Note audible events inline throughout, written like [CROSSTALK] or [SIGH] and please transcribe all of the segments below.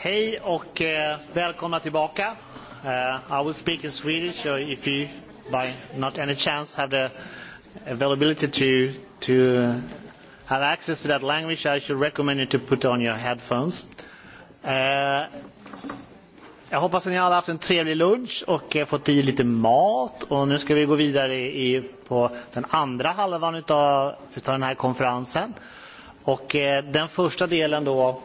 Hej och eh, välkomna tillbaka. Uh, I will speak in Swedish so if you by not any chance have the availability to, to uh, have access to that language I should recommend you to put on your headphones. Uh, Jag hoppas att ni alla haft en trevlig lunch och eh, fått i lite mat. Och nu ska vi gå vidare i, på den andra halvan utav, utav den här konferensen. Och eh, den första delen då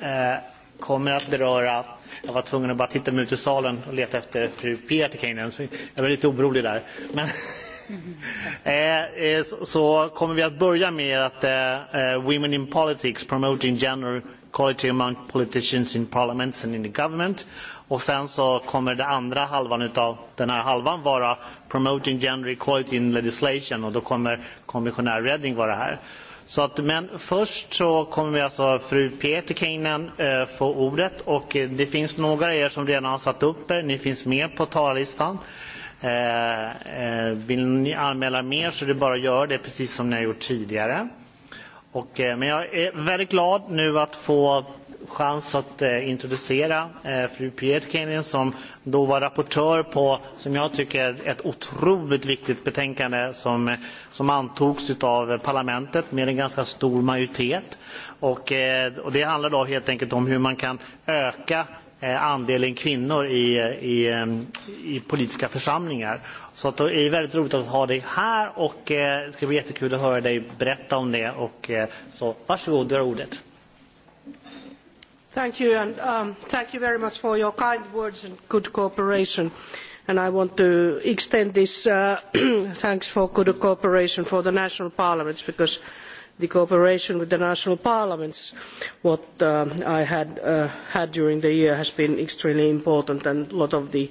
eh, kommer att beröra Jag var tvungen att bara titta mig ut i salen och leta efter fru så Jag var lite orolig där. Men [LAUGHS] eh, eh så kommer vi att börja med att eh, eh Women in Politics Promoting Gender quality among politicians in parliaments and in the government. Och sen så kommer den andra halvan av den här halvan vara promoting gender equality in legislation och då kommer kommissionär Redding vara här. Så att, men först så kommer vi alltså fru Peterkinen eh, få ordet och eh, det finns några av er som redan har satt upp er. Ni finns med på talarlistan. Eh, eh, vill ni anmäla mer så är det bara att göra det precis som ni har gjort tidigare. Och, eh, men jag är väldigt glad nu att få chans att eh, introducera eh, fru Kenin, som då var rapportör på, som jag tycker, ett otroligt viktigt betänkande som, som antogs av parlamentet med en ganska stor majoritet. Och, eh, och det handlar då helt enkelt om hur man kan öka eh, andelen kvinnor i, i, eh, i politiska församlingar. Så att det är väldigt roligt att ha dig här och eh, det ska bli jättekul att höra dig berätta om det. Och, eh, så varsågod, du har ordet. Thank you and um, thank you very much for your kind words and good cooperation. And I want to extend this uh, [CLEARS THROAT] thanks for good cooperation for the national parliaments because the cooperation with the national parliaments what uh, I had uh, had during the year has been extremely important and a lot of the uh,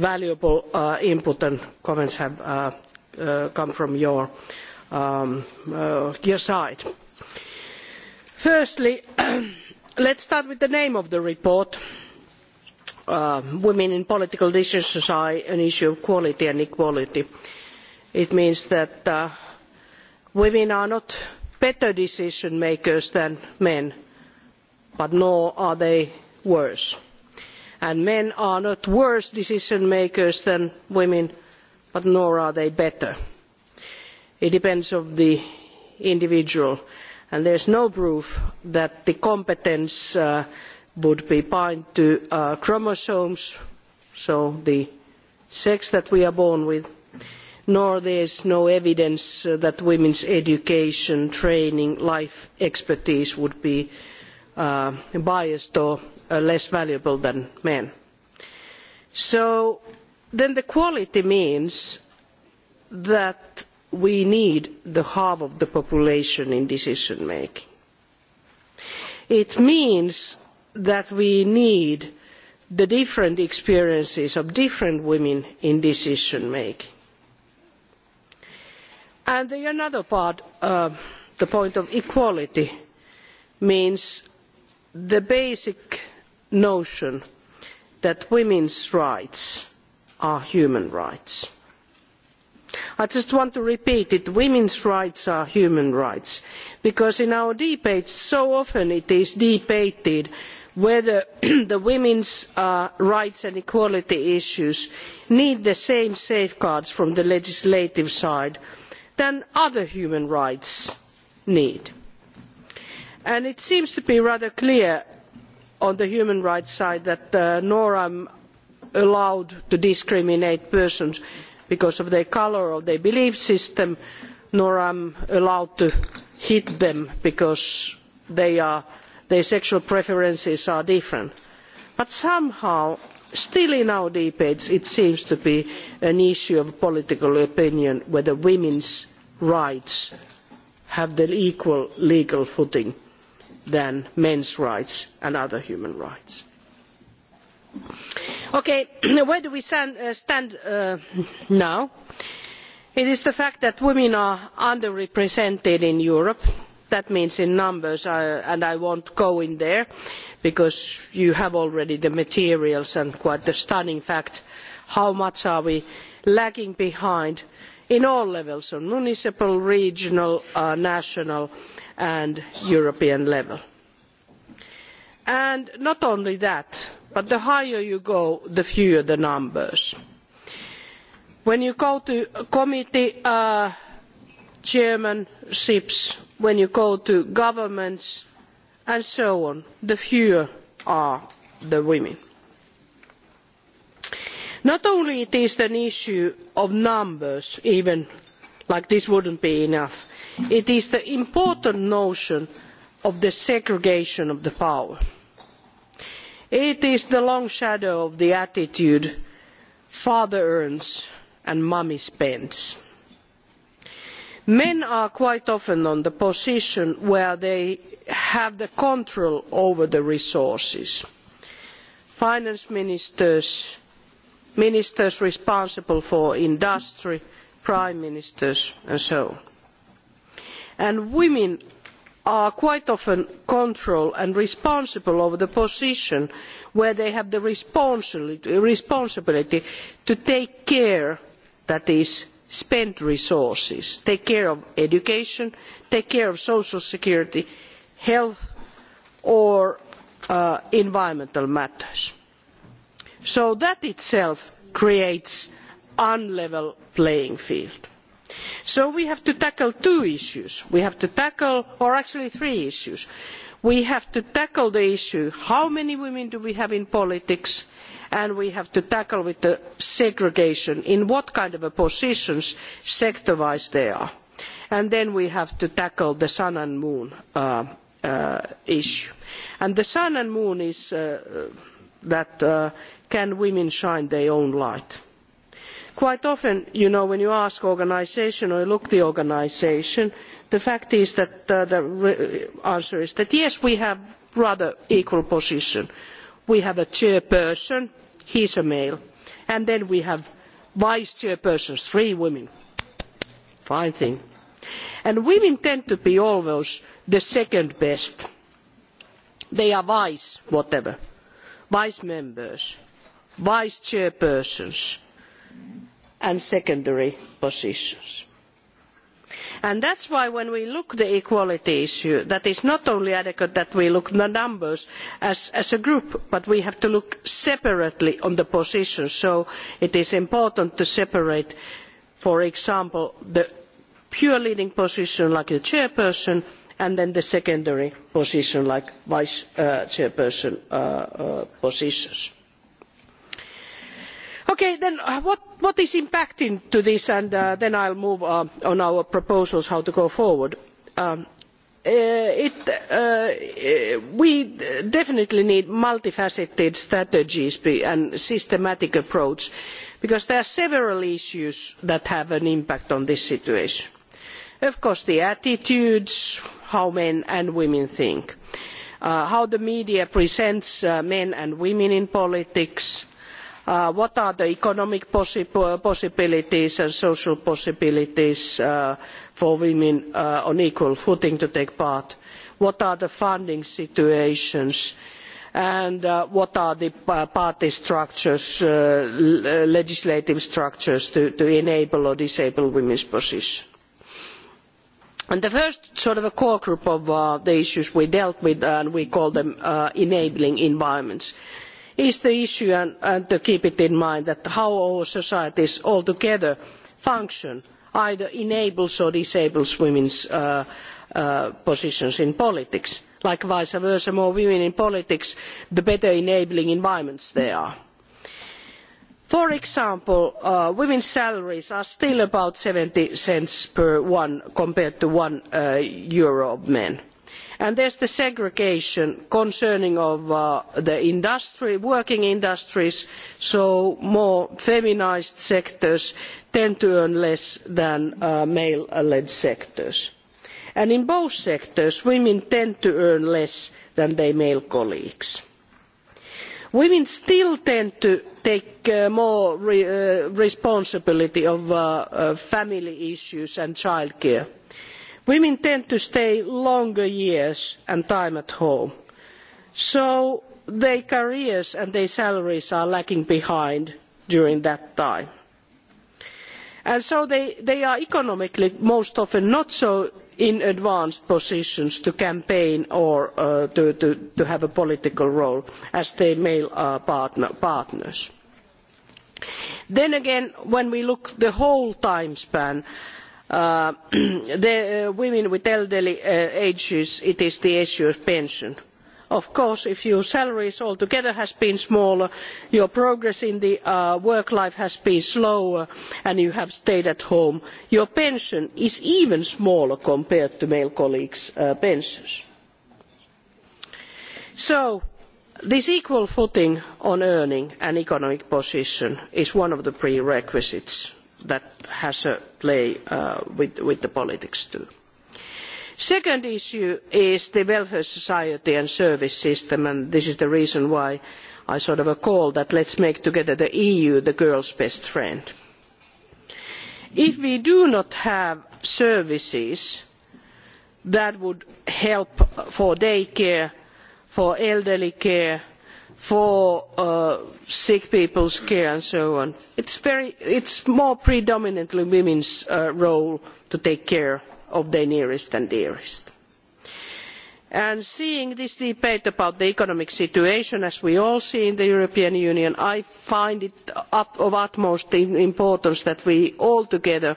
valuable uh, input and comments have uh, uh, come from your, um, uh, your side. Firstly, [CLEARS THROAT] let's start with the name of the report. Uh, women in political decisions are an issue of quality and equality. It means that uh, women are not better decision makers than men, but nor are they worse and men are not worse decision makers than women, but nor are they better. It depends on the individual, and there is no proof that the competence uh, would be bound to uh, chromosomes, so the sex that we are born with, nor there is no evidence uh, that women's education, training, life expertise would be uh, biased or Uh, less valuable than men. So then the quality means that we need the half of the population in decision making. It means that we need the different experiences of different women in decision making. And the another part, uh, the point of equality, means the basic notion that women's rights are human rights. I just want to repeat it, women's rights are human rights, because in our debates so often it is debated whether [CLEARS THROAT] the women's uh, rights and equality issues need the same safeguards from the legislative side than other human rights need. And it seems to be rather clear on the human rights side that uh, nor am allowed to discriminate persons because of their colour or their belief system, nor am allowed to hit them because are, their sexual preferences are different. But somehow, still in our debates, it seems to be an issue of political opinion whether women's rights have the equal legal footing than men's rights and other human rights. Okay, [CLEARS THROAT] where do we uh, stand, uh, [LAUGHS] now? It is the fact that women are under represented in Europe. That means in numbers, uh, and I will not go in there because you have already the materials and quite the stunning fact how much are we lagging behind in all levels, on municipal, regional, uh, national, and European level. And not only that, but the higher you go, the fewer the numbers. When you go to committee uh, chairmanships, when you go to governments and so on, the fewer are the women. Not only is it an issue of numbers, even like this would not be enough, It is the important notion of the segregation of the power. It is the long shadow of the attitude father earns and mummy spends. Men are quite often on the position where they have the control over the resources. Finance ministers, ministers responsible for industry, prime ministers and so on and women are quite often control and responsible over the position where they have the responsibility to take care that is spend resources take care of education take care of social security health or uh, environmental matters so that itself creates an unlevel playing field So we have to tackle two issues. We have to tackle, or actually three issues. We have to tackle the issue, how many women do we have in politics? and we have to tackle with the segregation in what kind of positions sector wise they are. And then we have to tackle the sun and moon uh, uh, issue. And the sun and moon is uh, that uh, can women shine their own light? Quite often, you know, when you ask organisation or look the organisation, the fact is that uh, the answer is that yes, we have rather equal position. We have a chairperson, he is a male, and then we have vice chairpersons, three women. Fine thing. And women tend to be always the second best. They are vice whatever, vice members, vice chairpersons and secondary positions. That is why when we look at the equality issue, that is not only adequate that we look at the numbers as, as, a group, but we have to look separately on the positions. So it is important to separate, for example, the pure leading position like the chairperson and then the secondary position like vice uh, chairperson uh, uh, positions. Okay, then what, what is impacting to this and uh, then I'll move uh, on our proposals how to go forward. Um, uh, it, uh, uh we definitely need multifaceted strategies and systematic approach because there are several issues that have an impact on this situation. Of course, the attitudes, how men and women think, uh, how the media presents uh, men and women in politics, Uh, what are the economic possibilities and social possibilities uh, for women uh, on equal footing to take part? What are the funding situations? And what are the party structures, legislative structures to, enable or disable women's position? And the first sort of a core group of the issues we dealt with and we call them enabling environments is the issue and, and to keep it in mind that how our societies altogether function either enables or disables women's uh, uh, positions in politics. Like vice versa, more women in politics, the better enabling environments there are. For example, uh, women's salaries are still about seventy cents per one compared to one uh, euro of men And there is the segregation concerning of, uh, the industry, working industries, so more feminised sectors tend to earn less than uh, male-led sectors. And in both sectors, women tend to earn less than their male colleagues. Women still tend to take uh, more re uh, responsibility for uh, uh, family issues and childcare Women tend to stay longer years and time at home. So their careers and their salaries are lagging behind during that time. And so they, they are economically most often not so in advanced positions to campaign or uh, to, to, to, have a political role as their male uh, partner, partners. Then again, when we look at the whole time span, uh, Uh, [CLEARS THROAT] the uh, women with elderly uh, ages, it is the issue of pension. Of course, if your salaries altogether has been smaller, your progress in the uh, work life has been slower, and you have stayed at home, your pension is even smaller compared to male colleagues' uh, pensions. So, this equal footing on earning and economic position is one of the prerequisites that has a play uh, with, with the politics too. Second issue is the welfare society and service system, and this is the reason why I sort of call that let's make together the EU the girl's best friend. If we do not have services that would help for day care, for elderly care, for uh, sick people's care and so on. It's, very, it's more predominantly women's uh, role to take care of their nearest and dearest. And seeing this debate about the economic situation, as we all see in the European Union, I find it of utmost importance that we all together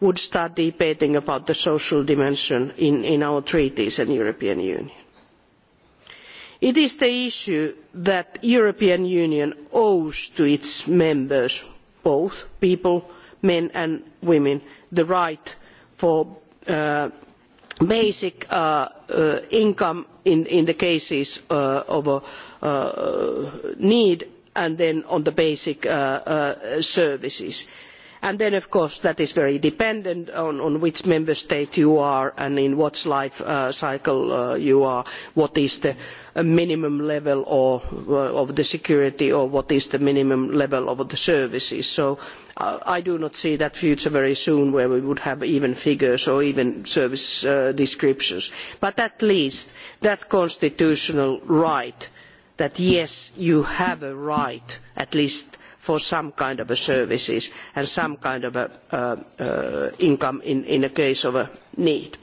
would start debating about the social dimension in, in our treaties and European Union. It is the issue that the European Union owes to its members, both people, men and women, the right for uh, basic uh, uh, income in, in, the cases uh, of a, uh, need and then on the basic uh, services. And then, of course, that is very dependent on, on which member state you are and in what life cycle you are, what is the a minimum level or, uh, of the security or what is the minimum level of the services. So uh, I do not see that future very soon where we would have even figures or even service uh, descriptions. But at least that constitutional right that yes, you have a right at least for some kind of services and some kind of a, uh, uh, income in, in a case of a need.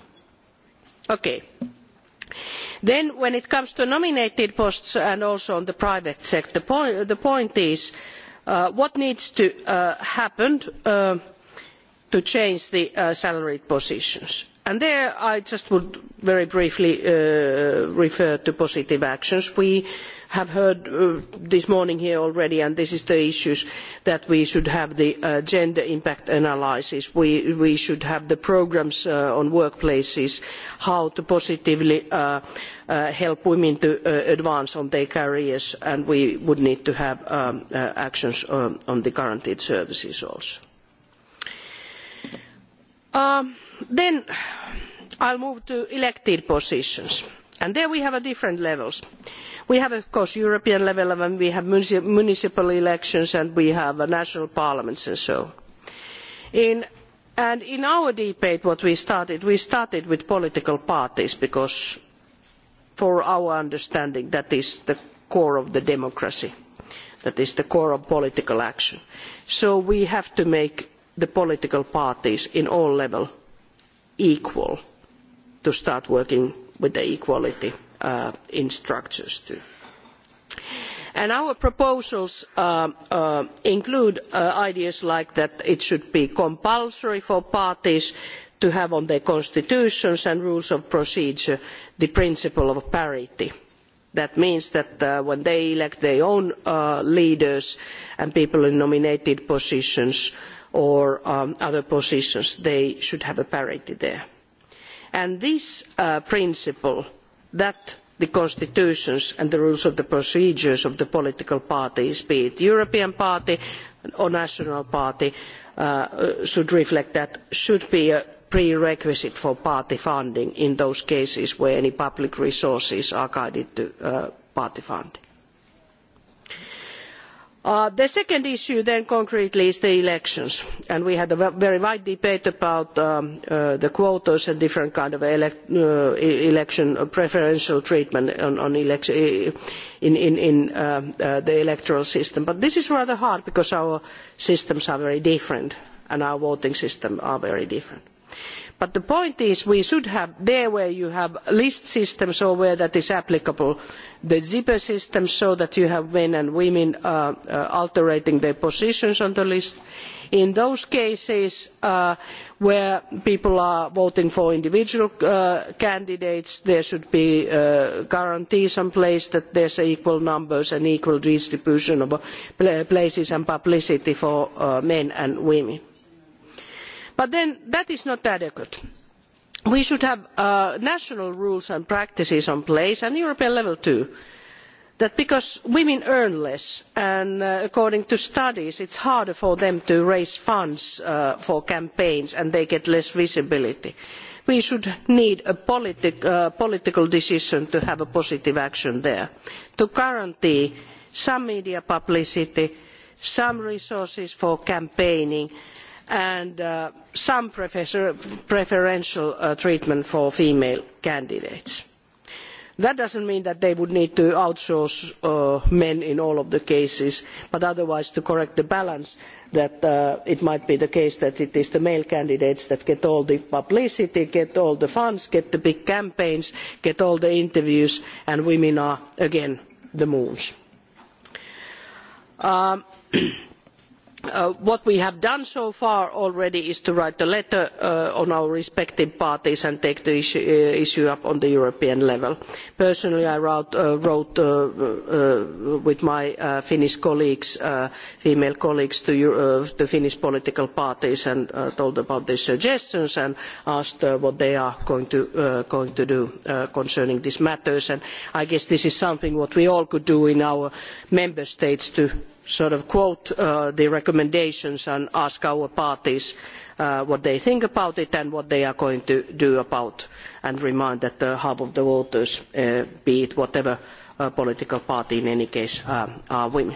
Okay. Then when it comes to nominated posts and also on the private sector, the point, is uh, what needs to uh, happen uh, to change the uh, salaried positions. And there I just would very briefly uh, refer to positive actions. We have heard uh, this morning here already, and this is the issue that we should have the uh, gender impact analysis. We, we should have the programmes uh, on workplaces, how to positively uh, uh, help women to advance on their careers, and we would need to have um, actions on, um, on the guaranteed services also. Um, then I will move to elected positions. And there we have different levels. We have, of course, European level, and we have municipal elections, and we have national parliaments, and so on. and in our debate, what we started, we started with political parties because, for our understanding, that is the core of the democracy. That is the core of political action. So we have to make the political parties in all levels equal to start working with the equality uh, in structures too. And our proposals uh, uh, include uh, ideas like that it should be compulsory for parties to have on their constitutions and rules of procedure the principle of parity. That means that uh, when they elect their own uh, leaders and people in nominated positions, or um, other positions, they should have a parity there. And this uh, principle that the constitutions and the rules of the procedures of the political parties, be it European party or national party, uh, uh, should reflect that, should be a prerequisite for party funding in those cases where any public resources are guided to uh, party funding. Uh, the second issue then concretely is the elections and we had a very wide debate about um, uh, the quotas and different kinds of uh, e-, election uh, preferential treatment on, on election, e-, in, in, in um, uh, the electoral system but this is rather hard because our systems are very different and our voting systems are very different. But the point is we should have there where you have list systems or where that is applicable The zipper system so that you have men and women uh, uh, altering their positions on the list. In those cases uh, where people are voting for individual uh, candidates, there should be uh, guarantees in place that there are equal numbers and equal distribution of uh, places and publicity for men and women. But then that is not adequate we should have uh, national rules and practices in place and European level too. That because women earn less and uh, according to studies it is harder for them to raise funds uh, for campaigns and they get less visibility. We should need a political decision to have a positive action there to guarantee some media publicity, some resources for campaigning and uh, some preferential uh, treatment for female candidates. That does not mean that they would need to outsource uh, men in all of the cases, but otherwise to correct the balance that uh, it might be the case that it is the male candidates that get all the publicity, get all the funds, get the big campaigns, get all the interviews, and women are again the moons. Um, [CLEARS THROAT] Uh, what we have done so far already is to write a letter uh, on our respective parties and take the issue, uh, issue up on the European level. Personally, I wrote, uh, wrote uh, with my Finnish colleagues, female colleagues, to the Finnish political parties and told about their suggestions and asked what they are going to, going to do concerning these matters. And I guess this is something that we all could do in our member states to sort of quote uh, the recommendations and ask our parties uh, what they think about it and what they are going to do about and remind that the half of the voters, uh, be it whatever uh, political party in any case, uh, are women.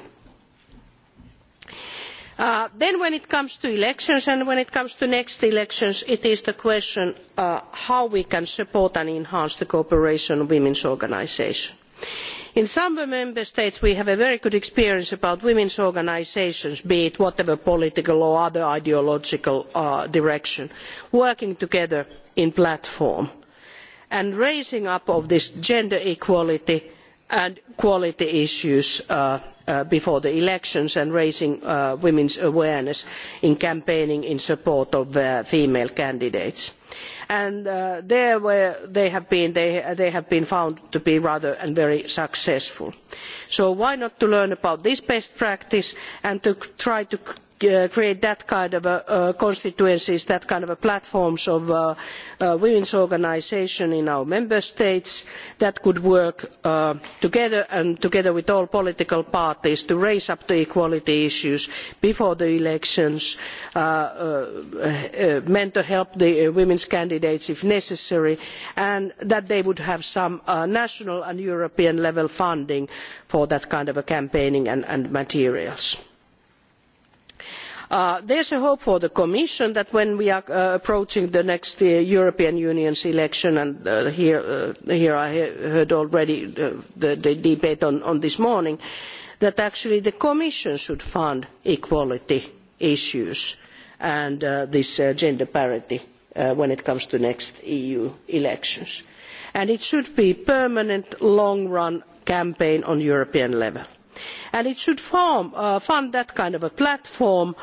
Uh, then when it comes to elections and when it comes to next elections, it is the question uh, how we can support and enhance the cooperation of women's organisations in some member states we have a very good experience about women's organisations be it whatever political or other ideological uh, direction working together in platform and raising up of this gender equality and quality issues uh, uh, before the elections and raising uh, women's awareness in campaigning in support of uh, female candidates and uh, there where they have been they, they have been found to be rather and very successful so why not to learn about this best practice and to try to Uh, create that kind of a, uh, constituencies, that kind of platforms of uh, women's organisations in our member states that could work together and together with all political parties to raise up the equality issues before the elections, meant to help the women's candidates if necessary, and that they would have some national and European level funding for that kind of campaigning and, and materials. Uh, there is hope for the Commission that when we are uh, approaching the next uh, European Union's election, and uh, here, uh, here, I heard already the, the, the debate on, on, this morning, that actually the Commission should fund equality issues and this gender parity when it comes to the next EU elections. And it should be a permanent long-run campaign on European level and it should form, uh, fund that kind of a platform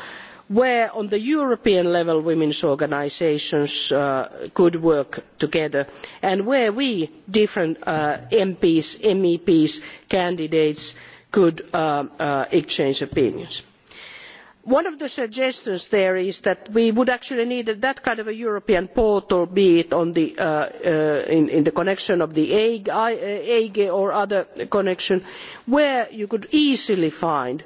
where on the European level women's organisations uh, could work together and where we, different uh, MPs, MEPs, candidates could um, uh, exchange opinions. One of the suggestions there is that we would actually need that kind of a European portal, be it the, uh, uh in, the connection of the AGE uh, or other connection, where you could easily find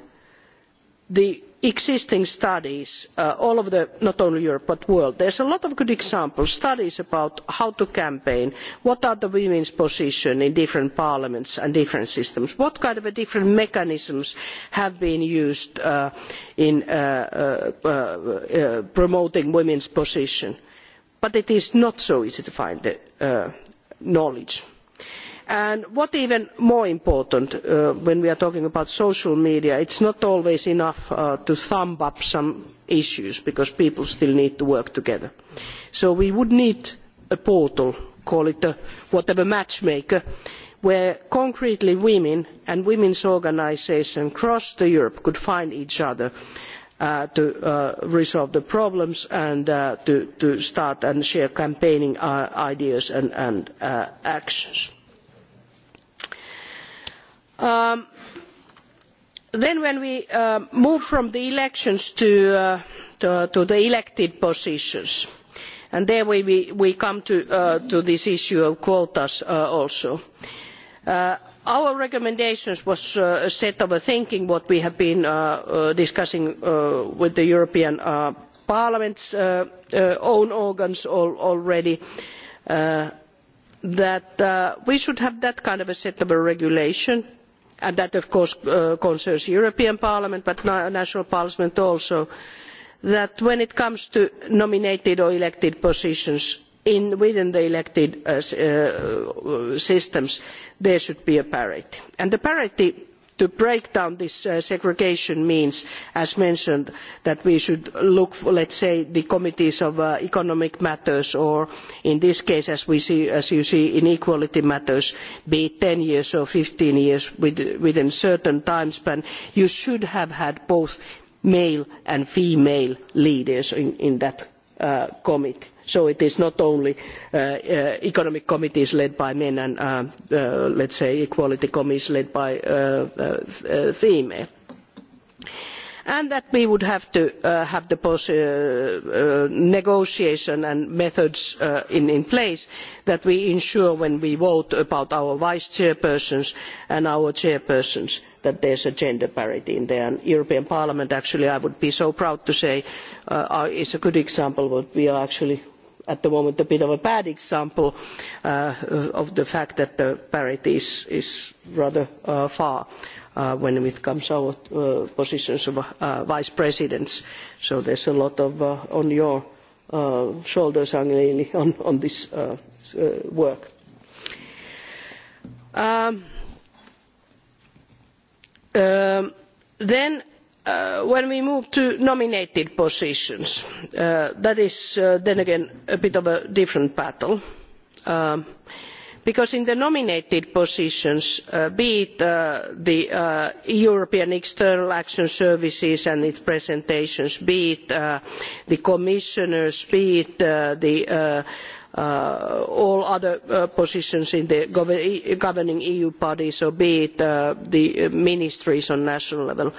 the existing studies uh, all over the, not only Europe but the world. There are a lot of good examples, studies about how to campaign, what are the women's position in different parliaments and different systems, what kind of different mechanisms have been used uh, in uh, uh, uh, uh, promoting women's position. But it is not so easy to find the knowledge. And what even more important uh, when we are talking about social media, it is not always enough uh, to thumb up some issues because people still need to work together. So we would need a portal, call it uh, whatever matchmaker, where concretely women and women's organisations across Europe could find each other to resolve the problems and to, start and share campaigning ideas and actions. Um, then when we uh, move from the elections to, uh, to, to the elected positions, and there we, we, come to, uh, to this issue of quotas uh, also. Uh, our recommendations was uh, a set of a thinking what we have been uh, uh, discussing uh, with the European uh, Parliament's uh, uh, own organs already. Uh, that uh, we should have that kind of a set of a regulation and that of course uh, concerns the European Parliament but national parliament also, that when it comes to nominated or elected positions within the elected uh, uh, systems, there should be a parity. And the parity to break down this uh, segregation means, as mentioned, that we should look for, let's say, the committees of uh, economic matters or, in this case, as, we see, as you see, inequality matters, be it ten years or fifteen years with, within a certain time span. You should have had both male and female leaders in, in that uh, committee. So it is not only uh, uh, economic committees led by men and, uh, uh, let's say, equality committees led by uh, uh, uh female. And that we would have to uh, have the uh, uh, negotiation and methods uh, in, in place that we ensure when we vote about our vice chairpersons and our chairpersons that there is a gender parity in there. And European Parliament, actually, I would be so proud to say, uh, is a good example of what we are actually at the moment a bit of a bad example uh, of the fact that the parity is, is rather uh, far uh, when it comes to our uh, positions of uh, vice presidents. So there is a lot of uh, on your shoulders, Angelini, [LAUGHS] on, on this work. Um, um, then Uh, when we move to nominated positions, uh, that is uh, then again a bit of a different battle. Um, because in the nominated positions, uh, be it uh, the European External Action Services and its presentations, be it the commissioners, be it the Uh, all other uh, positions in the governing EU bodies, or be it uh, the ministries on national level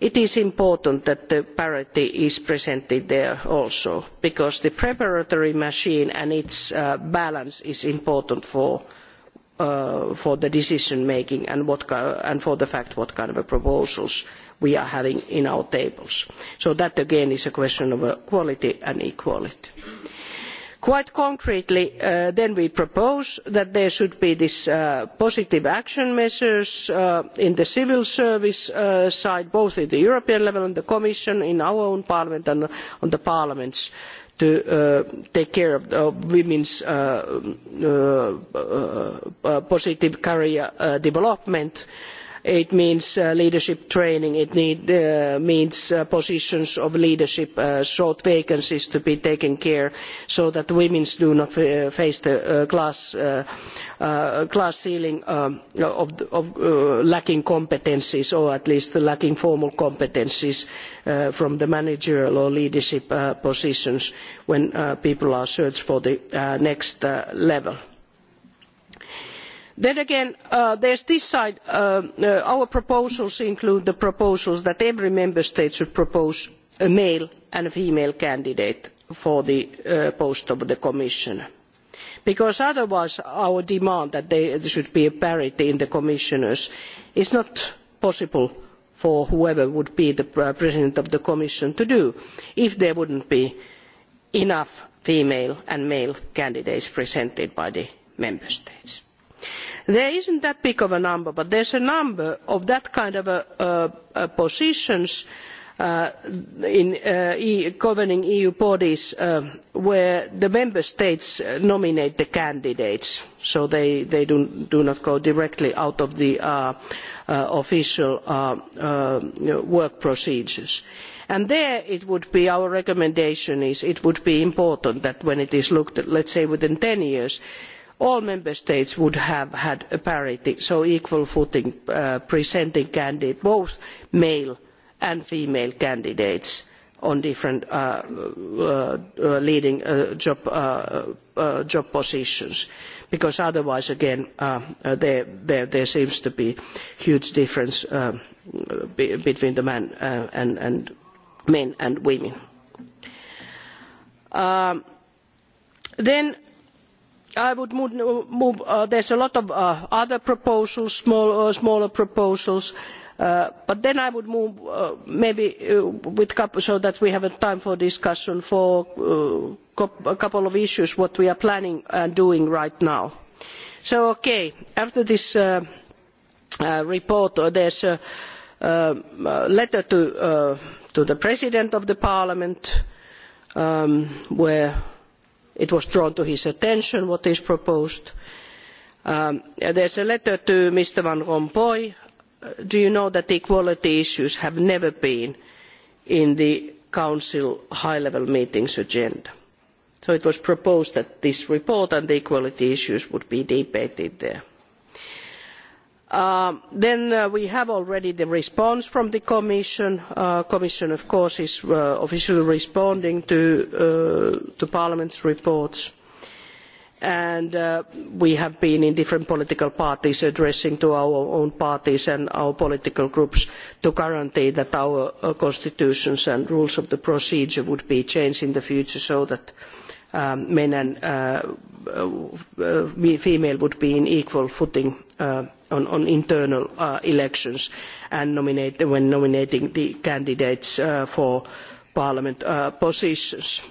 it is important that the parity is presented there also because the preparatory machine and its uh, balance is important for, uh, for the decision making and, what, and for the fact what kind of proposals we are having in our tables. So that again is a question of quality and equality. Quite concretely, uh, then we propose that there should be these uh, positive action measures uh, in the civil service side, both at the European level and the Commission, in our own Parliament and on the Parliament's to take care of, women's positive career development. It means uh, leadership training. It need, uh, means uh, positions of leadership, short vacancies to be taken care so that women do not face the class, class ceiling um, of, of lacking competencies or at least lacking formal competencies from the managerial or leadership positions when people are searched for the next level. Then again, uh, there is this side. Uh, uh, our proposals include the proposals that every member state should propose a male and a female candidate for the uh, post of the commissioner. Because otherwise our demand that there should be a parity in the commissioners is not possible for whoever would be the uh, president of the commission to do if there would not be enough female and male candidates presented by the member states. There is not that big of a number, but there is a number of that kind of a, a, a positions uh, in uh, e, governing EU bodies uh, where the member states uh, nominate the candidates, so they, they do, do, not go directly out of the uh, uh, official work procedures. And there it would be our recommendation is it would be important that when it is looked at, let's say within ten years, uh, all member states would have had a parity, so equal footing uh, presenting candidates, both male and female candidates on different uh, uh, uh leading uh, job, uh, job, positions, because otherwise, again, there, there, there, seems to be a huge difference between the men and, and, men and women. Um, then I would move, move uh, there's a lot of uh, other proposals, small, uh, smaller proposals, uh, but then I would move uh, maybe uh, with couple, so that we have a time for discussion for uh, a couple of issues what we are planning and doing right now. So okay, after this uh, uh, report, uh, there's a uh, letter to, uh, to the President of the Parliament um, where it was drawn to his attention what is proposed. Um, There is a letter to Mr. Van Rompuy. Uh, do you know that equality issues have never been in the Council high-level meetings agenda? So it was proposed that this report and the equality issues would be debated there. Um, then uh, we have already the response from the Commission. The uh, Commission, of course, is uh, officially responding to, uh, to, Parliament's reports. And uh, we have been in different political parties addressing to our own parties and our political groups to guarantee that our constitutions and rules of the procedure would be changed in the future so that um, men and female would be on equal footing on, on internal uh, elections and nominate, when nominating the candidates uh, for parliament uh, positions.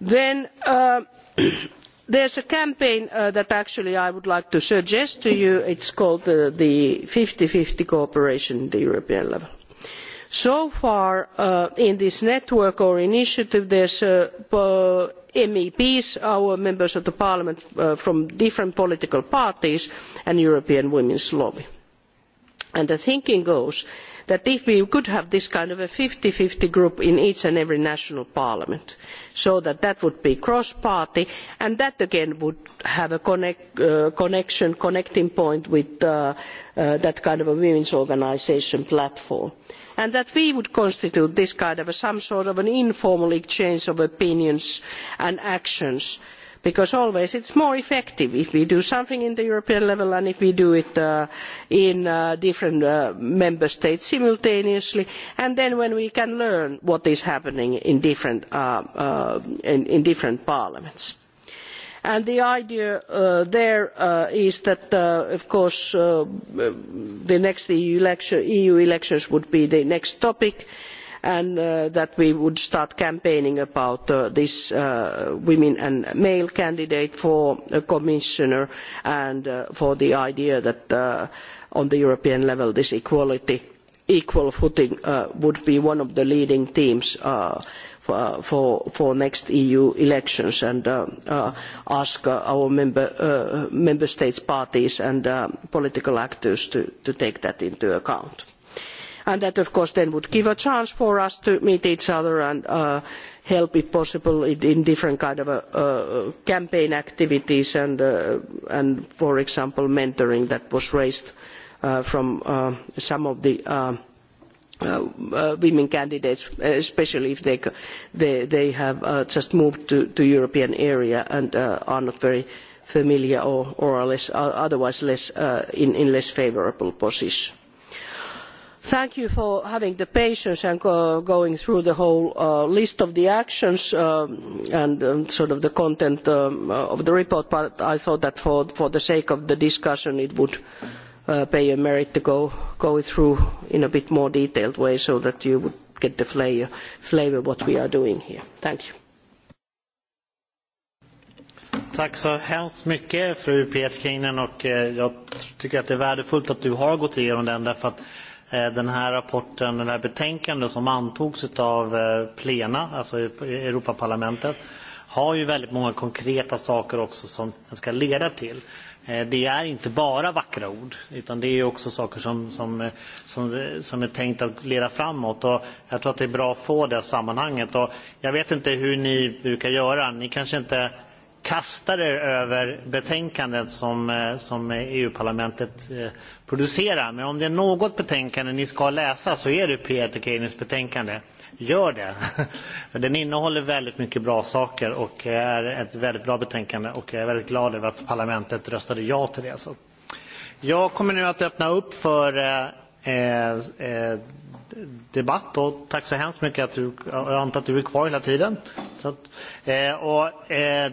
Then uh, [CLEARS THROAT] there's a campaign uh, that actually I would like to suggest to you. It's called uh, the 50-50 cooperation at the European level. So far uh, in this network or initiative, there's a uh, meps our members of parliament uh, from different political parties and the european women's lobby. And the thinking goes that if we could have this kind of a fifty fifty group in each and every national parliament so that that would be cross party and that again would have a connect, uh, connection connecting point with uh, uh, that kind of a women's organisation platform. Uh, and that we would constitute this kind of some sort of an informal exchange of opinions and actions because always it is more effective if we do something at the European level and if we do it uh, in uh, different uh, member states simultaneously, and then when we can learn what is happening in different, uh, uh, in, in different parliaments. And the idea uh, there uh, is that, uh, of course, uh, the next EU, election, EU, elections would be the next topic and uh, that we would start campaigning about uh, this women and male candidate for a commissioner and for the idea that on the European level this equality, equal footing would be one of the leading themes uh, for, uh, for, for next EU elections and uh, uh, ask uh, our member, uh, member states parties and uh, political actors to, to take that into account. And that of course then would give a chance for us to meet each other and uh, help if possible in, in different kind of a, uh, campaign activities and, uh, and for example mentoring that was raised uh, from uh, some of the uh, Uh, uh, women candidates, especially if they, they, they have uh, just moved to the European area and uh, are not very familiar or, or less, otherwise less, uh, in, in less favourable position. Thank you for having the patience and go, going through the whole uh, list of the actions um, and um, sort of the content um, of the report, but I thought that for, for the sake of the discussion it would uh, pay a merit to go, go through in a bit more detailed way so that you would get the flavor, flavor of what we are doing here. Thank you. Tack så hemskt mycket fru Petkinen och eh, jag tycker att det är värdefullt att du har gått igenom den därför att eh, den här rapporten, den här betänkandet som antogs av eh, plena, alltså Europaparlamentet, har ju väldigt många konkreta saker också som den ska leda till. Eh, det är inte bara vackra ord, utan det är också saker som, som, eh, som, eh, som är tänkt att leda framåt. Och jag tror att det är bra att få det sammanhanget. Och jag vet inte hur ni brukar göra. Ni kanske inte kastar er över betänkandet som, eh, som EU-parlamentet eh, producerar. Men om det är något betänkande ni ska läsa så är det Peter Keynes betänkande. Gör det! För [LAUGHS] Den innehåller väldigt mycket bra saker och är ett väldigt bra betänkande och jag är väldigt glad över att parlamentet röstade ja till det. Så. Jag kommer nu att öppna upp för eh, eh, debatt och tack så hemskt mycket att du, antar att du är kvar hela tiden. Så att, eh, och, eh,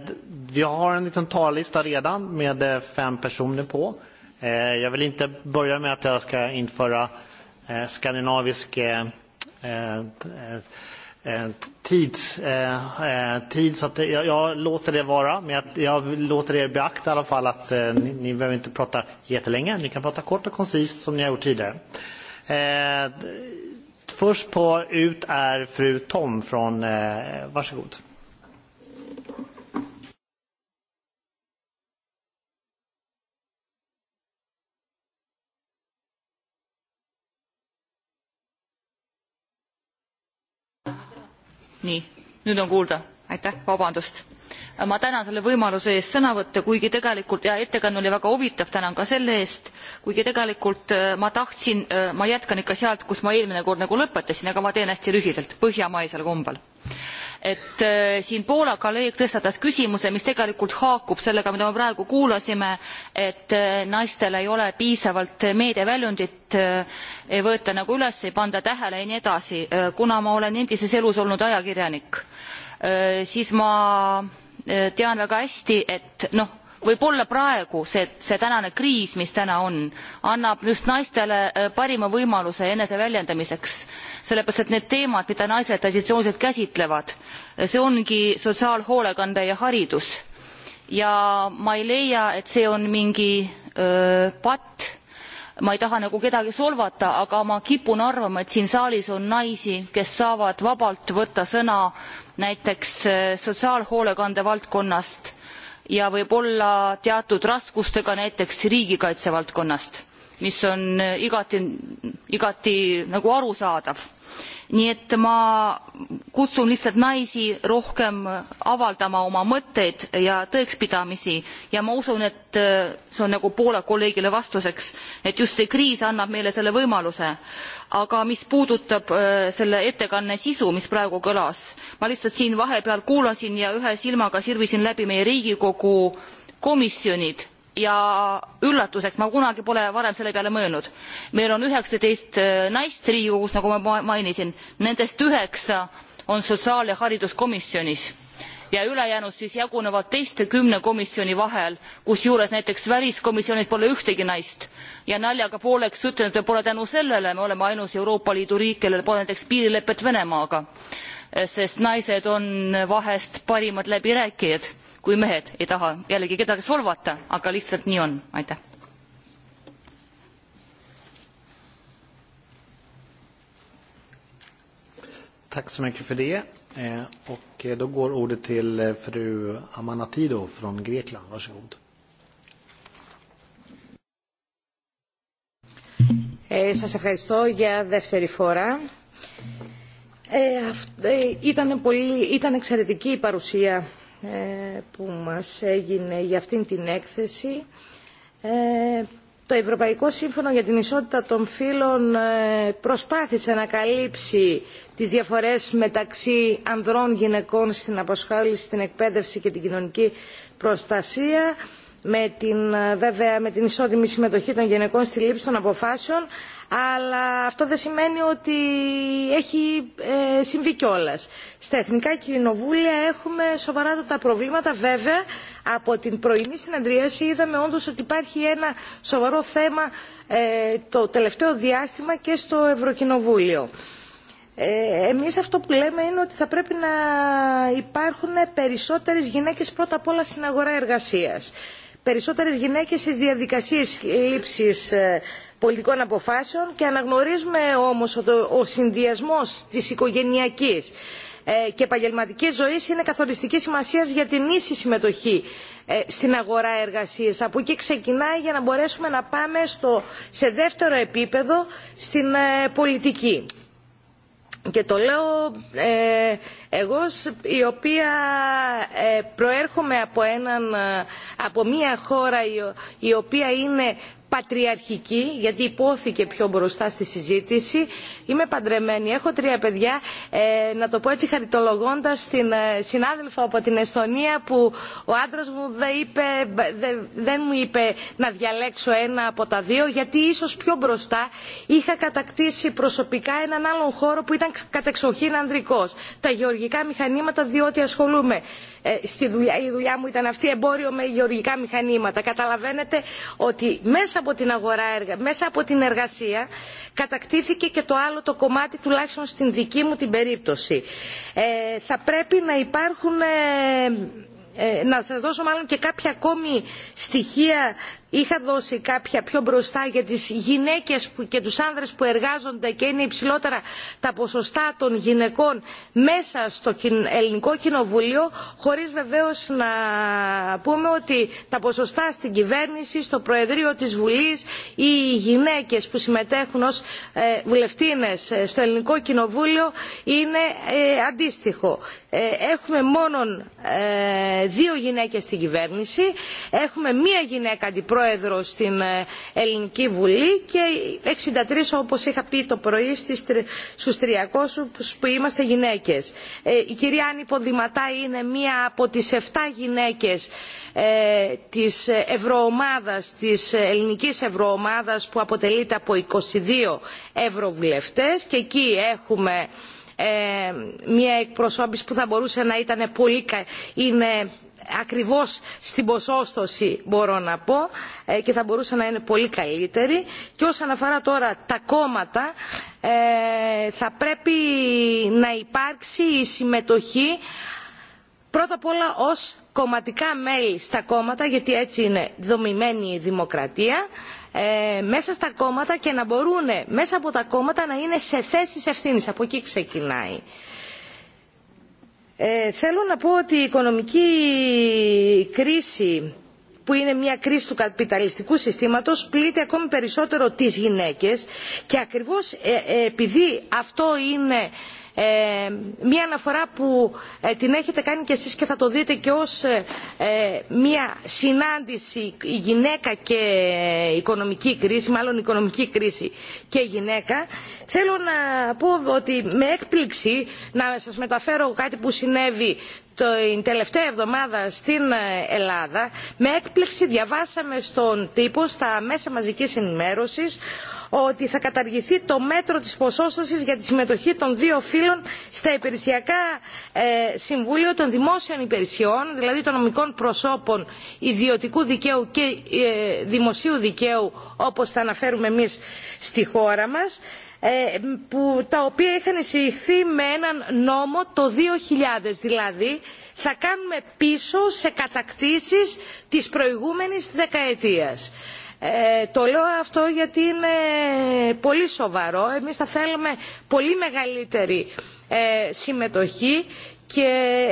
vi har en liten tallista redan med eh, fem personer på. Eh, jag vill inte börja med att jag ska införa eh, skandinavisk eh, eh, eh tids, eh, eh, tid så att jag, jag låter det vara men jag, jag låter er beakta i alla fall att eh, ni, ni behöver inte prata jättelänge, ni kan prata kort och koncist som ni har gjort tidigare. Eh, Först på ut är fru Tom från... Eh, varsågod. nii nüüd on kuulda aitäh vabandust ma tänan selle võimaluse eest sõna võtta, kuigi tegelikult ja ettekanne oli väga huvitav, tänan ka selle eest, kuigi tegelikult äh, ma tahtsin, äh, ma jätkan ikka sealt, kus ma eelmine kord nagu lõpetasin, aga ma teen hästi lühidalt, põhjamaisel kombel. et äh, siin Poola kolleeg tõstatas küsimuse, mis tegelikult haakub sellega, mida me praegu kuulasime, et naistel ei ole piisavalt meediaväljundit, ei võeta nagu üles, ei panda tähele ja nii edasi. kuna ma olen endises elus olnud ajakirjanik, siis ma Äh, tean väga hästi, et noh, võib-olla praegu see, see tänane kriis, mis täna on, annab just naistele äh, parima võimaluse eneseväljendamiseks, sellepärast et need teemad, mida naised traditsiooniliselt käsitlevad, äh, see ongi sotsiaalhoolekande ja haridus. ja ma ei leia, et see on mingi öö, patt ma ei taha nagu kedagi solvata, aga ma kipun arvama, et siin saalis on naisi, kes saavad vabalt võtta sõna näiteks eh, sotsiaalhoolekande valdkonnast ja võib-olla teatud raskustega näiteks riigikaitse valdkonnast, mis on eh, igati, igati nagu arusaadav nii et ma kutsun lihtsalt naisi rohkem avaldama oma mõtteid ja tõekspidamisi ja ma usun, et äh, see on nagu poole kolleegile vastuseks, et just see kriis annab meile selle võimaluse. aga mis puudutab äh, selle ettekanne sisu, mis praegu kõlas, ma lihtsalt siin vahepeal kuulasin ja ühe silmaga sirvisin läbi meie Riigikogu komisjonid ja üllatuseks ma kunagi pole varem selle peale mõelnud meil on üheksateist äh, naist riigikogus nagu ma mainisin nendest üheksa on sotsiaal ja hariduskomisjonis ja ülejäänud siis jagunevad teiste kümne komisjoni vahel kusjuures näiteks väliskomisjonis pole ühtegi naist ja naljaga pooleks ütlen et võib-olla tänu sellele me oleme ainus euroopa liidu riik kellel pole näiteks piirilepet venemaaga sest naised on vahest parimad läbirääkijad kui mehed, ei taha jällegi kedagi solvata, aga lihtsalt nii on, aitäh. Tack så mycket för det. och då går ordet till fru Amanatido från Grekland. Varsågod. σας ευχαριστώ για δεύτερη φορά. Ε, αυ, ε, ήταν, πολύ, ήταν εξαιρετική η παρουσία ε, που μας έγινε για αυτήν την έκθεση. Ε, το Ευρωπαϊκό Σύμφωνο για την Ισότητα των Φύλων ε, προσπάθησε να καλύψει τις διαφορές μεταξύ ανδρών γυναικών στην αποσχόληση, στην εκπαίδευση και την κοινωνική προστασία με την, βέβαια με την ισότιμη συμμετοχή των γυναικών στη λήψη των αποφάσεων αλλά αυτό δεν σημαίνει ότι έχει ε, συμβεί κιόλα. Στα εθνικά κοινοβούλια έχουμε σοβαρά τα προβλήματα βέβαια από την πρωινή συναντρίαση είδαμε όντως ότι υπάρχει ένα σοβαρό θέμα ε, το τελευταίο διάστημα και στο Ευρωκοινοβούλιο. Ε, εμείς αυτό που λέμε είναι ότι θα πρέπει να υπάρχουν περισσότερες γυναίκες πρώτα απ' όλα στην αγορά εργασίας. Περισσότερες γυναίκες στις διαδικασίες λήψης ε, πολιτικών αποφάσεων και αναγνωρίζουμε όμως ότι ο συνδυασμός της οικογενειακής και επαγγελματικής ζωής είναι καθοριστική σημασία για την ίση συμμετοχή στην αγορά εργασίας. Από εκεί ξεκινάει για να μπορέσουμε να πάμε στο, σε δεύτερο επίπεδο στην πολιτική. Και το λέω ε, Εγώ η οποία ε, προέρχομαι από, έναν, από μια χώρα η, η οποία είναι πατριαρχική, γιατί υπόθηκε πιο μπροστά στη συζήτηση. Είμαι παντρεμένη, έχω τρία παιδιά, ε, να το πω έτσι χαριτολογώντας την ε, συνάδελφο από την Εστονία που ο άντρας μου δεν, είπε, δε, δεν μου είπε να διαλέξω ένα από τα δύο, γιατί ίσως πιο μπροστά είχα κατακτήσει προσωπικά έναν άλλον χώρο που ήταν κατεξοχήν ανδρικός. Τα γεωργικά γεωργικά μηχανήματα διότι ασχολούμαι ε, στη δουλειά, η δουλειά μου ήταν αυτή εμπόριο με γεωργικά μηχανήματα. Καταλαβαίνετε ότι μέσα από την αγορά, μέσα από την εργασία κατακτήθηκε και το άλλο το κομμάτι τουλάχιστον στην δική μου την περίπτωση. Ε, θα πρέπει να υπάρχουν ε, να σας δώσω μάλλον και κάποια ακόμη στοιχεία είχα δώσει κάποια πιο μπροστά για τις γυναίκες που, και τους άνδρες που εργάζονται και είναι υψηλότερα τα ποσοστά των γυναικών μέσα στο ελληνικό κοινοβούλιο χωρίς βεβαίως να πούμε ότι τα ποσοστά στην κυβέρνηση, στο Προεδρείο της Βουλής οι γυναίκες που συμμετέχουν ως ε, βουλευτίνες στο ελληνικό κοινοβούλιο είναι ε, αντίστοιχο. Ε, έχουμε μόνο ε, δύο γυναίκες στην κυβέρνηση, έχουμε μία γυναίκα αντιπρόεδρο πρόεδρο στην Ελληνική Βουλή και 63 όπως είχα πει το πρωί στου 300 που είμαστε γυναίκες. Η κυρία Άννη Ποδηματά είναι μία από τις 7 γυναίκες της Ευρωομάδας, της Ελληνικής Ευρωομάδας που αποτελείται από 22 ευρωβουλευτές και εκεί έχουμε ε, μια εκπροσώπηση που θα μπορούσε να ήταν πολύ, είναι ακριβώς στην ποσόστοση μπορώ να πω και θα μπορούσε να είναι πολύ καλύτερη. Και όσον αφορά τώρα τα κόμματα θα πρέπει να υπάρξει η συμμετοχή πρώτα απ' όλα ως κομματικά μέλη στα κόμματα γιατί έτσι είναι δομημένη η δημοκρατία ε, μέσα στα κόμματα και να μπορούν μέσα από τα κόμματα να είναι σε θέσεις ευθύνης. Από εκεί ξεκινάει. Ε, θέλω να πω ότι η οικονομική κρίση που είναι μια κρίση του καπιταλιστικού συστήματος πλήττει ακόμη περισσότερο τις γυναίκες και ακριβώς επειδή αυτό είναι μια αναφορά που την έχετε κάνει και εσείς και θα το δείτε και ως μια συνάντηση γυναίκα και οικονομική κρίση, μάλλον οικονομική κρίση και γυναίκα. Θέλω να πω ότι με έκπληξη να σας μεταφέρω κάτι που συνέβη την τελευταία εβδομάδα στην Ελλάδα με έκπληξη διαβάσαμε στον τύπο στα μέσα μαζικής ενημέρωσης ότι θα καταργηθεί το μέτρο της ποσόστασης για τη συμμετοχή των δύο φίλων στα υπηρεσιακά ε, συμβούλια των δημόσιων υπηρεσιών, δηλαδή των νομικών προσώπων ιδιωτικού δικαίου και ε, δημοσίου δικαίου όπως θα αναφέρουμε εμείς στη χώρα μας που, τα οποία είχαν εισηγηθεί με έναν νόμο το 2000 δηλαδή θα κάνουμε πίσω σε κατακτήσεις της προηγούμενης δεκαετίας. Ε, το λέω αυτό γιατί είναι πολύ σοβαρό. Εμείς θα θέλουμε πολύ μεγαλύτερη ε, συμμετοχή και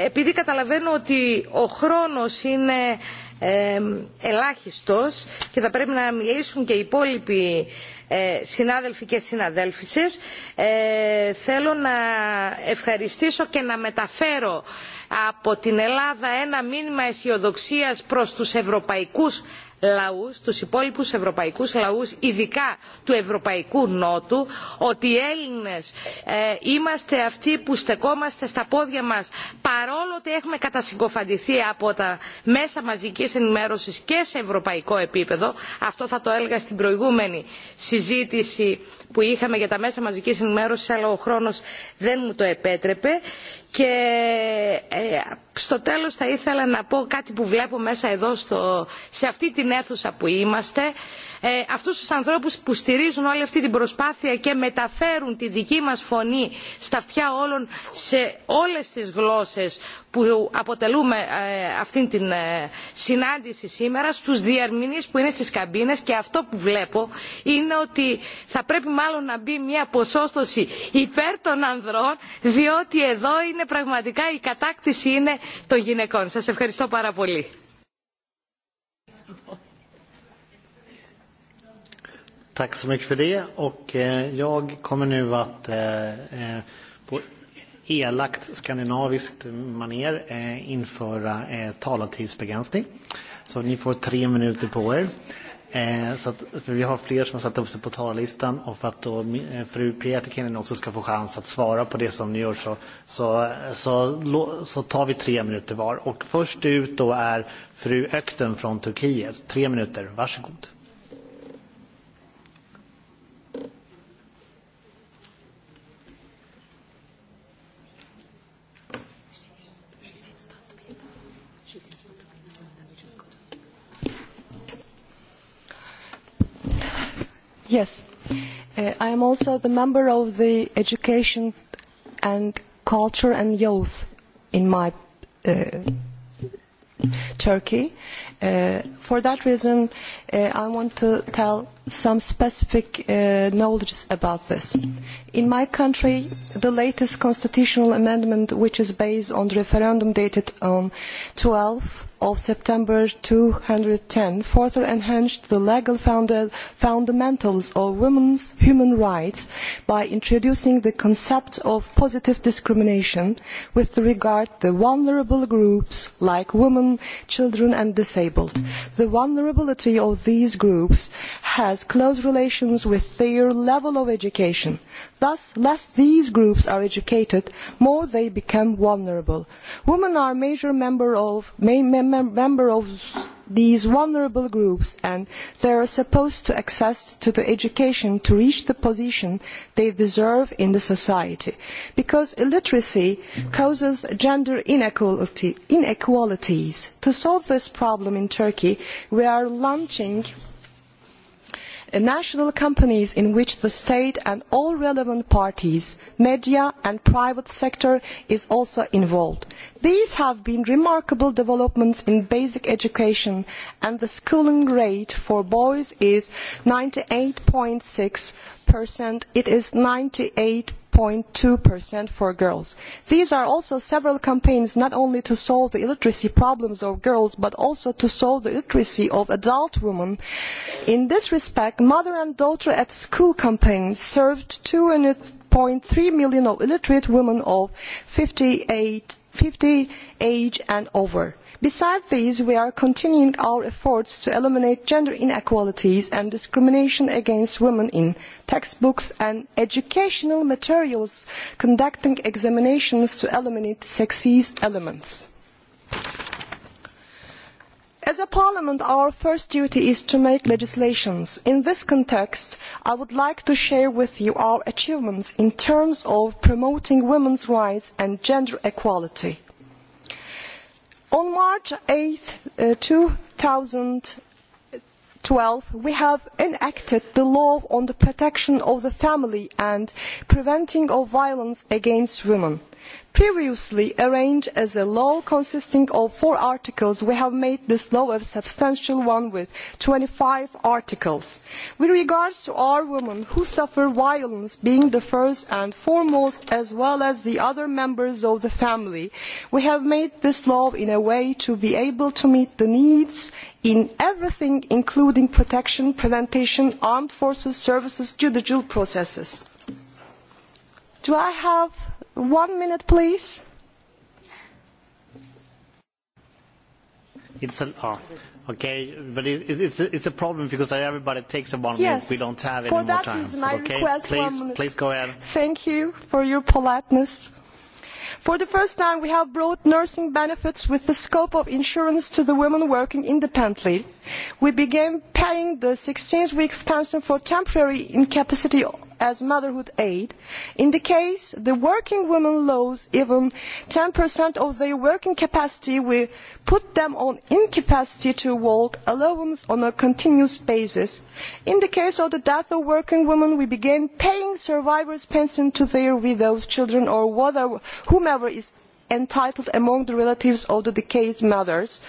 επειδή καταλαβαίνω ότι ο χρόνος είναι ε, ελάχιστος και θα πρέπει να μιλήσουν και οι υπόλοιποι ε, συνάδελφοι και συναδέλφισες. Ε, θέλω να ευχαριστήσω και να μεταφέρω από την Ελλάδα ένα μήνυμα αισιοδοξία προ του Ευρωπαϊκού λαού, του υπόλοιπου Ευρωπαϊκού λαού, ειδικά του Ευρωπαϊκού Νότου, ότι οι Έλληνε ε, είμαστε αυτοί που στεκόμαστε στα πόδια μα, παρόλο ότι έχουμε κατασυγκοφαντηθεί από τα μέσα μαζική ενημέρωση και σε ευρωπαϊκό επίπεδο. Αυτό θα το έλεγα στην προηγούμενη συζήτηση που είχαμε για τα μέσα μαζικής ενημέρωσης αλλά ο χρόνος δεν μου το επέτρεπε και Στο τέλος θα ήθελα να πω κάτι που βλέπω μέσα εδώ στο, σε αυτή την αίθουσα που είμαστε. Ε, αυτούς τους ανθρώπους που στηρίζουν όλη αυτή την προσπάθεια και μεταφέρουν τη δική μας φωνή στα αυτιά όλων σε όλες τις γλώσσες που αποτελούμε ε, αυτή την ε, συνάντηση σήμερα, στους διερμηνείς που είναι στις καμπίνες και αυτό που βλέπω είναι ότι θα πρέπει μάλλον να μπει μια ποσόστοση υπέρ των ανδρών διότι εδώ είναι πραγματικά η κατάκτηση είναι των γυναικών. Σας ευχαριστώ πάρα πολύ. Tack så mycket för det. Och eh, jag kommer nu att eh, eh på elakt skandinaviskt maner eh, införa eh, talartidsbegränsning. Så ni får tre minuter på er. Eh, så att, för vi har fler som har satt upp sig på talarlistan och för att då eh, fru Pietikinen också ska få chans att svara på det som ni gör så, så, så, så tar vi tre minuter var. Och först ut då är fru Ökten från Turkiet. Tre minuter, varsågod. Yes. Uh, I am also the member of the Education and Culture and Youth in my uh, Turkey. Uh, for that reason, uh, I want to tell some specific uh, knowledge about this. In my country, the latest constitutional amendment, which is based on the referendum dated on 12 of September ten further enhanced the legal fundamentals of women's human rights by introducing the concept of positive discrimination with regard to vulnerable groups like women, children and disabled. The vulnerability of these groups has close relations with their level of education. Thus, less these groups are educated, more they become vulnerable. Women are major member of, main member of these vulnerable groups and they are supposed to access to the education to reach the position they deserve in the society because illiteracy causes gender inequality, inequalities to solve this problem in turkey we are launching national companies in which the state and all relevant parties, media and private sector is also involved. These have been remarkable developments in basic education and the schooling rate for boys is ninety eight six percent, it is 98.2% for girls. These are also several campaigns not only to solve the illiteracy problems of girls, but also to solve the illiteracy of adult women. In this respect, Mother and Daughter at School campaign served 2.3 million of illiterate women of 58, 50 age and over. Besides these, we are continuing our efforts to eliminate gender inequalities and discrimination against women in textbooks and educational materials, conducting examinations to eliminate sexist elements. As a parliament, our first duty is to make legislations. In this context, I would like to share with you our achievements in terms of promoting women's rights and gender equality. On March 8, uh, twelve we have enacted the law on the protection of the family and preventing of violence against women previously arranged as a law consisting of four articles, we have made this law a substantial one with twenty five articles. With regard to our women who suffer violence, being the first and foremost, as well as the other members of the family, we have made this law in a way to be able to meet the needs in everything, including protection, prevention, armed forces, services, judicial processes. Do I have One minute, please. It's a, oh, okay, but it, it, it's, a, it's a problem because everybody takes a one yes. We don't have for any more time. Reason, I okay, request please, one minute. please go ahead. Thank you for your politeness. For the first time, we have brought nursing benefits with the scope of insurance to the women working independently we began paying the 16th week pension for temporary incapacity as motherhood aid. In the case, the working women lose even 10% of their working capacity. We put them on incapacity to work allowance on a continuous basis. In the case of the death of working women, we began paying survivors' pension to their widows, children, or whatever, whomever is entitled among the relatives of the decayed mothers.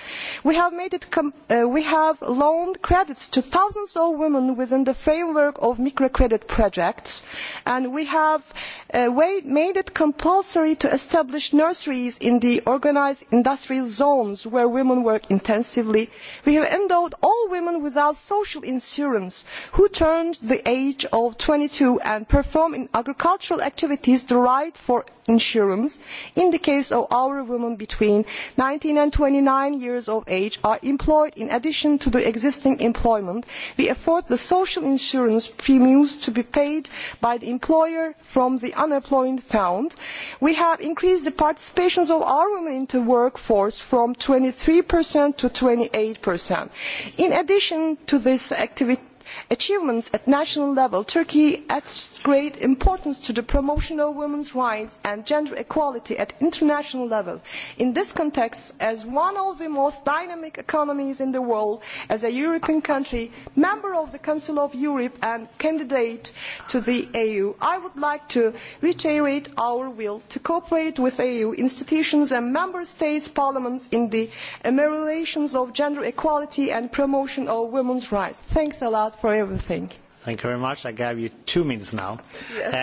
We have, made it com uh, we have loaned credits to thousands of women within the framework of microcredit projects, and we have uh, made it compulsory to establish nurseries in the organised industrial zones where women work intensively. We have endowed all women without social insurance who turned the age of twenty two and perform in agricultural activities the right for insurance in the case percentages of our women between nineteen and twenty nine years of age are employed in addition to the existing employment. We afford the social insurance premiums to be paid by the employer from the unemployment fund. We have increased the participation of our women in the workforce from twenty three to twenty eight. In addition to this activity, achievements at national level, Turkey adds great importance to the promotion of women's rights and gender equality at international level. In this context, as one of the most dynamic economies in the world, as a European country, member of the Council of Europe and candidate to the EU, I would like to reiterate our will to cooperate with EU institutions and member states' parliaments in the ameliorations of gender equality and promotion of women's rights. Thanks a lot for everything. Thank you very much. I gave you two minutes now. Yes.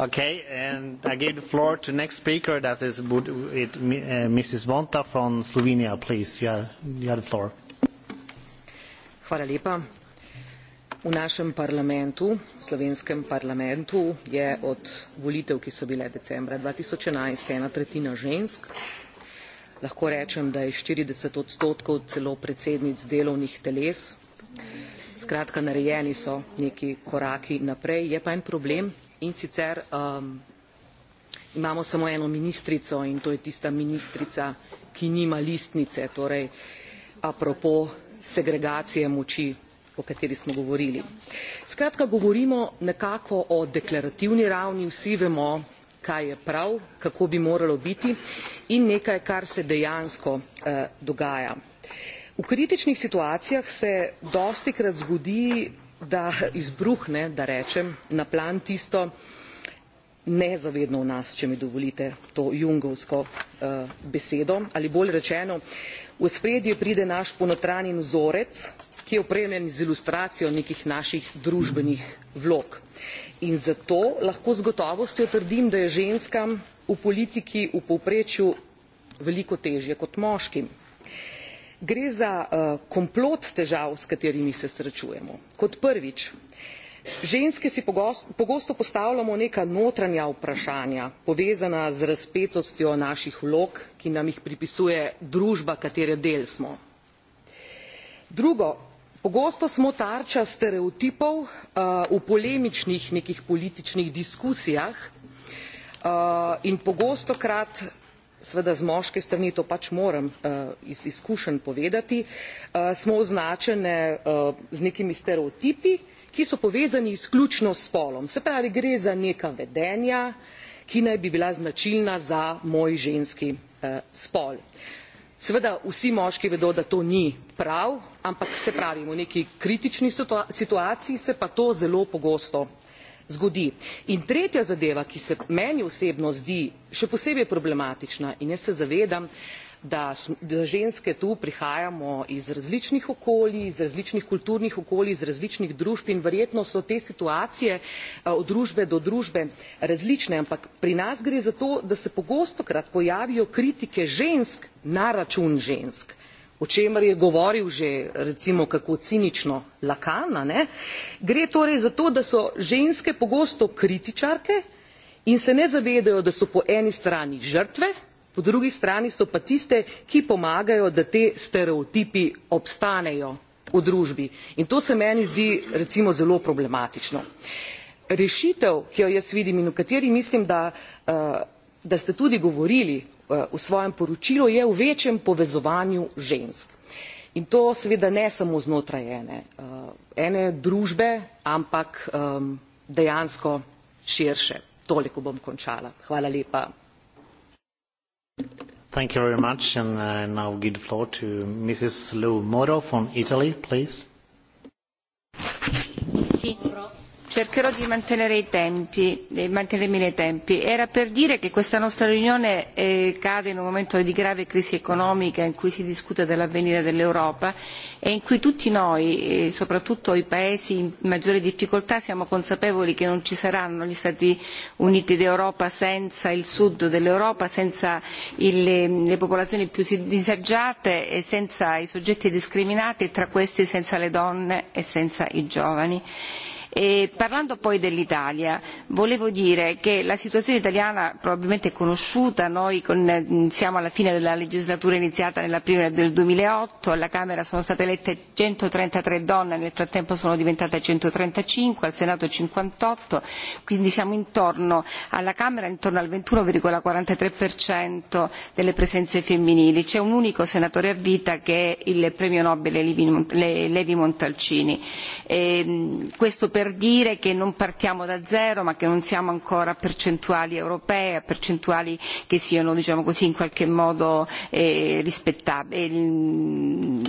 Uh, [LAUGHS] okay, and I give the floor to next speaker. That is uh, Mrs. Vonta from Slovenia. Please, you have, you have the floor. Hvala lepa. V našem parlamentu, slovenskem parlamentu, je od volitev, ki so bile decembra 2011, ena tretjina žensk. Lahko rečem, da je 40 odstotkov celo predsednic delovnih teles Skratka, narejeni so neki koraki naprej. Je pa en problem in sicer um, imamo samo eno ministrico in to je tista ministrica, ki nima listnice, torej apropo segregacije moči, o kateri smo govorili. Skratka, govorimo nekako o deklarativni ravni, vsi vemo, kaj je prav, kako bi moralo biti in nekaj, kar se dejansko eh, dogaja. Eh, U kritičnih situacijah se dostikrat zgodi, da izbruhne, da rečem, na plan tisto nezavedno v nas, če mi dovolite to jungovsko uh, besedo, ali bolj rečeno, v spredje pride naš ponotranji vzorec, ki je opremljen z ilustracijo nekih naših družbenih vlog. In zato lahko z gotovostjo trdim, da je ženskam v politiki v povprečju veliko težje kot moškim. Gre za uh, komplot težav, s katerimi se srečujemo. Kot prvič, ženske si pogosto, pogosto postavljamo neka notranja vprašanja, povezana z razpetostjo naših vlog, ki nam jih pripisuje družba, katere del smo. Drugo, Pogosto smo tarča stereotipov uh, v polemičnih nekih političnih diskusijah uh, in pogosto krat seveda z moške strani, to pač moram eh, iz izkušenj povedati, eh, smo označene eh, z nekimi stereotipi, ki so povezani izključno s spolom. Se pravi, gre za neka vedenja, ki naj bi bila značilna za moj ženski spol. Seveda vsi moški vedo, da to ni prav, ampak se pravi, v neki kritični situaciji se pa to zelo pogosto zgodi. In tretja zadeva, ki se meni osebno zdi še posebej problematična in jaz se zavedam, da, da ženske tu prihajamo iz različnih okolij, iz različnih kulturnih okolij, iz različnih družb in verjetno so te situacije eh, od družbe do družbe različne, ampak pri nas gre za to, da se pogostokrat pojavijo kritike žensk na račun žensk o čemer je govoril že recimo kako cinično Lacan, ne? gre torej za to, da so ženske pogosto kritičarke in se ne zavedajo, da so po eni strani žrtve, po drugi strani so pa tiste, ki pomagajo, da te stereotipi obstanejo v družbi. In to se meni zdi recimo zelo problematično. Rešitev, ki jo jaz vidim in o kateri mislim, da, eh, da ste tudi govorili, Eh, v svojem poročilu je v večjem povezovanju žensk. In to seveda ne samo znotraj ene, eh, ene družbe, ampak ehm, dejansko širše. Toliko bom končala. Hvala lepa. Thank you very much. And uh, now give the floor to Mrs. Lou Moro from Italy, please. Sì cercherò di mantenere i tempi, eh, mantenermi nei tempi. Era per dire che questa nostra riunione eh, cade in un momento di grave crisi economica in cui si discute dell'avvenire dell'Europa e in cui tutti noi, eh, soprattutto i paesi in maggiore difficoltà, siamo consapevoli che non ci saranno gli Stati Uniti d'Europa senza il sud dell'Europa, senza il, le popolazioni più disagiate e senza i soggetti discriminati e tra questi senza le donne e senza i giovani. E parlando poi dell'Italia, volevo dire che la situazione italiana probabilmente è conosciuta, noi con, siamo alla fine della legislatura iniziata nell'aprile del 2008, alla Camera sono state elette 133 donne, nel frattempo sono diventate 135, al Senato 58, quindi siamo intorno alla Camera intorno al 21,43% delle presenze femminili. C'è un unico senatore a vita che è il premio Nobel Levi Montalcini. E, questo per per dire che non partiamo da zero ma che non siamo ancora a percentuali europee, a percentuali che siano diciamo così in qualche modo eh, eh, mm,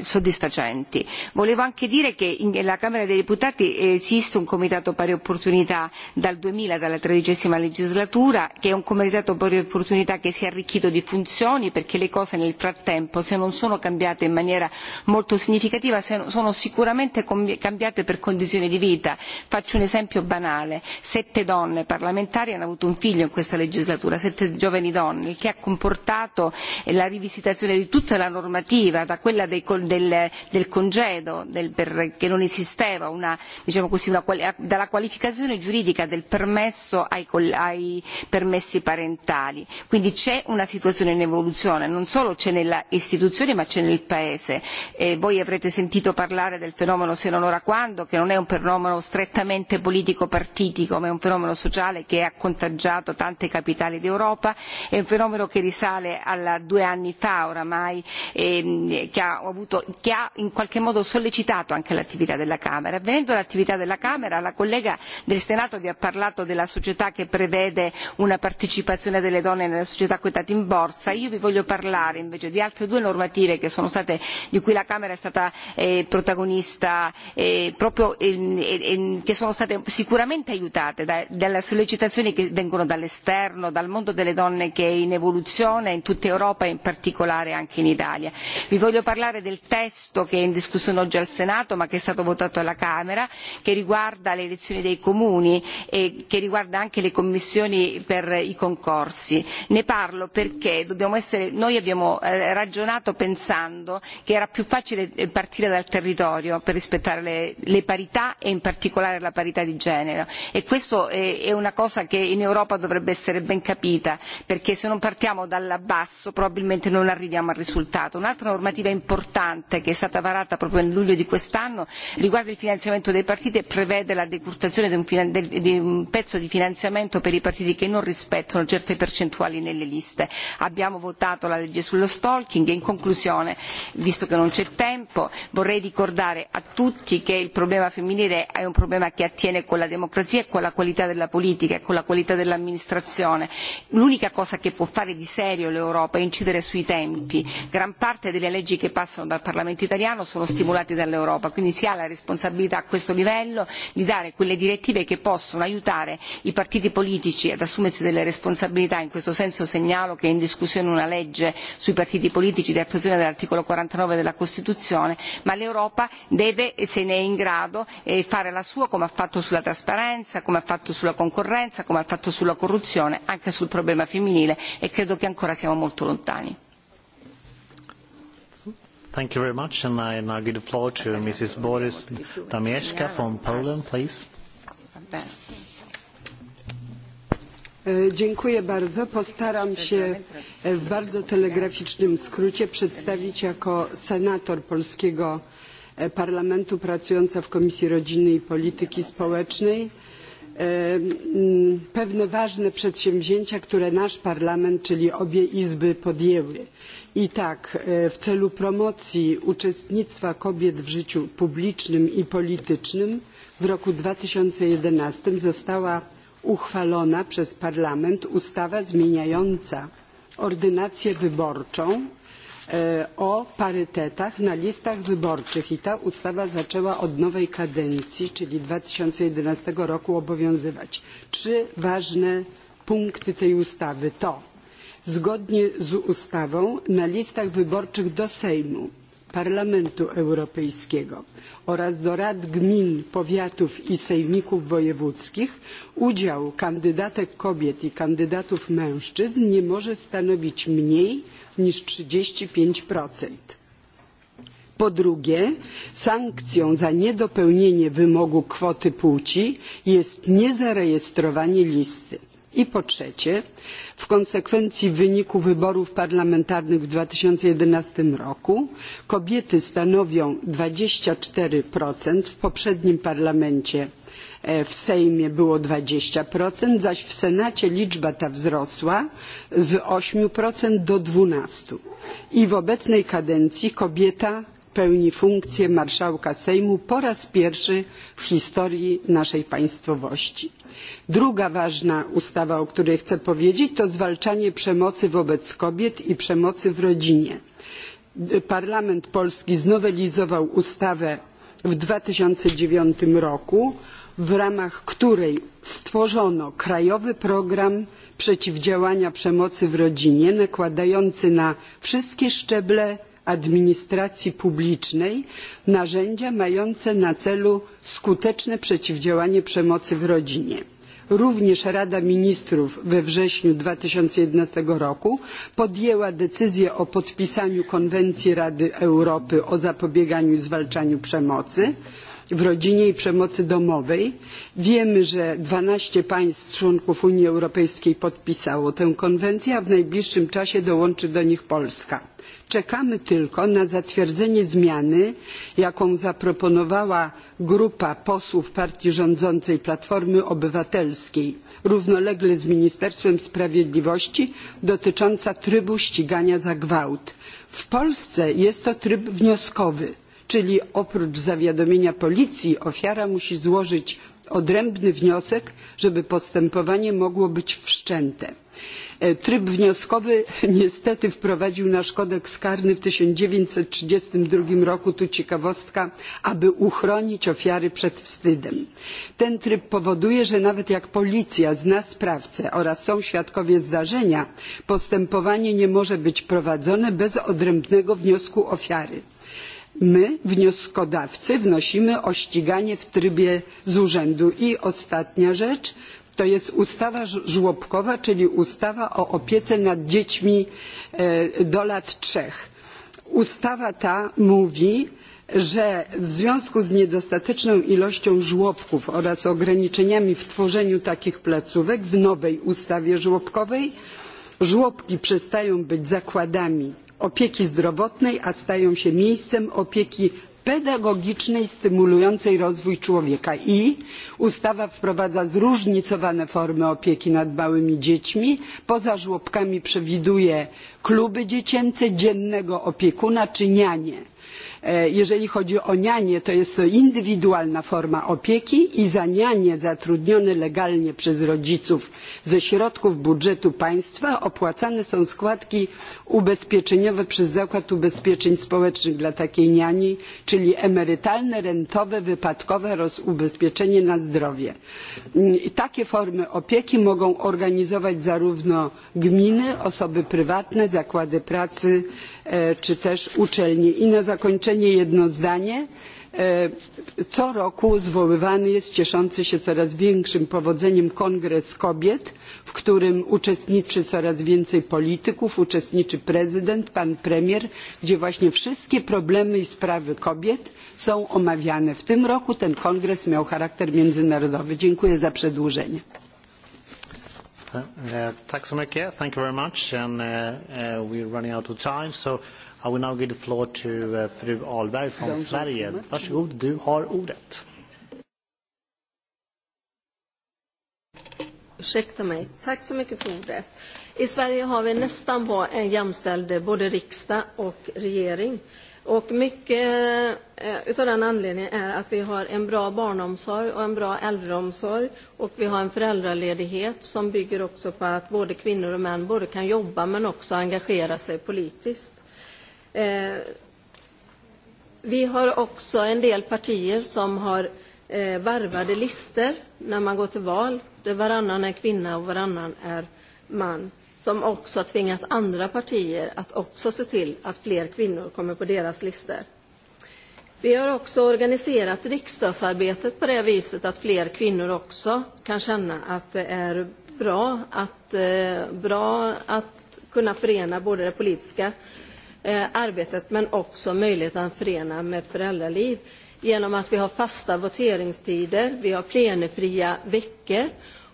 soddisfacenti. Volevo anche dire che nella Camera dei Deputati esiste un comitato pari opportunità dal 2000, dalla tredicesima legislatura, che è un comitato pari opportunità che si è arricchito di funzioni perché le cose nel frattempo se non sono cambiate in maniera molto significativa sono sicuramente cambiate per condizioni di vita vita. Faccio un esempio banale. Sette donne parlamentari hanno avuto un figlio in questa legislatura, sette giovani donne, il che ha comportato la rivisitazione di tutta la normativa, da quella dei, del, del congedo, del, per, che non esisteva, una, diciamo così, una, dalla qualificazione giuridica del permesso ai, ai permessi parentali. Quindi c'è una situazione in evoluzione, non solo c'è nella istituzione ma c'è nel Paese. e voi avrete sentito parlare del fenomeno se non ora quando, che non è un fenomeno fenomeno strettamente politico-partitico, ma è un fenomeno sociale che ha contagiato tante capitali d'Europa, è un fenomeno che risale a due anni fa oramai, e, che, ha avuto, che ha in qualche modo sollecitato anche l'attività della Camera. Venendo all'attività della Camera, la collega del Senato vi ha parlato della società che prevede una partecipazione delle donne nella società quotata in borsa. Io vi voglio parlare invece di altre due normative che sono state, di cui la Camera è stata eh, protagonista eh, proprio E, e, che sono state sicuramente aiutate da, dalle sollecitazioni che vengono dall'esterno, dal mondo delle donne che è in evoluzione in tutta Europa e in particolare anche in Italia. Vi voglio parlare del testo che è in discussione oggi al Senato ma che è stato votato alla Camera, che riguarda le elezioni dei comuni e che riguarda anche le commissioni per i concorsi. Ne parlo perché dobbiamo essere, noi abbiamo eh, ragionato pensando che era più facile eh, partire dal territorio per rispettare le, le parità e in particolare la parità di genere e questa è, è una cosa che in Europa dovrebbe essere ben capita perché se non partiamo dal basso probabilmente non arriviamo al risultato. Un'altra normativa importante che è stata varata proprio nel luglio di quest'anno riguarda il finanziamento dei partiti e prevede la decurtazione di un, di un pezzo di finanziamento per i partiti che non rispettano certe percentuali nelle liste. Abbiamo votato la legge sullo stalking e in conclusione, visto che non c'è tempo, vorrei ricordare a tutti che il problema femminile hai è un problema che attiene con la democrazia e con la qualità della politica e con la qualità dell'amministrazione. L'unica cosa che può fare di serio l'Europa è incidere sui tempi. Gran parte delle leggi che passano dal Parlamento italiano sono stimolate dall'Europa, quindi si ha la responsabilità a questo livello di dare quelle direttive che possono aiutare i partiti politici ad assumersi delle responsabilità. In questo senso segnalo che è in discussione una legge sui partiti politici di attuazione dell'articolo 49 della Costituzione, ma l'Europa deve, e se ne è in grado, eh, fare la sua come ha fatto sulla trasparenza, come ha fatto sulla concorrenza, come ha fatto sulla corruzione, anche sul problema femminile e credo che ancora siamo molto lontani. Thank you very much, and I now give the floor to Mrs. Boris Damieszka from Poland, please. E, dziękuję bardzo. Postaram się w bardzo telegraficznym skrócie przedstawić jako senator polskiego E, Parlamentu pracująca w Komisji Rodziny i Polityki Społecznej e, pewne ważne przedsięwzięcia, które nasz Parlament, czyli obie Izby podjęły. I tak e, w celu promocji uczestnictwa kobiet w życiu publicznym i politycznym w roku 2011 została uchwalona przez Parlament ustawa zmieniająca ordynację wyborczą E, o parytetach na listach wyborczych i ta ustawa zaczęła od nowej kadencji, czyli 2011 roku obowiązywać. Trzy ważne punkty tej ustawy to zgodnie z ustawą na listach wyborczych do Sejmu, Parlamentu Europejskiego oraz do rad gmin, powiatów i sejmików wojewódzkich udział kandydatek kobiet i kandydatów mężczyzn nie może stanowić mniej niż 35%. Po drugie, sankcją za niedopełnienie wymogu kwoty płci jest niezarejestrowanie listy. I po trzecie, w konsekwencji wyniku wyborów parlamentarnych w 2011 roku kobiety stanowią 24% w poprzednim parlamencie E, w Sejmie było 20%, zaś w Senacie liczba ta wzrosła z 8% do 12%. I w obecnej kadencji kobieta pełni funkcję marszałka Sejmu po raz pierwszy w historii naszej państwowości. Druga ważna ustawa, o której chcę powiedzieć, to zwalczanie przemocy wobec kobiet i przemocy w rodzinie. Parlament Polski znowelizował ustawę w 2009 roku w ramach której stworzono krajowy program przeciwdziałania przemocy w rodzinie nakładający na wszystkie szczeble administracji publicznej narzędzia mające na celu skuteczne przeciwdziałanie przemocy w rodzinie. Również Rada Ministrów we wrześniu 2011 roku podjęła decyzję o podpisaniu konwencji Rady Europy o zapobieganiu i zwalczaniu przemocy w rodzinie i przemocy domowej. Wiemy, że 12 państw członków Unii Europejskiej podpisało tę konwencję, a w najbliższym czasie dołączy do nich Polska. Czekamy tylko na zatwierdzenie zmiany, jaką zaproponowała grupa posłów partii rządzącej Platformy Obywatelskiej, równolegle z Ministerstwem Sprawiedliwości, dotycząca trybu ścigania za gwałt. W Polsce jest to tryb wnioskowy czyli oprócz zawiadomienia policji ofiara musi złożyć odrębny wniosek, żeby postępowanie mogło być wszczęte. E, tryb wnioskowy [LAUGHS] niestety wprowadził nasz kodeks karny w 1932 roku, tu ciekawostka, aby uchronić ofiary przed wstydem. Ten tryb powoduje, że nawet jak policja zna sprawcę oraz są świadkowie zdarzenia, postępowanie nie może być prowadzone bez odrębnego wniosku ofiary. My, wnioskodawcy, wnosimy o ściganie w trybie z urzędu. I ostatnia rzecz, to jest ustawa żłobkowa, czyli ustawa o opiece nad dziećmi e, do lat trzech. Ustawa ta mówi, że w związku z niedostateczną ilością żłobków oraz ograniczeniami w tworzeniu takich placówek w nowej ustawie żłobkowej żłobki przestają być zakładami opieki zdrowotnej, a stają się miejscem opieki pedagogicznej stymulującej rozwój człowieka i ustawa wprowadza zróżnicowane formy opieki nad małymi dziećmi poza żłobkami przewiduje kluby dziecięce dziennego opiekuna czy nianie. E, jeżeli chodzi o nianie, to jest to indywidualna forma opieki i za nianie zatrudnione legalnie przez rodziców ze środków budżetu państwa opłacane są składki ubezpieczeniowe przez Zakład Ubezpieczeń Społecznych dla takiej niani, czyli emerytalne, rentowe, wypadkowe oraz ubezpieczenie na zdrowie. Mm, I takie formy opieki mogą organizować zarówno gminy, osoby prywatne, zakłady pracy e, czy też uczelnie. I na zakończenie jeszcze nie jedno zdanie. E, co roku zwoływany jest cieszący się coraz większym powodzeniem Kongres Kobiet, w którym uczestniczy coraz więcej polityków, uczestniczy prezydent, pan premier, gdzie właśnie wszystkie problemy i sprawy kobiet są omawiane. W tym roku ten kongres miał charakter międzynarodowy. Dziękuję za przedłużenie. E, thank you very much. And uh, uh, we're running out of time. So I will now give the floor to uh, fru from Don't Sverige. Varsågod, du har ordet. Ursäkta mig. Tack så mycket för ordet. I Sverige har vi nästan var en jämställd eh, både riksdag och regering. Och mycket eh, utav den anledningen är att vi har en bra barnomsorg och en bra äldreomsorg och vi har en föräldraledighet som bygger också på att både kvinnor och män både kan jobba men också engagera sig politiskt. Eh, vi har också en del partier som har eh, varvade lister när man går till val, där varannan är kvinna och varannan är man, som också har tvingat andra partier att också se till att fler kvinnor kommer på deras lister. Vi har också organiserat riksdagsarbetet på det viset att fler kvinnor också kan känna att det är bra att, eh, bra att kunna förena både det politiska Eh, arbetet men också möjligheten att förena med föräldraliv genom att vi har fasta voteringstider, vi har plenifria veckor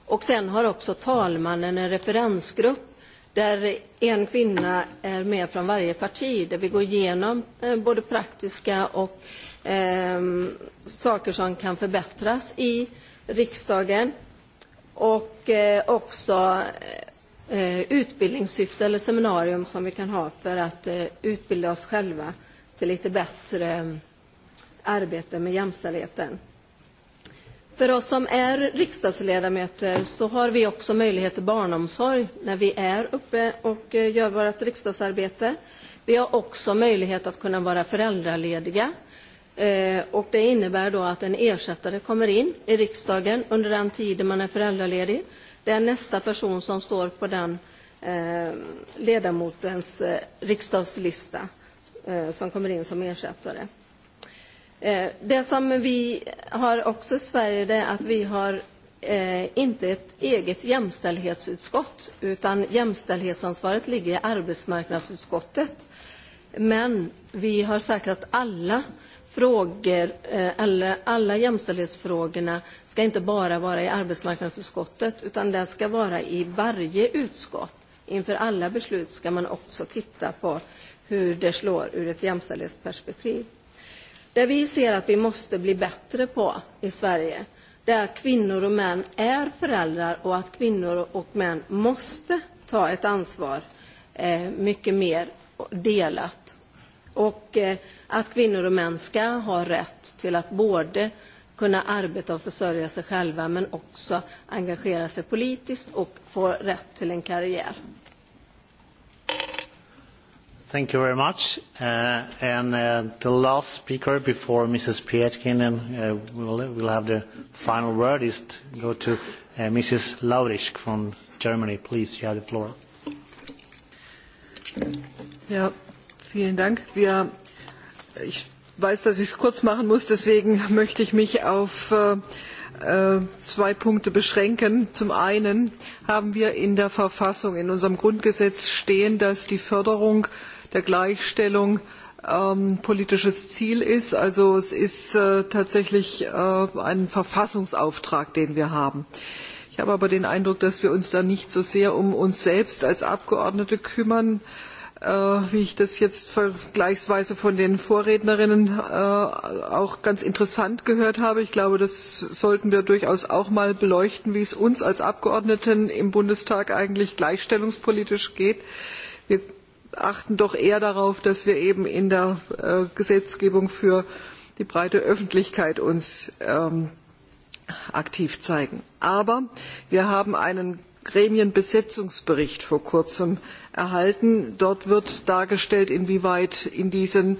och sen har också talmannen en referensgrupp där en kvinna är med från varje parti där vi går igenom eh, både praktiska och eh, saker som kan förbättras i riksdagen och eh, också Eh, utbildningssyfte eller seminarium som vi kan ha för att eh, utbilda oss själva till lite bättre eh, arbete med jämställdheten. För oss som är riksdagsledamöter så har vi också möjlighet till barnomsorg när vi är uppe och gör vårt riksdagsarbete. Vi har också möjlighet att kunna vara föräldralediga. Och det innebär då att en ersättare kommer in i riksdagen under den tiden man är föräldraledig Det är nästa person som står på den eh, ledamotens eh, riksdagslista eh, som kommer in som ersättare. Eh, det som vi har också i Sverige det är att vi har eh, inte ett eget jämställdhetsutskott utan jämställdhetsansvaret ligger i arbetsmarknadsutskottet. Men vi har sagt att alla frågor, eh, alla, alla jämställdhetsfrågorna ska inte bara vara i arbetsmarknadsutskottet utan det ska vara i varje utskott. Inför alla beslut ska man också titta på hur det slår ur ett jämställdhetsperspektiv. Det vi ser att vi måste bli bättre på i Sverige det är att kvinnor och män är föräldrar och att kvinnor och män måste ta ett ansvar eh, mycket mer delat och eh, att kvinnor och män ska ha rätt till att både kunna arbeta och försörja sig själva men också engagera sig politiskt och få rätt till en karriär. Thank you very much. Uh, and uh, the last speaker before Mrs. Pietkin and uh, we'll, we'll have the final word, is to go to uh, Mrs. Laurisch from Germany. Please, you have the floor. Yeah. Vielen Dank. Wir, ich weiß, dass ich es kurz machen muss, deswegen möchte ich mich auf äh, äh, zwei Punkte beschränken. Zum einen haben wir in der Verfassung, in unserem Grundgesetz stehen, dass die Förderung der Gleichstellung ähm, politisches Ziel ist. Also es ist äh, tatsächlich äh, ein Verfassungsauftrag, den wir haben. Ich habe aber den Eindruck, dass wir uns da nicht so sehr um uns selbst als Abgeordnete kümmern, äh, Äh, wie ich das jetzt vergleichsweise von den Vorrednerinnen äh, auch ganz interessant gehört habe. Ich glaube, das sollten wir durchaus auch mal beleuchten, wie es uns als Abgeordneten im Bundestag eigentlich gleichstellungspolitisch geht. Wir achten doch eher darauf, dass wir eben in der äh, Gesetzgebung für die breite Öffentlichkeit uns ähm, aktiv zeigen. Aber wir haben einen Gremienbesetzungsbericht vor kurzem erhalten. Dort wird dargestellt, inwieweit in diesen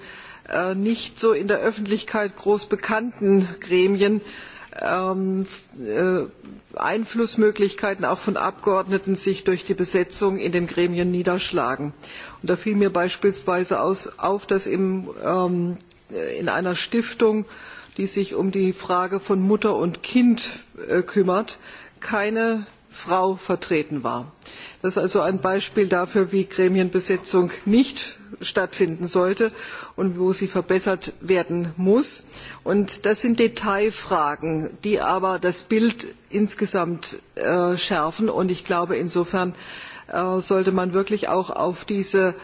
äh, nicht so in der Öffentlichkeit groß bekannten Gremien ähm, äh, Einflussmöglichkeiten auch von Abgeordneten sich durch die Besetzung in den Gremien niederschlagen. Und da fiel mir beispielsweise aus, auf, dass im, ähm, äh, in einer Stiftung, die sich um die Frage von Mutter und Kind äh, kümmert, keine Frau vertreten war. Das ist also ein Beispiel dafür, wie Gremienbesetzung nicht stattfinden sollte und wo sie verbessert werden muss. Und das sind Detailfragen, die aber das Bild insgesamt äh, schärfen. Und ich glaube, insofern äh, sollte man wirklich auch auf diese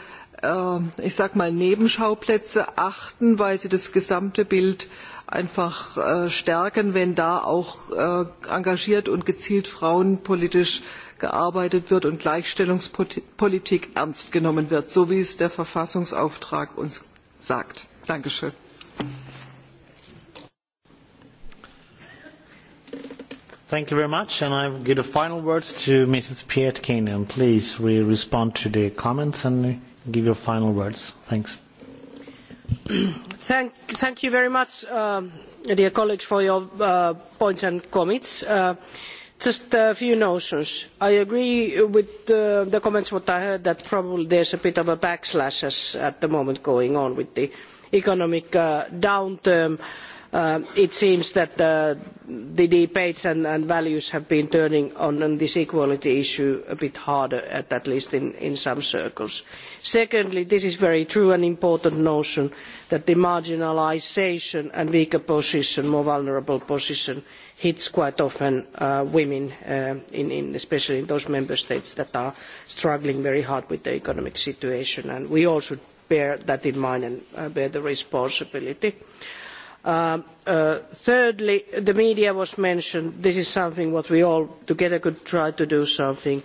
äh, ich sag mal Nebenschauplätze achten, weil sie das gesamte Bild einfach äh, stärken, wenn da auch äh, engagiert und gezielt frauenpolitisch gearbeitet wird und Gleichstellungspolitik ernst genommen wird, so wie es der Verfassungsauftrag uns sagt. Dankeschön. Thank you very much, and I give the final words to Mrs. Pietkin, and please we respond to the comments and give your final words. Thanks. Thank, thank, you very much, um, dear colleagues, for your uh, points and comments. Uh, just a few notions. I agree with uh, the comments what I heard that probably there is a bit of a backslash at the moment going on with the economic uh, downturn. Uh, it seems that uh, the debates and, and, values have been turning on, on, this equality issue a bit harder, at, at least in, in, some circles. Secondly, this is very true and important notion that the marginalisation and weaker position, more vulnerable position, hits quite often uh, women, uh, in, in, especially in those member states that are struggling very hard with the economic situation. And we all should bear that in mind and uh, bear the responsibility. Uh, Um, uh, thirdly, the media was mentioned. This is something that we all together could try to do something.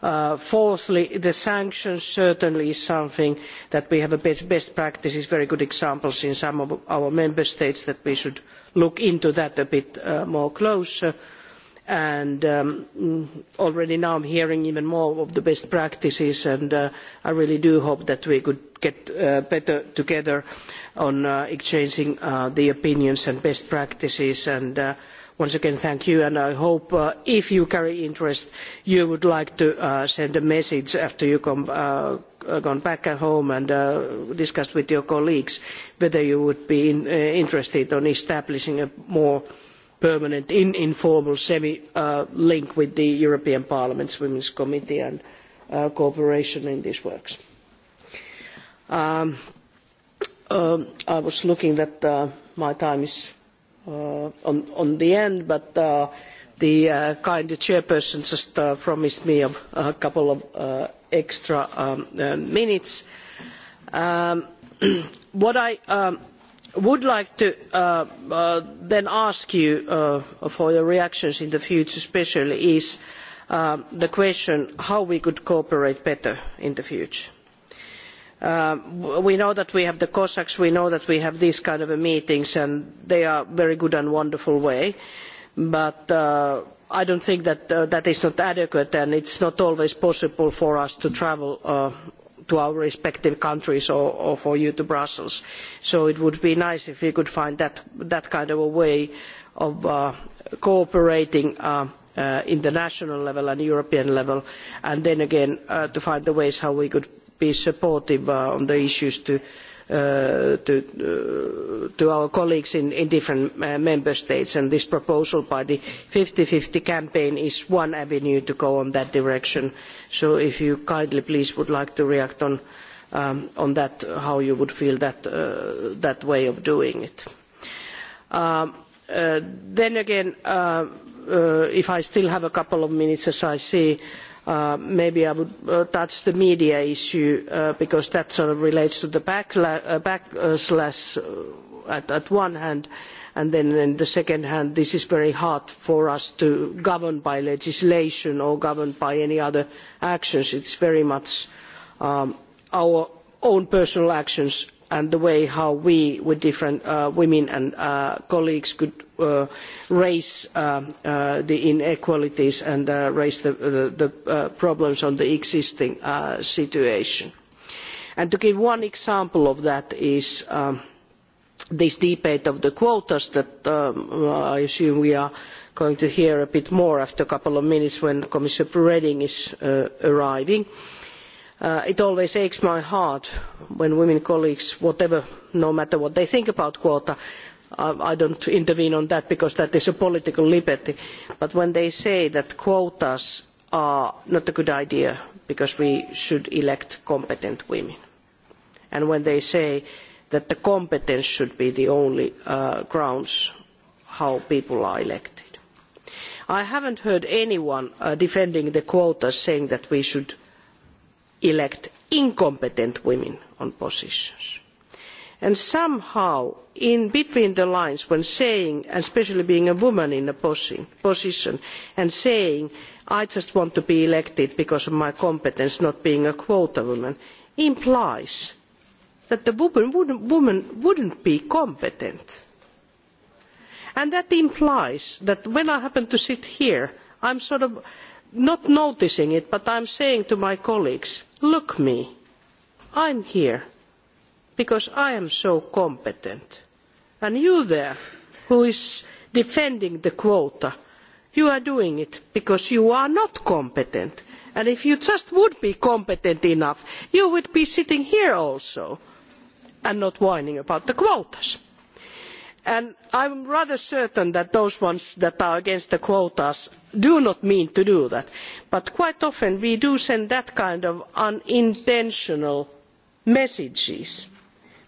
Uh, fourthly, the sanctions certainly is something that we have a best, best practices, very good examples in some of our member states that we should look into that a bit uh, more closer. And um, already now I am hearing even more of the best practices, and uh, I really do hope that we could get better together. Uh, on uh, exchanging uh, the opinions and best practices and uh, once again thank you and I hope uh, if you carry interest you would like to uh, send a message after you come uh, uh gone back at home and uh, discussed with your colleagues whether you would be in, uh, interested in establishing a more permanent in informal semi uh, link with the European Parliament's Women's Committee and uh, cooperation in these works. Um, Uh, I was looking that uh, my time is uh, on, on the end, but uh, the uh, kind chairperson just uh, promised me a, a couple of uh, extra um, uh, minutes. Um, [CLEARS THROAT] what I um, would like to uh, uh, then ask you uh, for your reactions in the future, especially, is uh, the question how we could cooperate better in the future Uh, we know that we have the Cossacks, we know that we have these kind of meetings, and they are very good and wonderful way. But uh, I don't think that uh, that is not adequate, and it's not always possible for us to travel uh, to our respective countries or, or for you to Brussels. So it would be nice if we could find that, that kind of a way of uh, cooperating uh, uh, in the national level and European level, and then again uh, to find the ways how we could be supportive uh, on the issues to, uh, to, uh, to our colleagues in, in different member states and this proposal by the fifty fifty campaign is one avenue to go in that direction so if you kindly please would like to react on, um, on that how you would feel that, that way of doing it um, then again if I still have a couple of minutes as I see Uh, maybe I would uh, touch the media issue uh, because that sort of relates to the backslash back, uh, uh, at, at, one hand, and then in the second hand, this is very hard for us to govern by legislation or govern by any other actions. It is very much um, our own personal actions and the way how we, with different uh, women and uh, colleagues, could uh, raise uh, uh, the inequalities and uh, raise the, the, the problems on the existing situation. And to give one example of that is um, this debate of the quotas that um, I assume we are going to hear a bit more after a couple of minutes when Commissioner Reding is arriving. Uh, Uh, it always aches my heart when women colleagues, whatever, no matter what they think about quota, I, I don't intervene on that because that is a political liberty. But when they say that quotas are not a good idea because we should elect competent women, and when they say that the competence should be the only uh, grounds how people are elected. I haven't heard anyone uh, defending the quotas saying that we should elect incompetent women on positions. And somehow, in between the lines, when saying, especially being a woman in a position, and saying, I just want to be elected because of my competence, not being a quota woman, implies that the woman wouldn't, woman wouldn't be competent. And that implies that when I happen to sit here, I'm sort of not noticing it, but I am saying to my colleagues, look me, I am here because I am so competent. And you there, who is defending the quota, you are doing it because you are not competent. And if you just would be competent enough, you would be sitting here also and not whining about the quotas. And I am rather certain that those ones that are against the quotas do not mean to do that. But quite often we do send that kind of unintentional message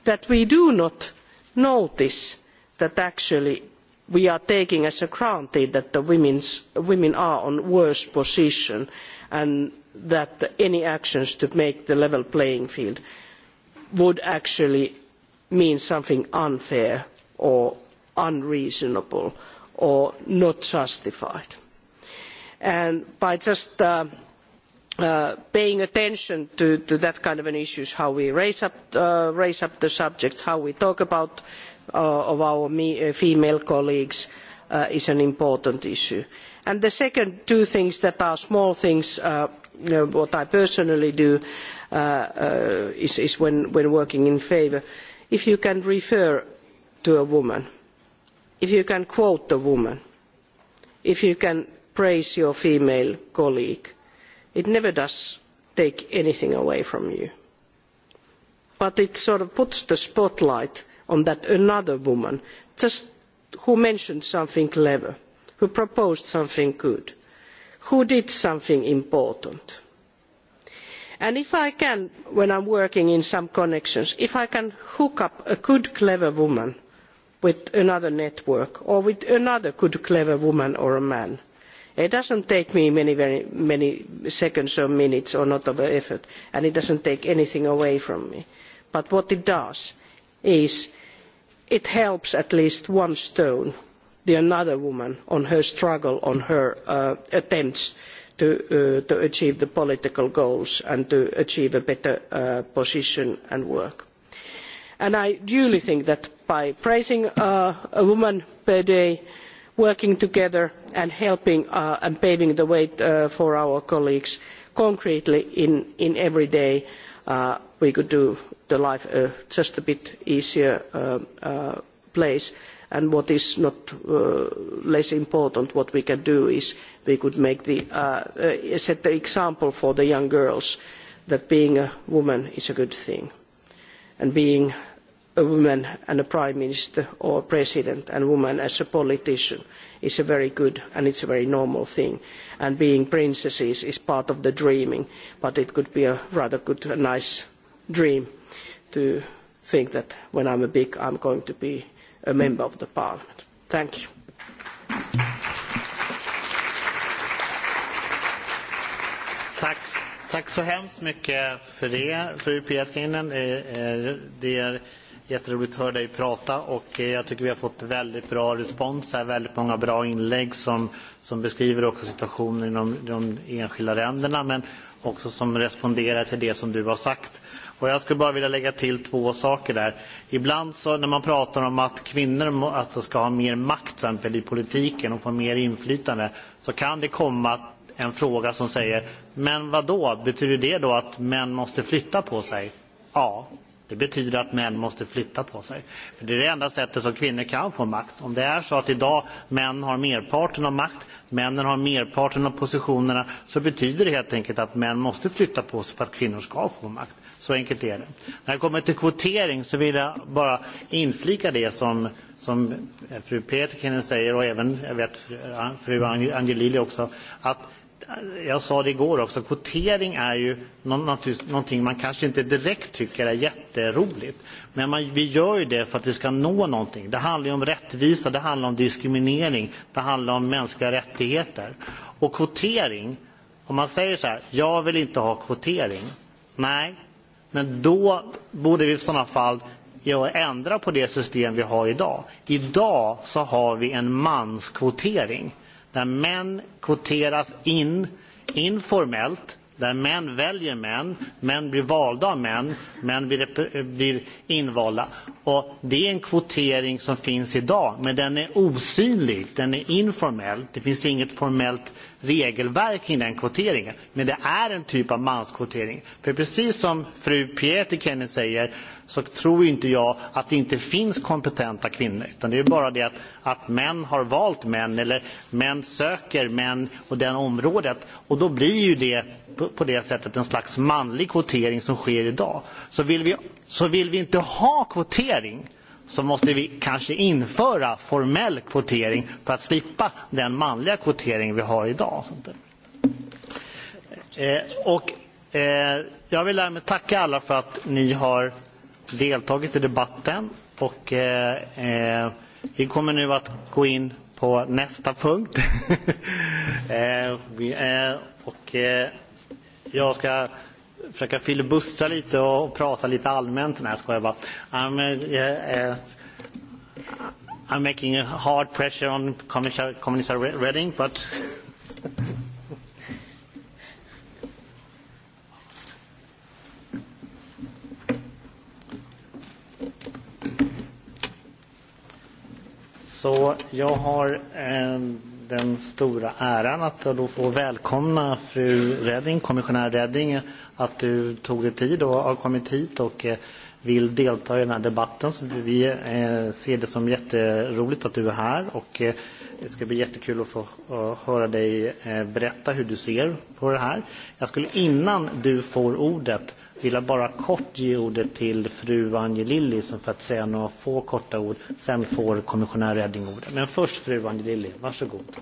that we do not notice that actually we are taking as a granted that the women are in a worse position and that any actions to make the level playing field would actually mean something unfair or unreasonable or not justified. And by just uh, uh, paying attention to, to, that kind of an issues, how we raise up, uh, raise up the subject, how we talk about uh, of our me, uh, female colleagues uh, is an important issue. And the second two things that are small things, you know, what I personally do is, is when, when working in favour, if you can refer to a woman, if you can quote a woman, if you can praise your female colleague, it never does take anything away from you. But it sort of puts the spotlight on that another woman, just who mentioned something clever, who proposed something good, who did something important. And if I can, when I am working in some connections, if I can hook up a good, clever woman with another network or with another good clever woman or a man. It does not take me many, very many seconds or minutes or not of effort, and it does not take anything away from me. But what it does is it helps at least one stone, the another woman, on her struggle, on her uh, attempts to, uh, to achieve the political goals and to achieve a better uh, position and work. And I duly think that by praising uh, a woman per day, working together and helping uh, and paving the way uh, for our colleagues concretely in, in every day, uh, we could do the life uh, just a bit easier uh, uh, place. And what is not uh, less important, what we can do is we could make the, uh, uh, set the example for the young girls that being a woman is a good thing and being a woman and a prime minister or president and a woman as a politician is a very good and it's a very normal thing. And being princesses is part of the dreaming, but it could be a rather good, a nice dream to think that when I'm a big, I'm going to be a member of the parliament. Thank you. Tack så hemskt mycket för det, fru Pietkinen. Eh, eh, det är jätteroligt att höra dig prata och eh, jag tycker vi har fått väldigt bra respons här, väldigt många bra inlägg som, som beskriver också situationen i de, enskilda länderna men också som responderar till det som du har sagt. Och jag skulle bara vilja lägga till två saker där. Ibland så när man pratar om att kvinnor alltså ska ha mer makt i politiken och få mer inflytande så kan det komma att en fråga som säger men vad då? Betyder det då att män måste flytta på sig? Ja, det betyder att män måste flytta på sig. För det är det enda sättet som kvinnor kan få makt. Om det är så att idag män har merparten av makt, männen har merparten av positionerna, så betyder det helt enkelt att män måste flytta på sig för att kvinnor ska få makt. Så enkelt är det. När det kommer till kvotering så vill jag bara inflika det som, som fru Peterkinen säger och även jag vet, fru Angelili också, att jag sa det igår också, kvotering är ju någonting man kanske inte direkt tycker är jätteroligt. Men man, vi gör ju det för att vi ska nå någonting. Det handlar ju om rättvisa, det handlar om diskriminering, det handlar om mänskliga rättigheter. Och kvotering, om man säger så här, jag vill inte ha kvotering. Nej, men då borde vi i sådana fall ja, ändra på det system vi har idag. Idag så har vi en manskvotering där män kvoteras in informellt där män väljer män, män blir valda av män, män blir, eh, blir invalda. Och det är en kvotering som finns idag, men den är osynlig, den är informell. Det finns inget formellt regelverk kring den kvoteringen, men det är en typ av manskvotering. För precis som fru Kenny säger så tror inte jag att det inte finns kompetenta kvinnor. Utan det är bara det att, att män har valt män eller män söker män och det området. Och då blir ju det på, på det sättet en slags manlig kvotering som sker idag. Så vill vi, så vill vi inte ha kvotering så måste vi kanske införa formell kvotering för att slippa den manliga kvotering vi har idag. Eh, och, eh, jag vill därmed tacka alla för att ni har deltagit i debatten och eh, eh, vi kommer nu att gå in på nästa punkt. [LAUGHS] eh, vi, eh, och, eh, jag ska försöka filibustra lite och prata lite allmänt. Nej, jag bara. I'm, eh, eh, I'm making a hard pressure on Commissioner, Commissioner Redding, but Så jag har eh, den stora äran att då få välkomna fru Redding, kommissionär Redding, att du tog dig tid och har kommit hit och eh, vill delta i den här debatten. Så vi eh, ser det som jätteroligt att du är här och eh, det ska bli jättekul att få att eh, höra dig eh, berätta hur du ser på det här. Jag skulle innan du får ordet jag bara kort ge ordet till fru Angelilli som för att säga några få korta ord. Sen får kommissionär Redding ordet. Men först fru Angelilli, varsågod.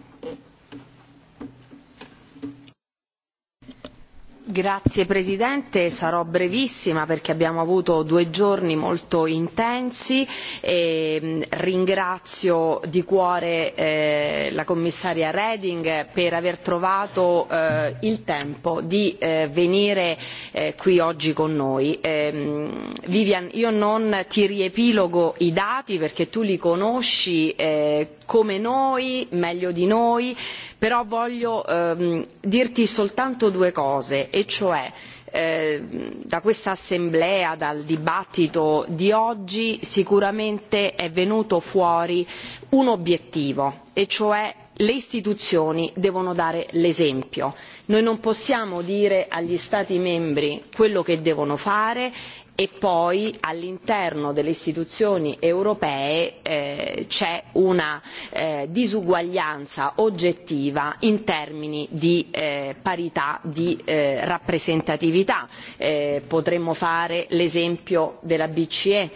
Grazie Presidente, sarò brevissima perché abbiamo avuto due giorni molto intensi e mm, ringrazio di cuore eh, la commissaria Reding per aver trovato eh, il tempo di eh, venire eh, qui oggi con noi. Eh, Vivian, io non ti riepilogo i dati perché tu li conosci eh, come noi, meglio di noi, però voglio ehm, dirti soltanto due cose, e cioè ehm, da questa assemblea, dal dibattito di oggi, sicuramente è venuto fuori un obiettivo, e cioè le istituzioni devono dare l'esempio. Noi non possiamo dire agli Stati membri quello che devono fare e poi all'interno delle istituzioni europee eh, c'è una eh, disuguaglianza oggettiva in termini di eh, parità di eh, rappresentatività. Eh, potremmo fare l'esempio della BCE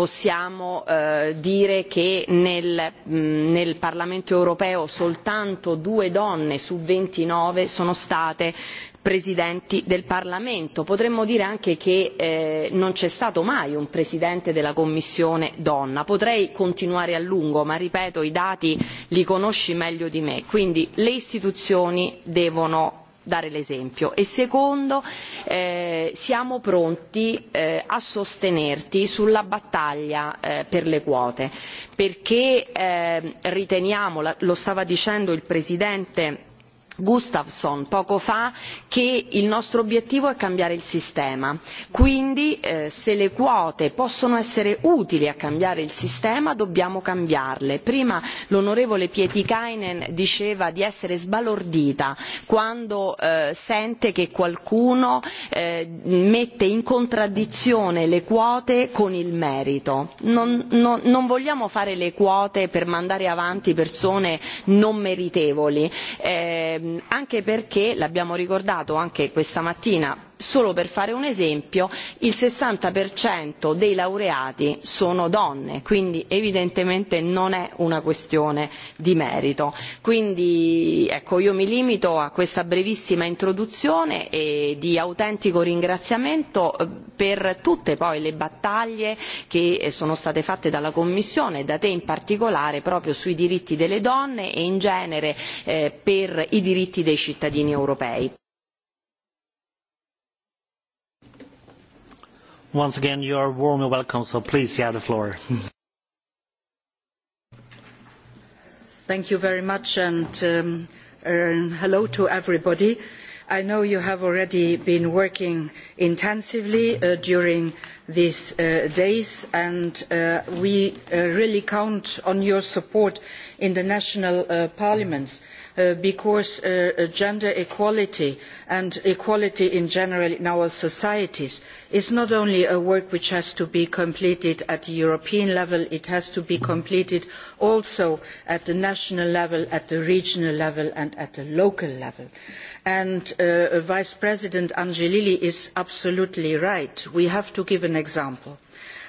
possiamo eh, dire che nel, mh, nel Parlamento europeo soltanto due donne su 29 sono state presidenti del Parlamento. Potremmo dire anche che eh, non c'è stato mai un presidente della Commissione donna. Potrei continuare a lungo, ma ripeto, i dati li conosci meglio di me. Quindi le istituzioni devono dare l'esempio e secondo eh, siamo pronti eh, a sostenerti sulla battaglia eh, per le quote perché eh, riteniamo lo stava dicendo il Presidente Gustafsson poco fa che il nostro obiettivo è cambiare il sistema. Quindi eh, se le quote possono essere utili a cambiare il sistema dobbiamo cambiarle. Prima l'onorevole Pietikainen diceva di essere sbalordita quando eh, sente che qualcuno eh, mette in contraddizione le quote con il merito. Non, non, non vogliamo fare le quote per mandare avanti persone non meritevoli. Eh, Ehm, anche perché l'abbiamo ricordato anche questa mattina Solo per fare un esempio, il sessanta dei laureati sono donne, quindi evidentemente non è una questione di merito. Quindi ecco, io mi limito a questa brevissima introduzione e di autentico ringraziamento eh, per tutte poi le battaglie che eh, sono state fatte dalla Commissione, e da te in particolare, proprio sui diritti delle donne e in genere eh, per i diritti dei cittadini europei. Once again, you are warmly welcome, so please, you have the floor. Thank you very much, and um, uh, hello to everybody. I know you have already been working intensively uh, during these uh, days and uh, we uh, really count on your support in the national uh, parliaments uh, because uh, gender equality and equality in general in our societies is not only a work which has to be completed at the European level, it has to be completed also at the national level, at the regional level and at the local level. And Vice President Angelilli is absolutely right. We have to give an example.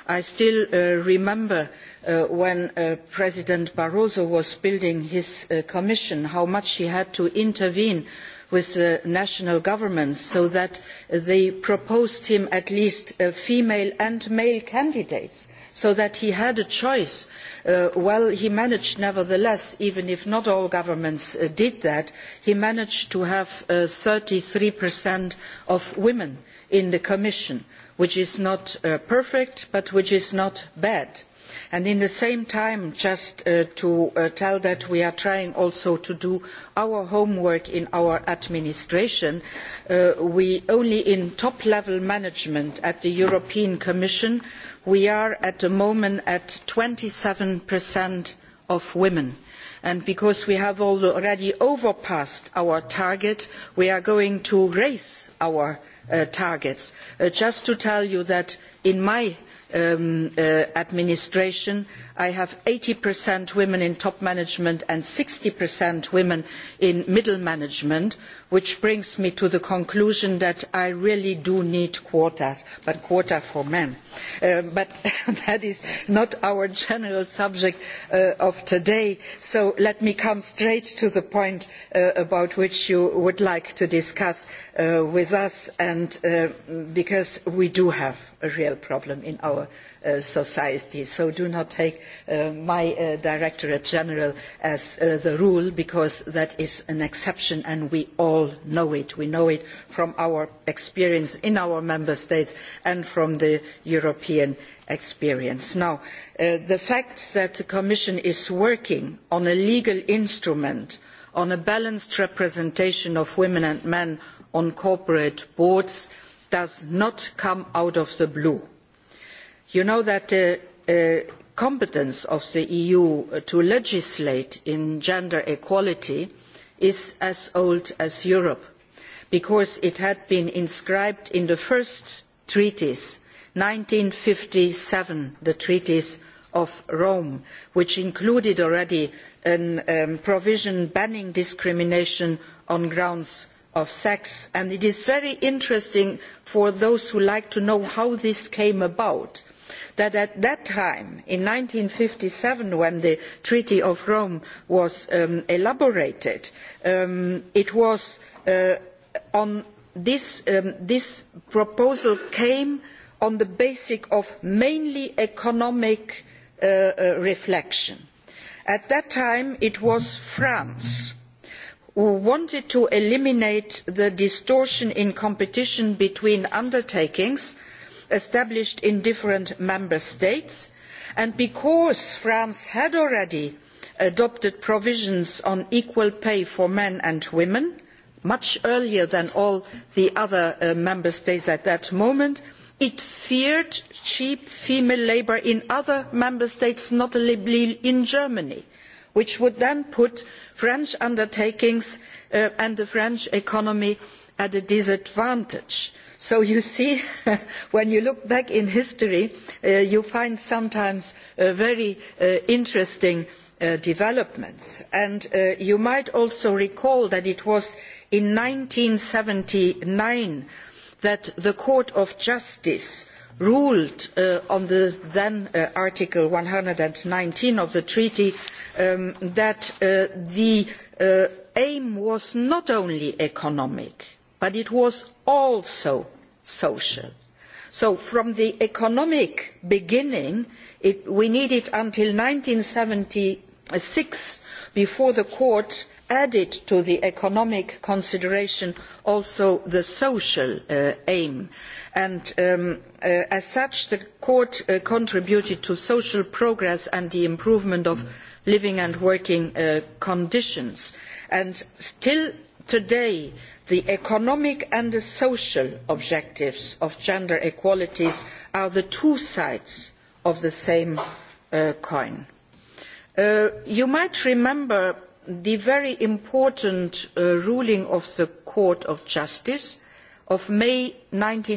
I still uh, remember uh, when uh, President Barroso was building his uh, commission, how much he had to intervene with the national governments so that they proposed him at least uh, female and male candidates so that he had a choice. Uh, well, he managed nevertheless, even if not all governments uh, did that, he managed to have thirty uh, three of women in the Commission which is not uh, perfect but which is not bad. And at the same time, just uh, to uh, tell that we are trying also to do our homework in our administration, uh, we only in top-level management at the European Commission, we are at the moment at twenty 27% of women. And because we have already overpassed our target, we are going to raise our Uh, targets. Uh, just to tell you that in my um, uh, administration I have 80% women in top management and 60% women in middle management which brings me to the conclusion that I really do need quotas, but quota for men. Uh, but [LAUGHS] that is not our general subject uh, of today, so let me come straight to the point uh, about which you would like to discuss uh, with us, and uh, because we do have a real problem in our Uh, society. So do not take uh, my uh, Directorate General as uh, the rule because that is an exception and we all know it. We know it from our experience in our member states and from the European experience. Now, uh, the fact that the Commission is working on a legal instrument on a balanced representation of women and men on corporate boards does not come out of the blue. You know that the uh, uh, competence of the EU uh, to legislate in gender equality is as old as Europe because it had been inscribed in the first treaties, fifty seven, the treaties of Rome, which included already a um, provision banning discrimination on grounds of sex. And it is very interesting for those who like to know how this came about that at that time in fifty seven when the treaty of rome was um, elaborated um, it was uh, on this, um, this proposal came on the basis of mainly economic uh, uh, reflection. At that time, it was France who wanted to eliminate the distortion in competition between undertakings established in different member states and because france had already adopted provisions on equal pay for men and women much earlier than all the other uh, member states at that moment it feared cheap female labour in other member states notably in germany which would then put french undertakings uh, and the french economy at a disadvantage. So you see, [LAUGHS] when you look back in history, uh, you find sometimes uh, very uh, interesting uh, developments. And uh, you might also recall that it was in seventy nine that the Court of Justice ruled uh, on the then Article one hundred and nineteen of the treaty um, that the aim was not only economic, but it was also social. So from the economic beginning, it, we needed until seventy six before the court added to the economic consideration also the social uh, aim. And um, uh, as such, the court uh, contributed to social progress and the improvement of living and working uh, conditions. And still today, the economic and the social objectives of gender equality are the two sides of the same uh, coin. Uh, you might remember the very important uh, ruling of the Court of Justice of May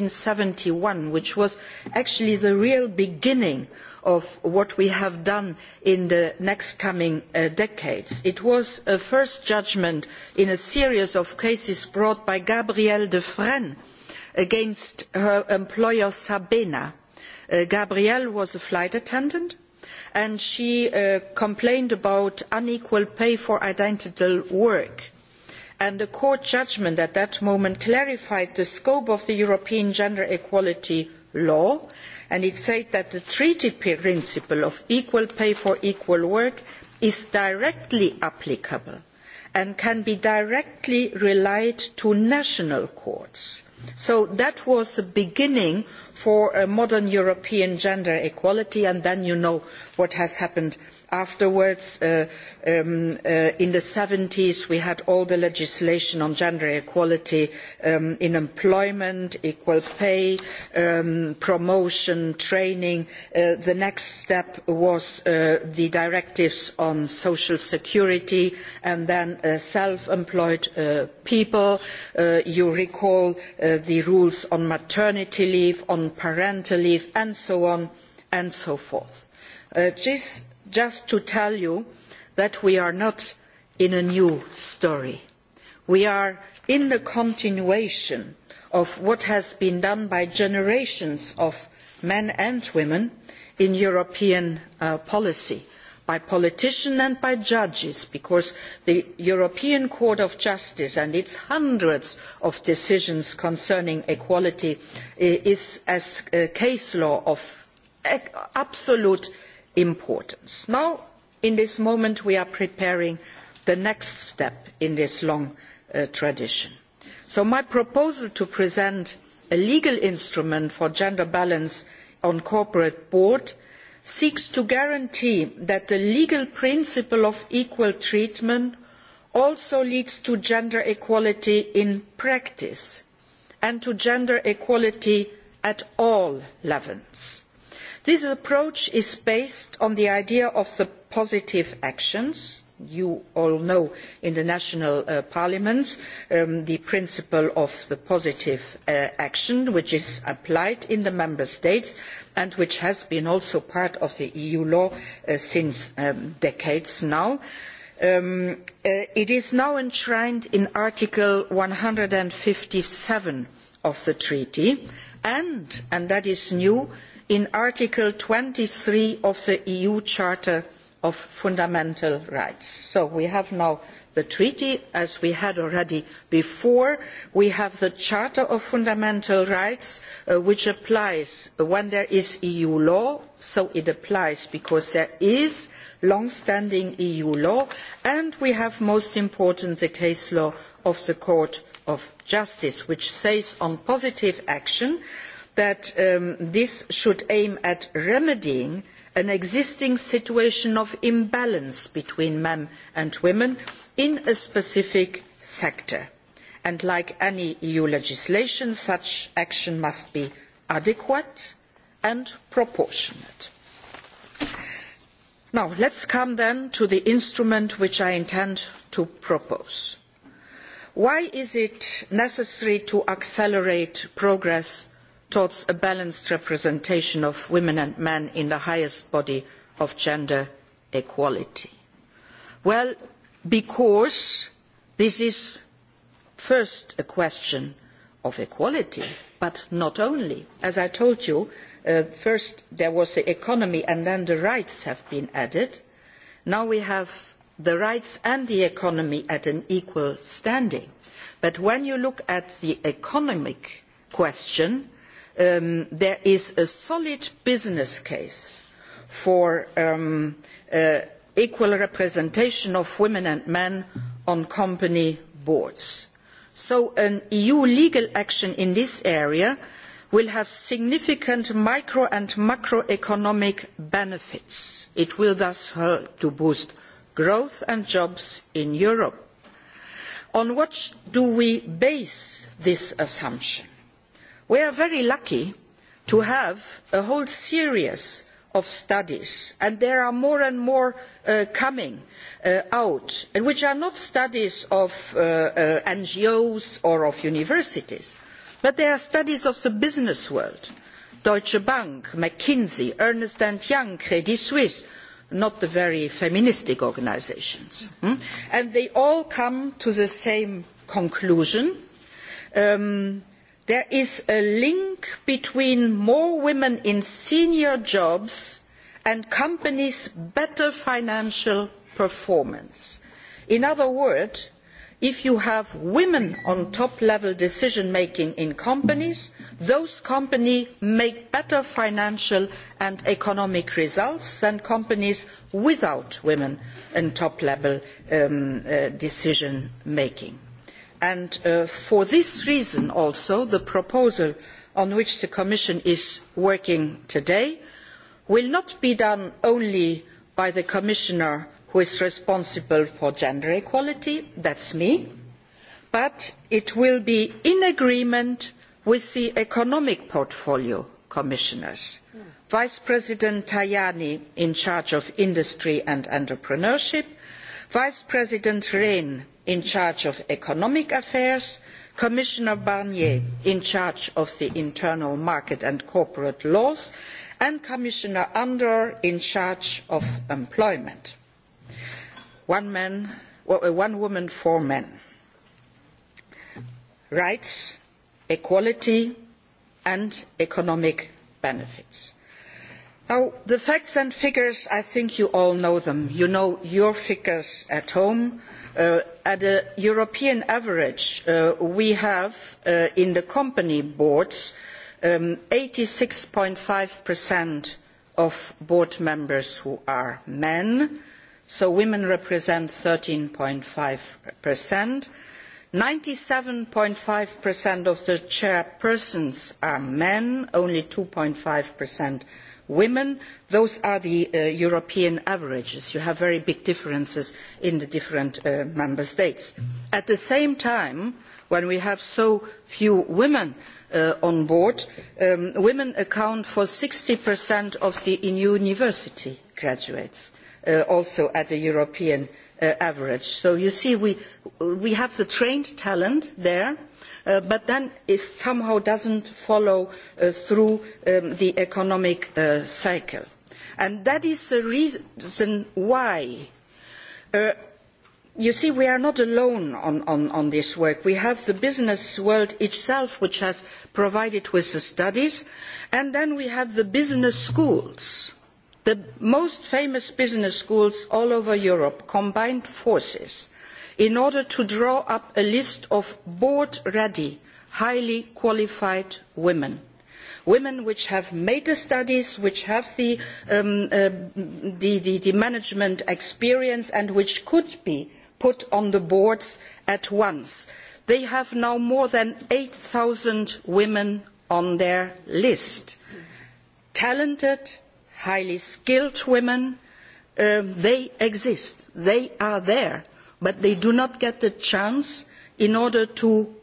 seventy one, which was actually the real beginning of of what we have done in the next coming uh, decades. It was a first judgment in a series of cases brought by Gabrielle de against her employer Sabena. Uh, Gabrielle was a flight attendant and she uh, complained about unequal pay for identical work and the court judgment at that moment clarified the scope of the European gender equality law and it said that the treaty principle of equal pay for equal work is directly applicable and can be directly relied to national courts. So that was the beginning for a modern European gender equality and then you know what has happened afterwards uh, um, uh, in the 70s we had all the legislation on gender equality um, in employment equal pay um, promotion training uh, the next step was the directives on social security and then self employed people you recall the rules on maternity leave on parental leave and so on and so forth this just to tell you that we are not in a new story. We are in the continuation of what has been done by generations of men and women in European uh, policy, by politicians and by judges, because the European Court of Justice and its hundreds of decisions concerning equality uh, is as a uh, case law of e-, absolute importance. Now, in this moment, we are preparing the next step in this long uh, tradition. So my proposal to present a legal instrument for gender balance on corporate boards seeks to guarantee that the legal principle of equal treatment also leads to gender equality in practice and to gender equality at all levels. This approach is based on the idea of the positive actions. You all know in the national uh, parliaments um, the principle of the positive uh, action which is applied in the member states and which has been also part of the EU law uh, since um, decades now. Um, uh, it is now enshrined in Article one hundred and fifty seven of the treaty and, and that is new, in Article twenty three of the EU Charter of Fundamental Rights. So we have now the treaty as we had already before. We have the Charter of Fundamental Rights uh, which applies when there is EU law, so it applies because there is long-standing EU law, and we have most important the case law of the Court of Justice which says on positive action that um, this should aim at remedying an existing situation of imbalance between men and women in a specific sector. And like any EU legislation, such action must be adequate and proportionate. Now, let us come then to the instrument which I intend to propose. Why is it necessary to accelerate progress towards a balanced representation of women and men in the highest body of gender equality? Well, because this is first a question of equality, but not only. As I told you, uh, first there was the economy and then the rights have been added. Now we have the rights and the economy at an equal standing. But when you look at the economic question, um, there is a solid business case for um, uh, equal representation of women and men on company boards. So an EU legal action in this area will have significant micro and macroeconomic benefits. It will thus help to boost growth and jobs in Europe. On what do we base this assumption? We are very lucky to have a whole series of studies, and there are more and more uh, coming uh, out, which are not studies of uh, uh NGOs or of universities, but they are studies of the business world. Deutsche Bank, McKinsey, Ernst Young, Credit Suisse, not the very feministic organisations, hmm? And they all come to the same conclusion. Um, there is a link between more women in senior jobs and companies' better financial performance. In other words, if you have women on top level decision making in companies, those companies make better financial and economic results than companies without women in top level um, uh, decision making. And uh, for this reason also, the proposal on which the Commission is working today will not be done only by the Commissioner who is responsible for gender equality, that is me, but it will be in agreement with the Economic Portfolio Commissioners. Vice President Tajani in charge of industry and entrepreneurship, Vice President Rehn in charge of economic affairs, Commissioner Barnier in charge of the internal market and corporate laws, and Commissioner Andor in charge of employment. One man, uh, one woman, four men. Rights, equality, and economic benefits. Now, the facts and figures, I think you all know them. You know your figures at home. Uh, at a European average, uh, we have uh, in the company boards um, eighty six five of board members who are men, so women represent thirteen five ninety seven five of the chairpersons are men, only two five women. Those are the uh, European averages. You have very big differences in the different uh, member states. At the same time, when we have so few women uh, on board, um, women account for 60% of the university graduates, uh, also at the European uh, average. So you see, we, we have the trained talent there, Uh, but then it somehow does not follow uh, through um, the economic uh, cycle. that is the reason why you see, we are not alone on, on, this work. We have the business world itself, which has provided with the studies, and then we have the business schools. The most famous business schools all over Europe combined forces in order to draw up a list of board ready, highly qualified women women which have made the studies, which have the, um, uh, the, the, the, management experience and which could be put on the boards at once. They have now more than eight 8,000 women on their list. Talented, highly skilled women, um, they exist. They are there but they do not get the chance in order to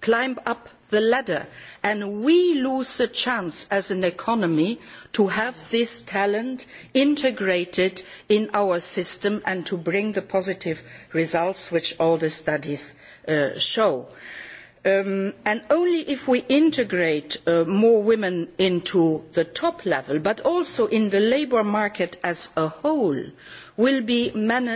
climb up the ladder and we lose the chance as an economy to have this talent integrated in our system and to bring the positive results which all the studies uh, show. Um, and only if we integrate uh, more women into the top level but also in the labour market as a whole uh, will be,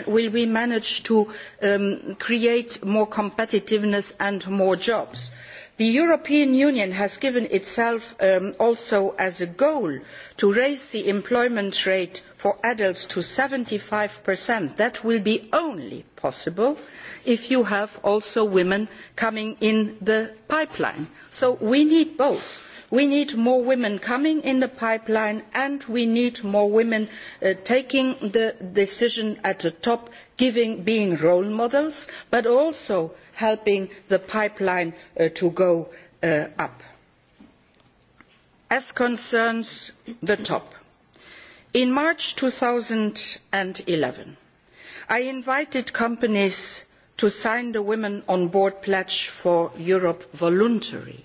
will to um, create more competitiveness and more jobs. The European Union has given itself um, also as a goal to raise the employment rate for adults to seventy 75%. That will be only possible if you have also women coming in the pipeline. So we need both. We need more women coming in the pipeline and we need more women uh, taking the decision at the top, giving, being role models, but also helping the pipeline uh, to go uh, up. As concerns the top, in March eleven I invited companies to sign the Women on Board Pledge for Europe voluntary.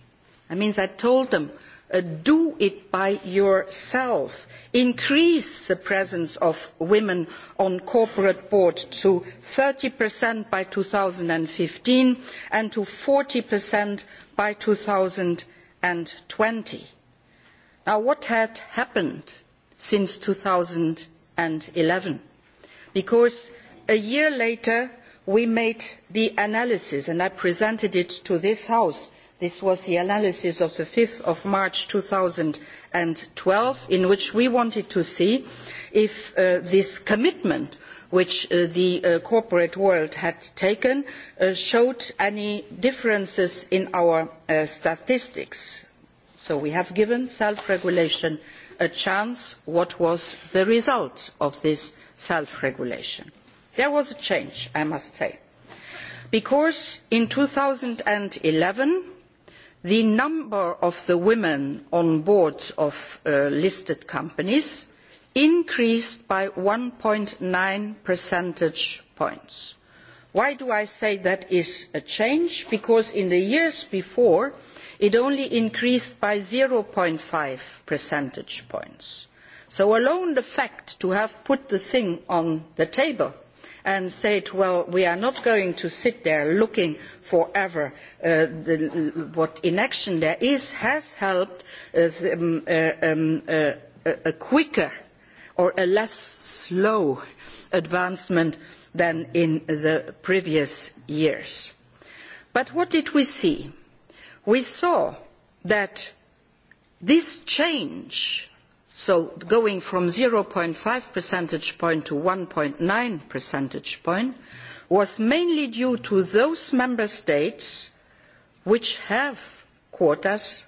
That means I told them, uh, do it by yourself. Increase the presence of women on corporate boards to 30% by fifteen and to 40% by twenty. Now, what had happened since 2011? Because a year later, we made the analysis, and I presented it to this House This was the analysis of the 5th of March twelve, in which we wanted to see if uh, this commitment which uh, the uh, corporate world had taken uh, showed any differences in our uh, statistics. So we have given self-regulation a chance. What was the result of this self-regulation? There was a change, I must say. Because in eleven The number of the women on boards of uh, listed companies increased by one nine percentage points. Why do I say that is a change? Because in the years before, it only increased by zero five percentage points. So alone the fact to have put the thing on the table and said, well, we are not going to sit there looking forever. Uh, the, what inaction there is has helped uh, um, uh, um, uh, a quicker or a less slow advancement than in the previous years. But what did we see? We saw that this change So going from zero five percentage point to one nine percentage point was mainly due to those member states which have quotas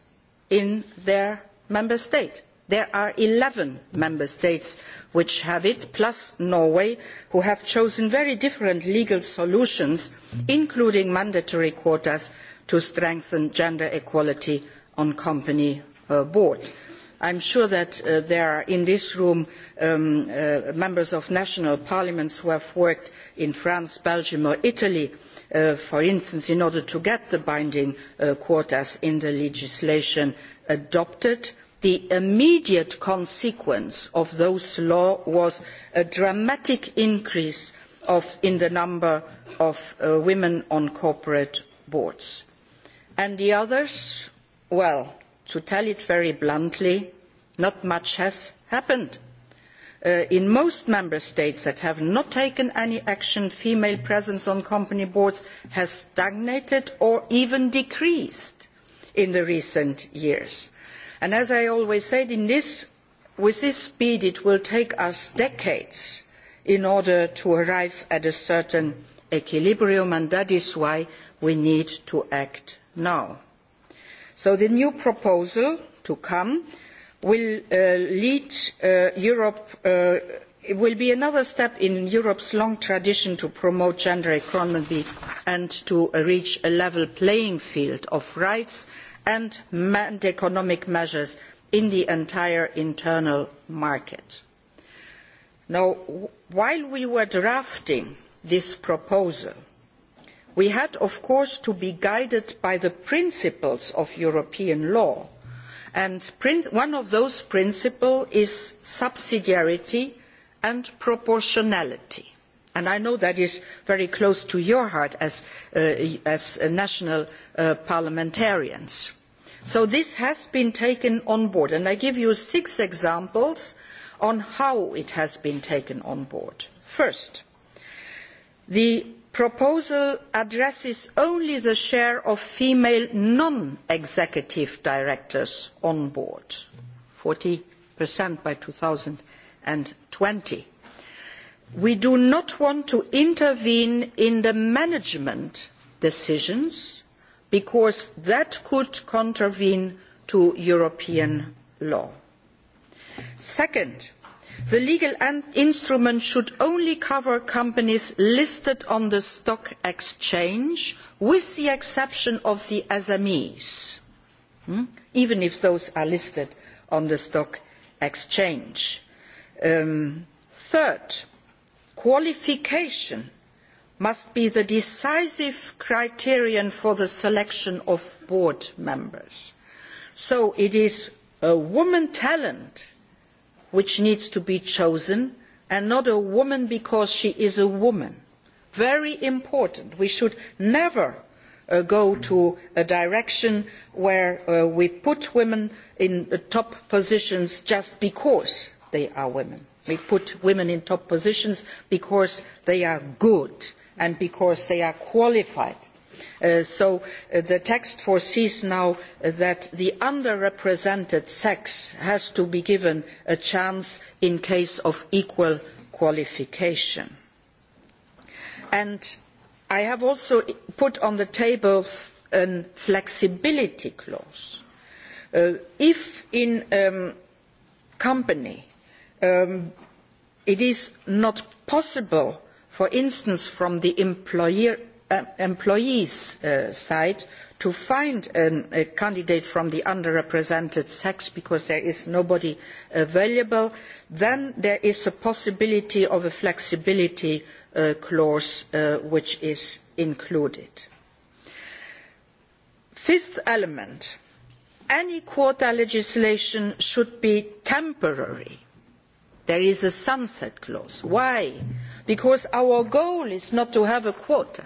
in their member state. There are eleven member states which have it, plus Norway, who have chosen very different legal solutions, including mandatory quotas, to strengthen gender equality on company uh, boards. I am sure that uh, there are in this room um, uh, members of national parliaments who have worked in France, Belgium or Italy, uh, for instance, in order to get the binding uh, quotas in the legislation adopted. The immediate consequence of those laws was a dramatic increase of, in the number of uh, women on corporate boards. And the others? Well, to tell it very bluntly, not much has happened. Uh, in most member states that have not taken any action, female presence on company boards has stagnated or even decreased in the recent years. And as I always said, this, with this speed, it will take us decades in order to arrive at a certain equilibrium, and that is why we need to act now. So the new proposal to come will uh, lead uh, Europe uh, it will be another step in Europe's long tradition to promote gender equality and to reach a level playing field of rights and economic measures in the entire internal market. Now, while we were drafting this proposal, We had, of course, to be guided by the principles of European law. And one of those principles is subsidiarity and proportionality. And I know that is very close to your heart as, uh, as national uh, parliamentarians. So this has been taken on board. And I give you six examples on how it has been taken on board. First, the proposal addresses only the share of female non-executive directors on board, 40% by twenty. We do not want to intervene in the management decisions because that could contravene to European law. Second, The legal instrument should only cover companies listed on the stock exchange, with the exception of the SMEs, hmm? even if those are listed on the stock exchange. Um, third, qualification must be the decisive criterion for the selection of board members. So it is a woman talent which needs to be chosen and not a woman because she is a woman. Very important. We should never uh, go to a direction where uh, we put women in uh, top positions just because they are women. We put women in top positions because they are good and because they are qualified Uh, so uh, the text foresees now uh, that the under represented sex has to be given a chance in case of equal qualification. I have also put on the table a flexibility clause. Uh, if in a um, company um, it is not possible, for instance, from the employer employees' uh, side to find an, a candidate from the under represented sex because there is nobody available, then there is a possibility of a flexibility uh, clause uh, which is included. Fifth element, any quota legislation should be temporary. There is a sunset clause. Why? Because our goal is not to have a quota.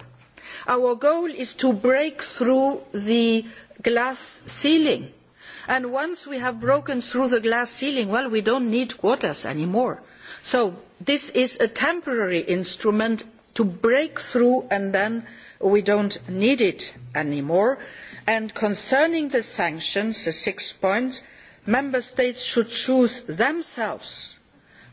Our goal is to break through the glass ceiling. And once we have broken through the glass ceiling, well, we do not need quotas anymore. So this is a temporary instrument to break through and then we do not need it anymore. And concerning the sanctions, the sixth point, member states should choose themselves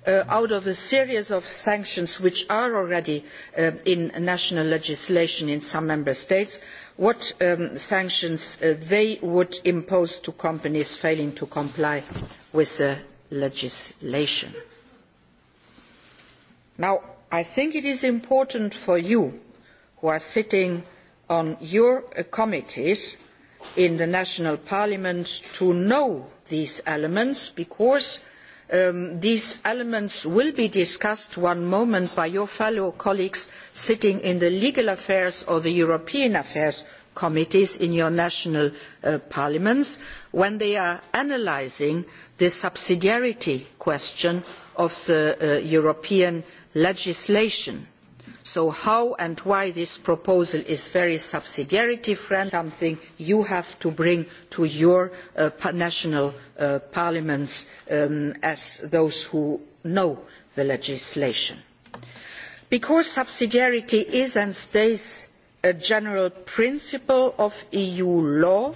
uh, out of a series of sanctions which are already uh, in national legislation in some member states what um, sanctions uh, they would impose to companies failing to comply with the legislation. Now, I think it is important for you who are sitting on your uh, committees in the national parliament to know these elements because Um, these elements will be discussed one moment by your fellow colleagues sitting in the legal affairs or the european affairs committees in your national uh, parliaments when they are analysing the subsidiarity question of the uh, european legislation. so how and why this proposal is very subsidiarity friendly something you have to bring to your uh, national Uh, parliaments um, as those who know the legislation. Because subsidiarity is and stays a general principle of EU law,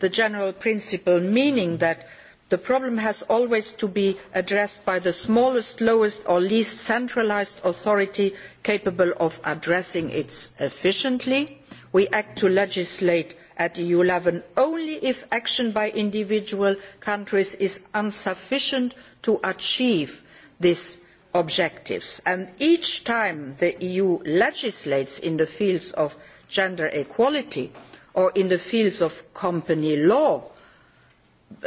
the general principle meaning that the problem has always to be addressed by the smallest, lowest or least centralised authority capable of addressing it efficiently. We act to legislate at eu level only if action by individual countries is insufficient to achieve these objectives and each time the eu legislates in the fields of gender equality or in the fields of company law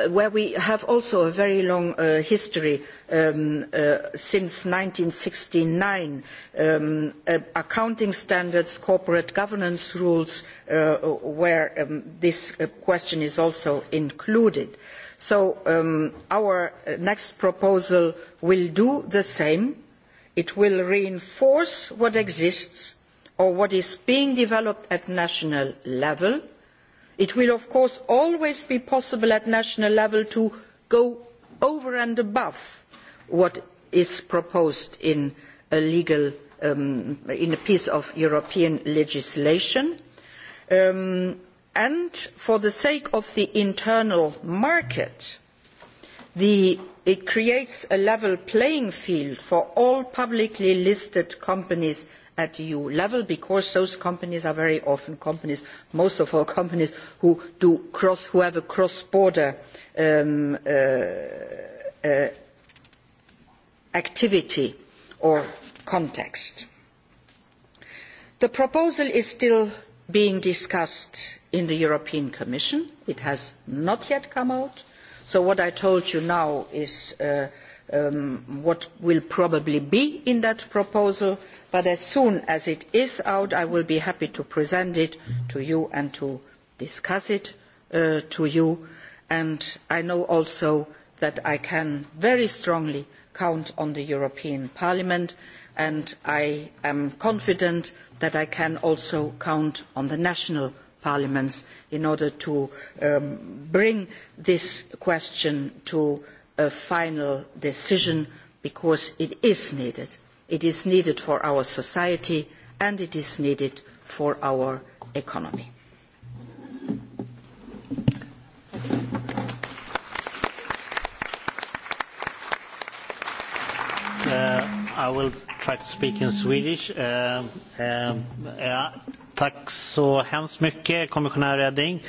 where we have also a very long uh, history um, uh, since 1969, um, uh, accounting standards, corporate governance rules, uh, where um, this uh, question is also included. So um, our uh, next proposal will do the same. It will reinforce what exists or what is being developed at national level – It will, of course, always be possible at national level to go over and above what is proposed in a, legal, um, in a piece of European legislation. Um, and for the sake of the internal market, the, it creates a level playing field for all publicly listed companies at EU level because those companies are very often companies, most of all companies, who, do cross, who have a cross-border um, uh, uh, activity or context. The proposal is still being discussed in the European Commission. It has not yet come out. So what I told you now is uh, um, what will probably be in that proposal but as soon as it is out, I will be happy to present it to you and to discuss it uh, to you. And I know also that I can very strongly count on the European Parliament and I am confident that I can also count on the national parliaments in order to um, bring this question to a final decision because it is needed. It is needed for our society and it is needed for our economy. Uh, I will try to speak in Swedish. Uh, uh, ja, tack så hemskt mycket, kommissionär Redding.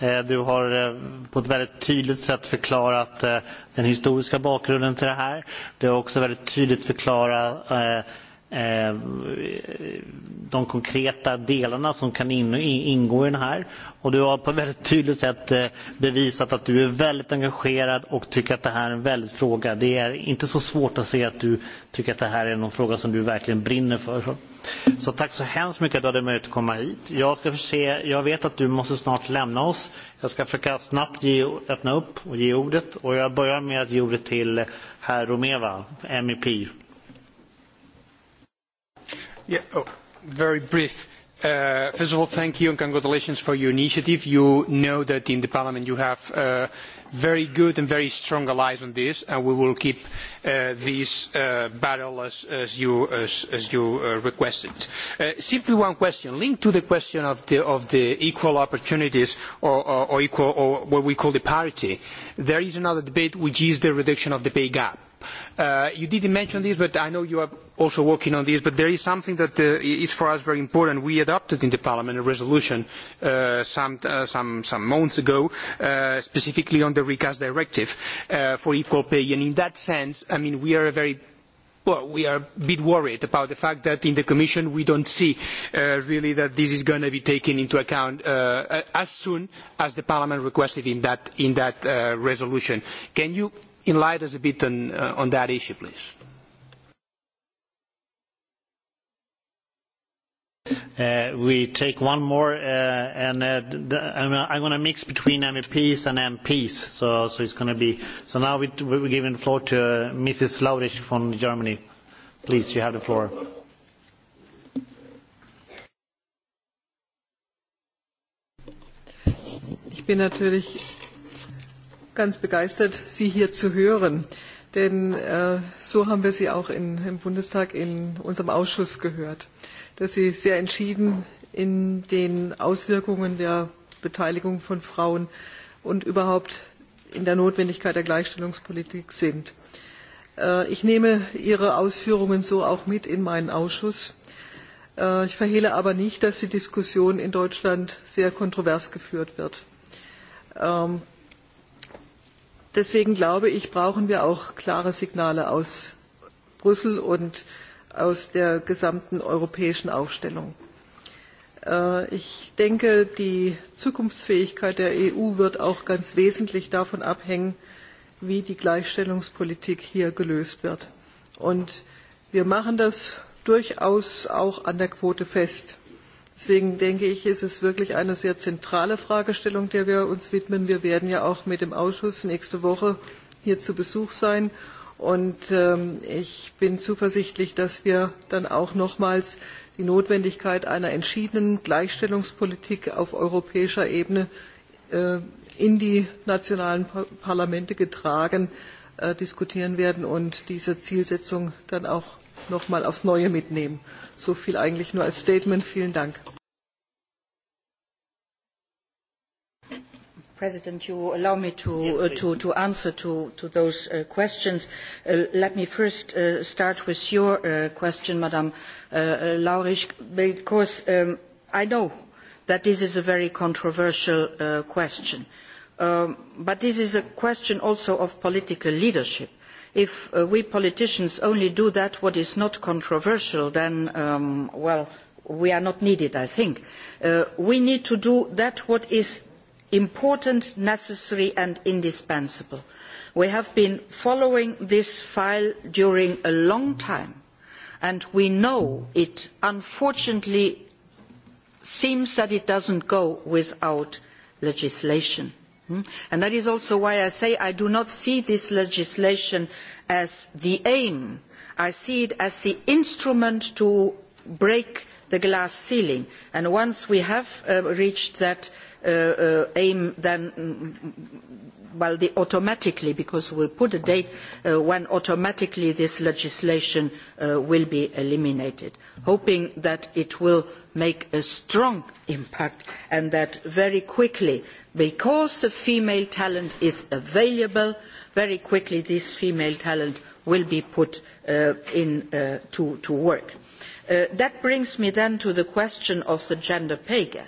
Eh, du har eh, på ett väldigt tydligt sätt förklarat eh, den historiska bakgrunden till det här. Du har också väldigt tydligt förklarat Eh, de konkreta delarna som kan in, ingå i den här. Och du har på ett väldigt tydligt sätt eh, bevisat att du är väldigt engagerad och tycker att det här är en väldigt fråga. Det är inte så svårt att se att du tycker att det här är någon fråga som du verkligen brinner för. Så, så tack så hemskt mycket att du hade möjlighet att komma hit. Jag, ska förse, jag vet att du måste snart lämna oss. Jag ska försöka snabbt ge, öppna upp och ge ordet. Och jag börjar med att ge ordet till herr Romeva, MEP. Yeah, oh, very brief. Uh, first of all, thank you and congratulations for your initiative. You know that in the Parliament you have uh, very good and very strong allies on this, and we will keep uh, this uh, battle as, as you, as, as you uh, requested. Uh, simply one question, linked to the question of the, of the equal opportunities or, or, or equal, or what we call the parity. There is another debate, which is the reduction of the pay gap Uh, you didn't mention this, but I know you are also working on this, but there is something that uh, is for us very important. We adopted in the Parliament a resolution uh, some, uh, some, some months ago, uh, specifically on the recast directive uh, for equal pay. And in that sense, I mean, we are a very well, we are a bit worried about the fact that in the Commission we don't see uh, really that this is going to be taken into account uh, as soon as the Parliament requested in that, in that uh, resolution. Can you enlighten us a bit on, uh, on that issue, please. Uh, we take one more, uh, and uh, the, I'm, uh, I'm going to mix between MEPs and MPs. So, so it's going to be. So now we, we're giving the floor to uh, Mrs. Laurich from Germany. Please, you have the floor. Ich bin natürlich ganz begeistert, Sie hier zu hören. Denn äh, so haben wir Sie auch in, im Bundestag in unserem Ausschuss gehört, dass Sie sehr entschieden in den Auswirkungen der Beteiligung von Frauen und überhaupt in der Notwendigkeit der Gleichstellungspolitik sind. Äh, ich nehme Ihre Ausführungen so auch mit in meinen Ausschuss. Äh, ich verhehle aber nicht, dass die Diskussion in Deutschland sehr kontrovers geführt wird. Ähm, Deswegen glaube ich, brauchen wir auch klare Signale aus Brüssel und aus der gesamten europäischen Aufstellung. Äh, ich denke, die Zukunftsfähigkeit der EU wird auch ganz wesentlich davon abhängen, wie die Gleichstellungspolitik hier gelöst wird. Und wir machen das durchaus auch an der Quote fest. Deswegen denke ich, ist es wirklich eine sehr zentrale Fragestellung, der wir uns widmen. Wir werden ja auch mit dem Ausschuss nächste Woche hier zu Besuch sein. Und ähm, ich bin zuversichtlich, dass wir dann auch nochmals die Notwendigkeit einer entschiedenen Gleichstellungspolitik auf europäischer Ebene äh, in die nationalen Parlamente getragen äh, diskutieren werden und diese Zielsetzung dann auch nochmal aufs Neue mitnehmen. So viel eigentlich nur als Statement. Vielen Dank. President, you allow me to, uh, to, to answer to, to those uh, questions. Uh, let me first uh, start with your uh, question, Madam uh, uh, Laurich, because um, I know that this is a very controversial uh, question. Um, but this is a question also of political leadership If uh, we politicians only do that what is not controversial, then, um, well, we are not needed, I think. Uh, we need to do that what is important, necessary and indispensable. We have been following this file during a long time and we know it unfortunately seems that it does not go without legislation. Hmm? And that is also why I say I do not see this legislation as the aim. I see it as the instrument to break the glass ceiling. And once we have uh, reached that uh, uh, aim, then mm, mm, well, the automatically, because we will put a date uh, when automatically this legislation uh, will be eliminated, hoping that it will make a strong impact and that very quickly because female talent is available very quickly this female talent will be put uh, in, uh, to, to, work. Uh, that brings me then to the question of the gender pay gap.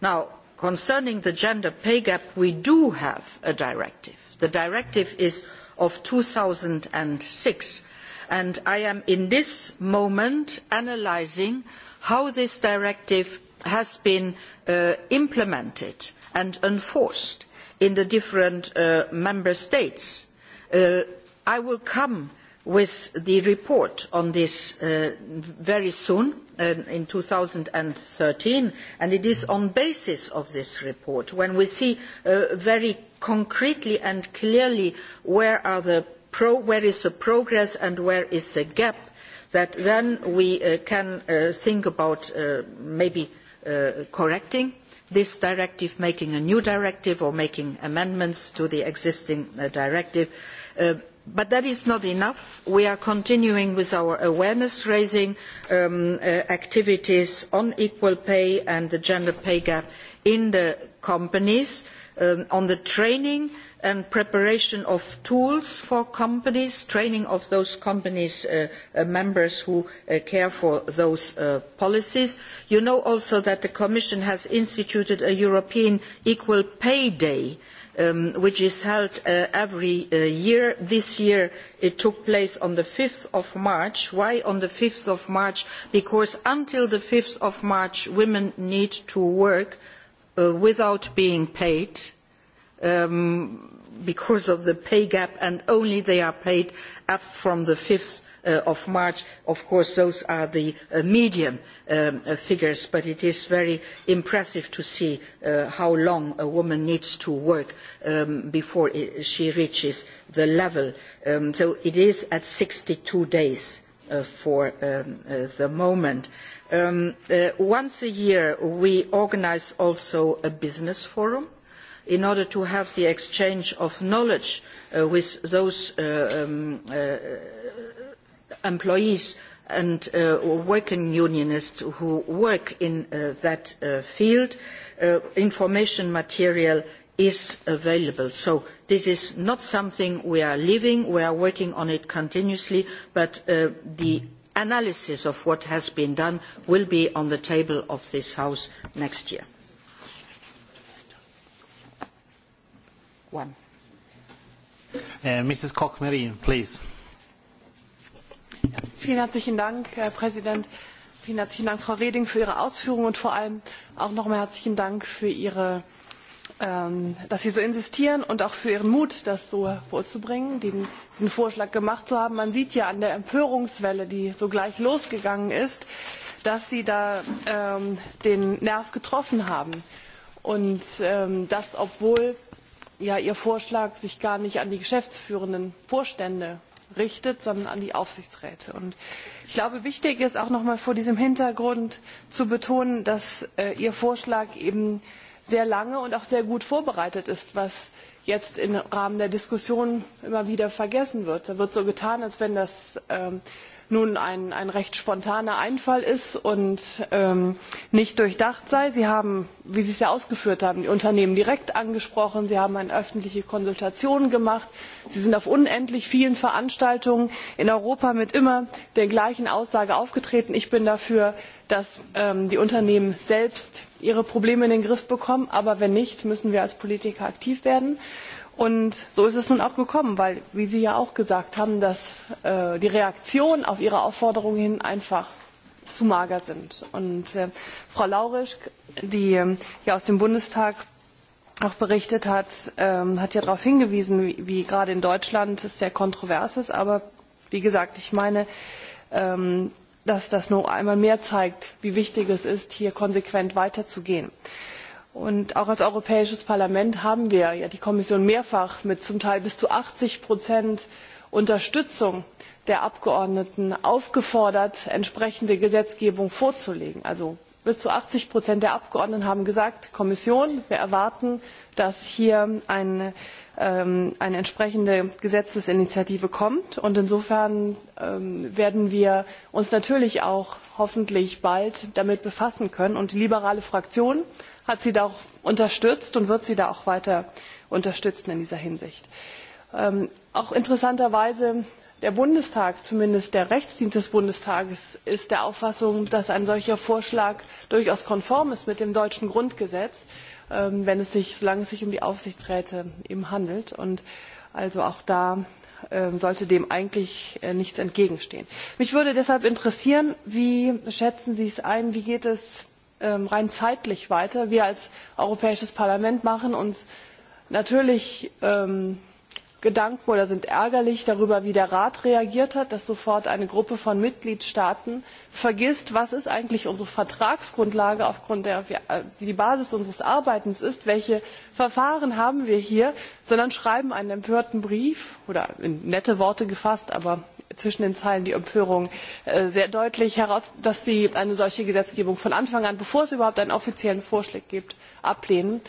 Now, concerning the gender pay gap, we do have a directive. The directive is of two thousand and six and I am in this moment analysing how this directive has been uh, implemented and enforced in the different uh, member states. Uh, I will come with the report on this uh, very soon uh, in thirteen and it is on the basis of this report when we see uh, very concretely and clearly where, the pro where is the progress and where is the gap that then we uh, can uh, think about uh, maybe uh, correcting this directive, making a new directive or making amendments to the existing uh, directive. Uh, but that is not enough. We are continuing with our awareness raising um, activities on equal pay and the gender pay gap in the companies, um, on the training and preparation of tools for companies, training of those companies' uh, uh, members who uh, care for those uh, policies. You know also that the Commission has instituted a European Equal Pay Day, um, which is held uh, every uh, year. This year it took place on the 5 of March. Why on the 5 of March? Because until the 5 of March, women need to work without being paid. Um, because of the pay gap and only they are paid up from the 5th uh, of March. Of course, those are the uh, median um, uh, figures, but it is very impressive to see uh, how long a woman needs to work um, before it, she reaches the level. Um, so it is at sixty two days uh, for um, uh, the moment. Um, uh, once a year, we organise also a business forum in order to have the exchange of knowledge uh, with those uh, um, uh, employees and uh, working unionists who work in uh, that uh, field, information material is available. So this is not something we are leaving, we are working on it continuously, but the analysis of what has been done will be on the table of this House next year. one. Uh, Mrs. koch please. Vielen herzlichen Dank, Herr Präsident. Vielen herzlichen Dank, Frau Reding, für Ihre Ausführungen und vor allem auch nochmal herzlichen Dank für Ihre, ähm, dass Sie so insistieren und auch für Ihren Mut, das so vorzubringen, den, diesen Vorschlag gemacht zu haben. Man sieht ja an der Empörungswelle, die sogleich losgegangen ist, dass Sie da ähm, den Nerv getroffen haben. Und ähm, das, obwohl ja, Ihr Vorschlag sich gar nicht an die geschäftsführenden Vorstände richtet, sondern an die Aufsichtsräte. Und ich glaube, wichtig ist auch noch mal vor diesem Hintergrund zu betonen, dass äh, Ihr Vorschlag eben sehr lange und auch sehr gut vorbereitet ist, was jetzt im Rahmen der Diskussion immer wieder vergessen wird. Da wird so getan, als wenn das ähm, nun ein, ein recht spontaner Einfall ist und ähm, nicht durchdacht sei. Sie haben, wie Sie es ja ausgeführt haben, die Unternehmen direkt angesprochen. Sie haben eine öffentliche Konsultation gemacht. Sie sind auf unendlich vielen Veranstaltungen in Europa mit immer der gleichen Aussage aufgetreten. Ich bin dafür, dass ähm, die Unternehmen selbst ihre Probleme in den Griff bekommen. Aber wenn nicht, müssen wir als Politiker aktiv werden. Und so ist es nun auch gekommen, weil, wie Sie ja auch gesagt haben, dass äh, die Reaktionen auf Ihre Aufforderungen hin einfach zu mager sind. Und äh, Frau Laurisch, die äh, ja aus dem Bundestag auch berichtet hat, ähm, hat ja darauf hingewiesen, wie, wie gerade in Deutschland es sehr kontrovers ist. Aber wie gesagt, ich meine, ähm, dass das nur einmal mehr zeigt, wie wichtig es ist, hier konsequent weiterzugehen. Und auch als Europäisches Parlament haben wir ja die Kommission mehrfach mit zum Teil bis zu 80 Prozent Unterstützung der Abgeordneten aufgefordert, entsprechende Gesetzgebung vorzulegen. Also bis zu 80 Prozent der Abgeordneten haben gesagt, Kommission, wir erwarten, dass hier eine, ähm, eine entsprechende Gesetzesinitiative kommt. Und insofern ähm, werden wir uns natürlich auch hoffentlich bald damit befassen können. Und die liberale Fraktion hat sie da auch unterstützt und wird sie da auch weiter unterstützen in dieser Hinsicht. Ähm, auch interessanterweise der Bundestag, zumindest der Rechtsdienst des Bundestages, ist der Auffassung, dass ein solcher Vorschlag durchaus konform ist mit dem deutschen Grundgesetz, ähm, wenn es sich, solange es sich um die Aufsichtsräte eben handelt. Und also auch da ähm, sollte dem eigentlich äh, nichts entgegenstehen. Mich würde deshalb interessieren, wie schätzen Sie es ein, wie geht es Ähm, rein zeitlich weiter? Wir als Europäisches Parlament machen uns natürlich ähm, Gedanken oder sind ärgerlich darüber, wie der Rat reagiert hat, dass sofort eine Gruppe von Mitgliedstaaten vergisst, was ist eigentlich unsere Vertragsgrundlage, aufgrund der wir, die, äh, die Basis unseres Arbeitens ist, welche Verfahren haben wir hier, sondern schreiben einen empörten Brief oder in nette Worte gefasst, aber zwischen den Zeilen die Empörung äh, sehr deutlich heraus, dass Sie eine solche Gesetzgebung von Anfang an, bevor es überhaupt einen offiziellen Vorschlag gibt, ablehnen.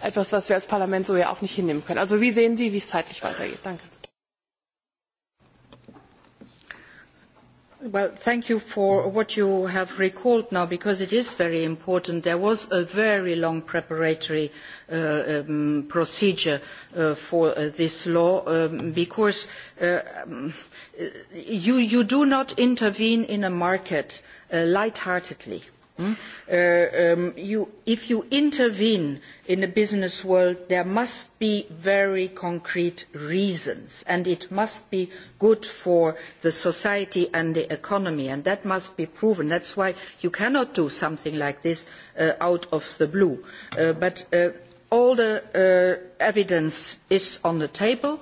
Etwas, was wir als Parlament so ja auch nicht hinnehmen können. Also wie sehen Sie, wie es zeitlich weitergeht? Danke. Well, thank you for what you have recalled now, because it is very important. There was a very long preparatory uh, um, procedure uh, for uh, this law, um, because uh, um, you, you do not intervene in a market uh, lightheartedly. Hmm? Uh, um, you, if you intervene in the business world, there must be very concrete reasons, and it must be good for the society and the economy, and that must be proven. That is why you cannot do something like this uh, out of the blue. Uh, but uh, all the uh, evidence is on the table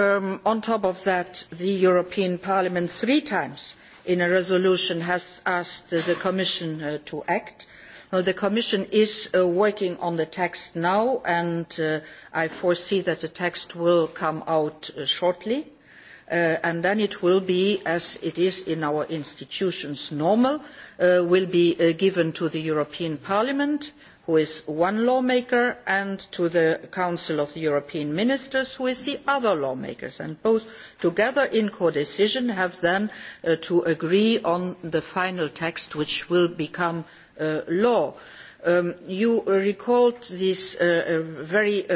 Um, on top of that, the European Parliament three times in a resolution has asked the Commission uh, to act. Well, the Commission is uh, working on the text now, and uh, I foresee that the text will come out uh, shortly. Uh, and then it will be, as it is in our institutions normal, uh, will be given to the European Parliament who is one lawmaker, and to the Council of the European Ministers, who is the other lawmaker, And both together in codecision have then uh, to agree on the final text, which will become uh, law. Um, you recalled this uh, very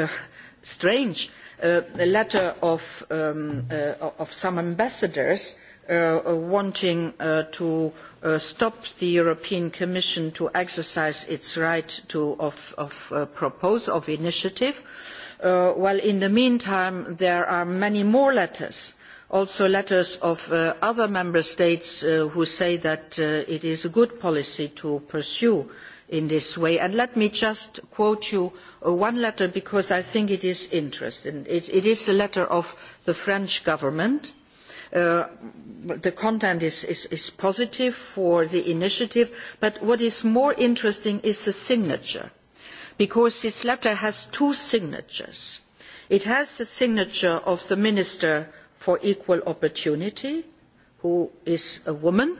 strange letter um, of, some ambassadors Uh, uh, wanting uh, to uh, stop the European Commission from exercising its right to, of, of uh, of initiative. Uh, while in the meantime, there are many more letters, also letters of other member states who say that it is a good policy to pursue in this way. And let me just quote you one letter because I think it is interesting. It, it is the letter of the French government. Uh, Uh, the content is, is, is positive for the initiative, but what is more interesting is the signature, because this letter has two signatures. It has the signature of the Minister for Equal Opportunity, who is a woman,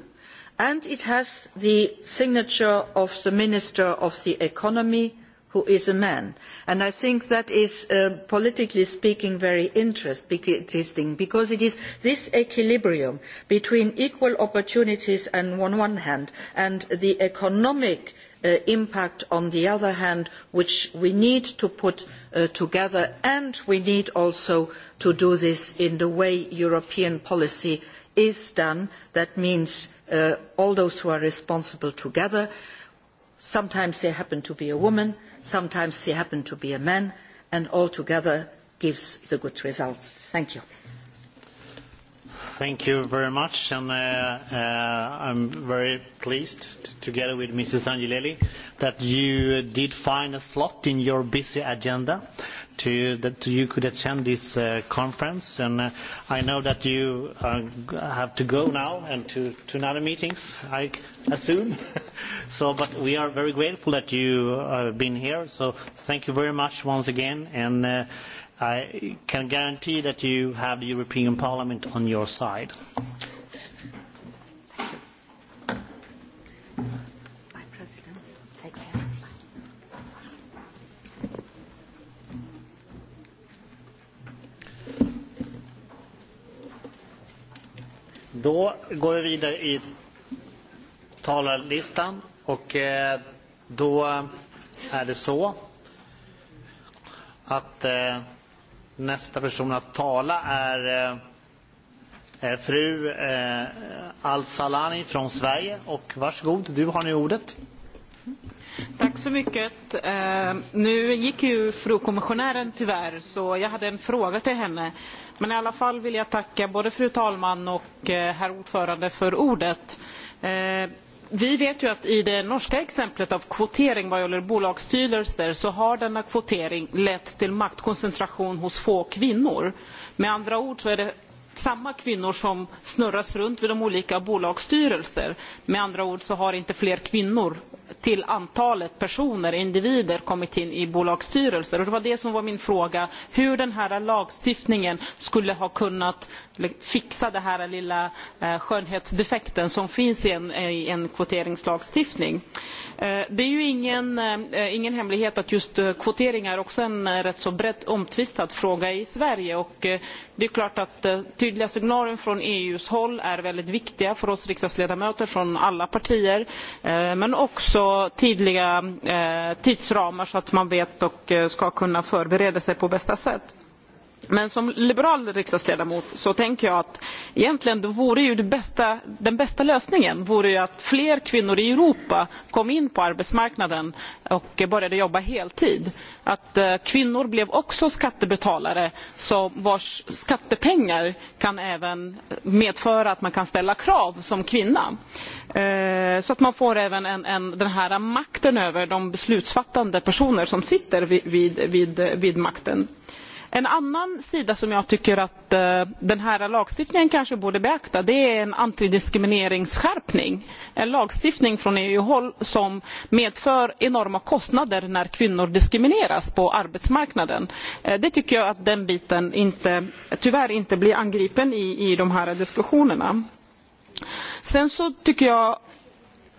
and it has the signature of the Minister of the Economy, who is a man. And I think that is, uh, politically speaking, very interesting because it is this equilibrium between equal opportunities on one hand and the economic uh, impact on the other hand, which we need to put uh, together and we need also to do this in the way European policy is done. That means uh, all those who are responsible together. Sometimes they happen to be a woman, Sometimes he happened to be a man and altogether gives the good results. Thank you. Thank you very much, and uh, uh, I'm very pleased, together with Mrs. Angelelli, that you did find a slot in your busy agenda to, that you could attend this uh, conference. And uh, I know that you uh, have to go now and to, to another meetings, I assume. [LAUGHS] so, but we are very grateful that you uh, have uh, been here. So thank you very much once again. And uh, I can guarantee that you have the European Parliament on your side. Då går vi vidare i talarlistan och eh, då är det så att eh, nästa person att tala är eh, fru eh, Al-Salani från Sverige. Och varsågod, du har nu ordet. Tack så mycket. Ehm, nu gick ju frukommissionären tyvärr, så jag hade en fråga till henne. Men i alla fall vill jag tacka både fru talman och eh, herr ordförande för ordet. Ehm, vi vet ju att i det norska exemplet av kvotering vad gäller bolagsstyrelser så har denna kvotering lett till maktkoncentration hos få kvinnor. Med andra ord så är det samma kvinnor som snurras runt vid de olika bolagsstyrelser. Med andra ord så har inte fler kvinnor till antalet personer, individer, kommit in i bolagsstyrelser. Och det var det som var min fråga, hur den här lagstiftningen skulle ha kunnat fixa det här lilla eh, skönhetsdefekten som finns i en, i en kvoteringslagstiftning. Eh, det är ju ingen, eh, ingen hemlighet att just kvotering är också en rätt så brett omtvistad fråga i Sverige och det är klart att tydliga signaler från EUs håll är väldigt viktiga för oss riksdagsledamöter från alla partier men också tydliga tidsramar så att man vet och ska kunna förbereda sig på bästa sätt. Men som liberal riksdagsledamot så tänker jag att egentligen då vore ju det bästa, den bästa lösningen vore ju att fler kvinnor i Europa kom in på arbetsmarknaden och började jobba heltid. Att eh, kvinnor blev också skattebetalare så vars skattepengar kan även medföra att man kan ställa krav som kvinna. Eh, så att man får även en, en, den här makten över de beslutsfattande personer som sitter vid, vid, vid, vid makten. En annan sida som jag tycker att eh, den här lagstiftningen kanske borde beakta det är en antidiskrimineringsskärpning. En lagstiftning från EU-håll som medför enorma kostnader när kvinnor diskrimineras på arbetsmarknaden. Eh, det tycker jag att den biten inte, tyvärr inte blir angripen i, i de här diskussionerna. Sen så tycker jag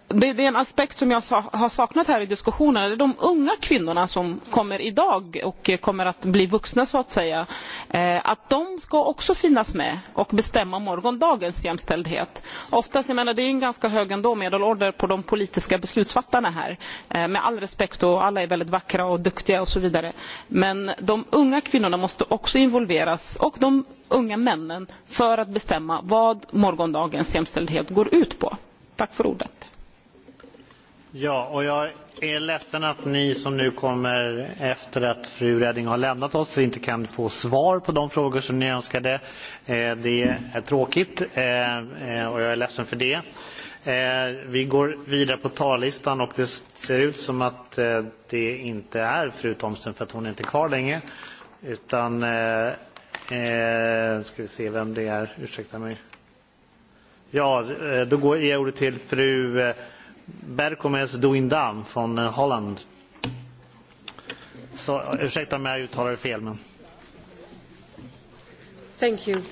det, det är en aspekt som jag sa, har saknat här i diskussionen. Det är de unga kvinnorna som kommer idag och kommer att bli vuxna så att säga. Eh, att de ska också finnas med och bestämma morgondagens jämställdhet. Oftast, jag menar, det är en ganska hög ändå medelålder på de politiska beslutsfattarna här. Eh, med all respekt och alla är väldigt vackra och duktiga och så vidare. Men de unga kvinnorna måste också involveras och de unga männen för att bestämma vad morgondagens jämställdhet går ut på. Tack för ordet. Ja, och jag är ledsen att ni som nu kommer efter att fru Redding har lämnat oss inte kan få svar på de frågor som ni önskade. Eh, det är tråkigt eh, eh, och jag är ledsen för det. Vi går vidare på tallistan och det ser ut som att det inte är fru Thomsen för att hon är inte kvar länge. Utan, ska vi se vem det är, ursäkta mig. Ja, då går jag ordet till fru Berkomes Doindam från eh, Holland. Så eh, ursäkta om jag uttalar det fel. Men... Thank you.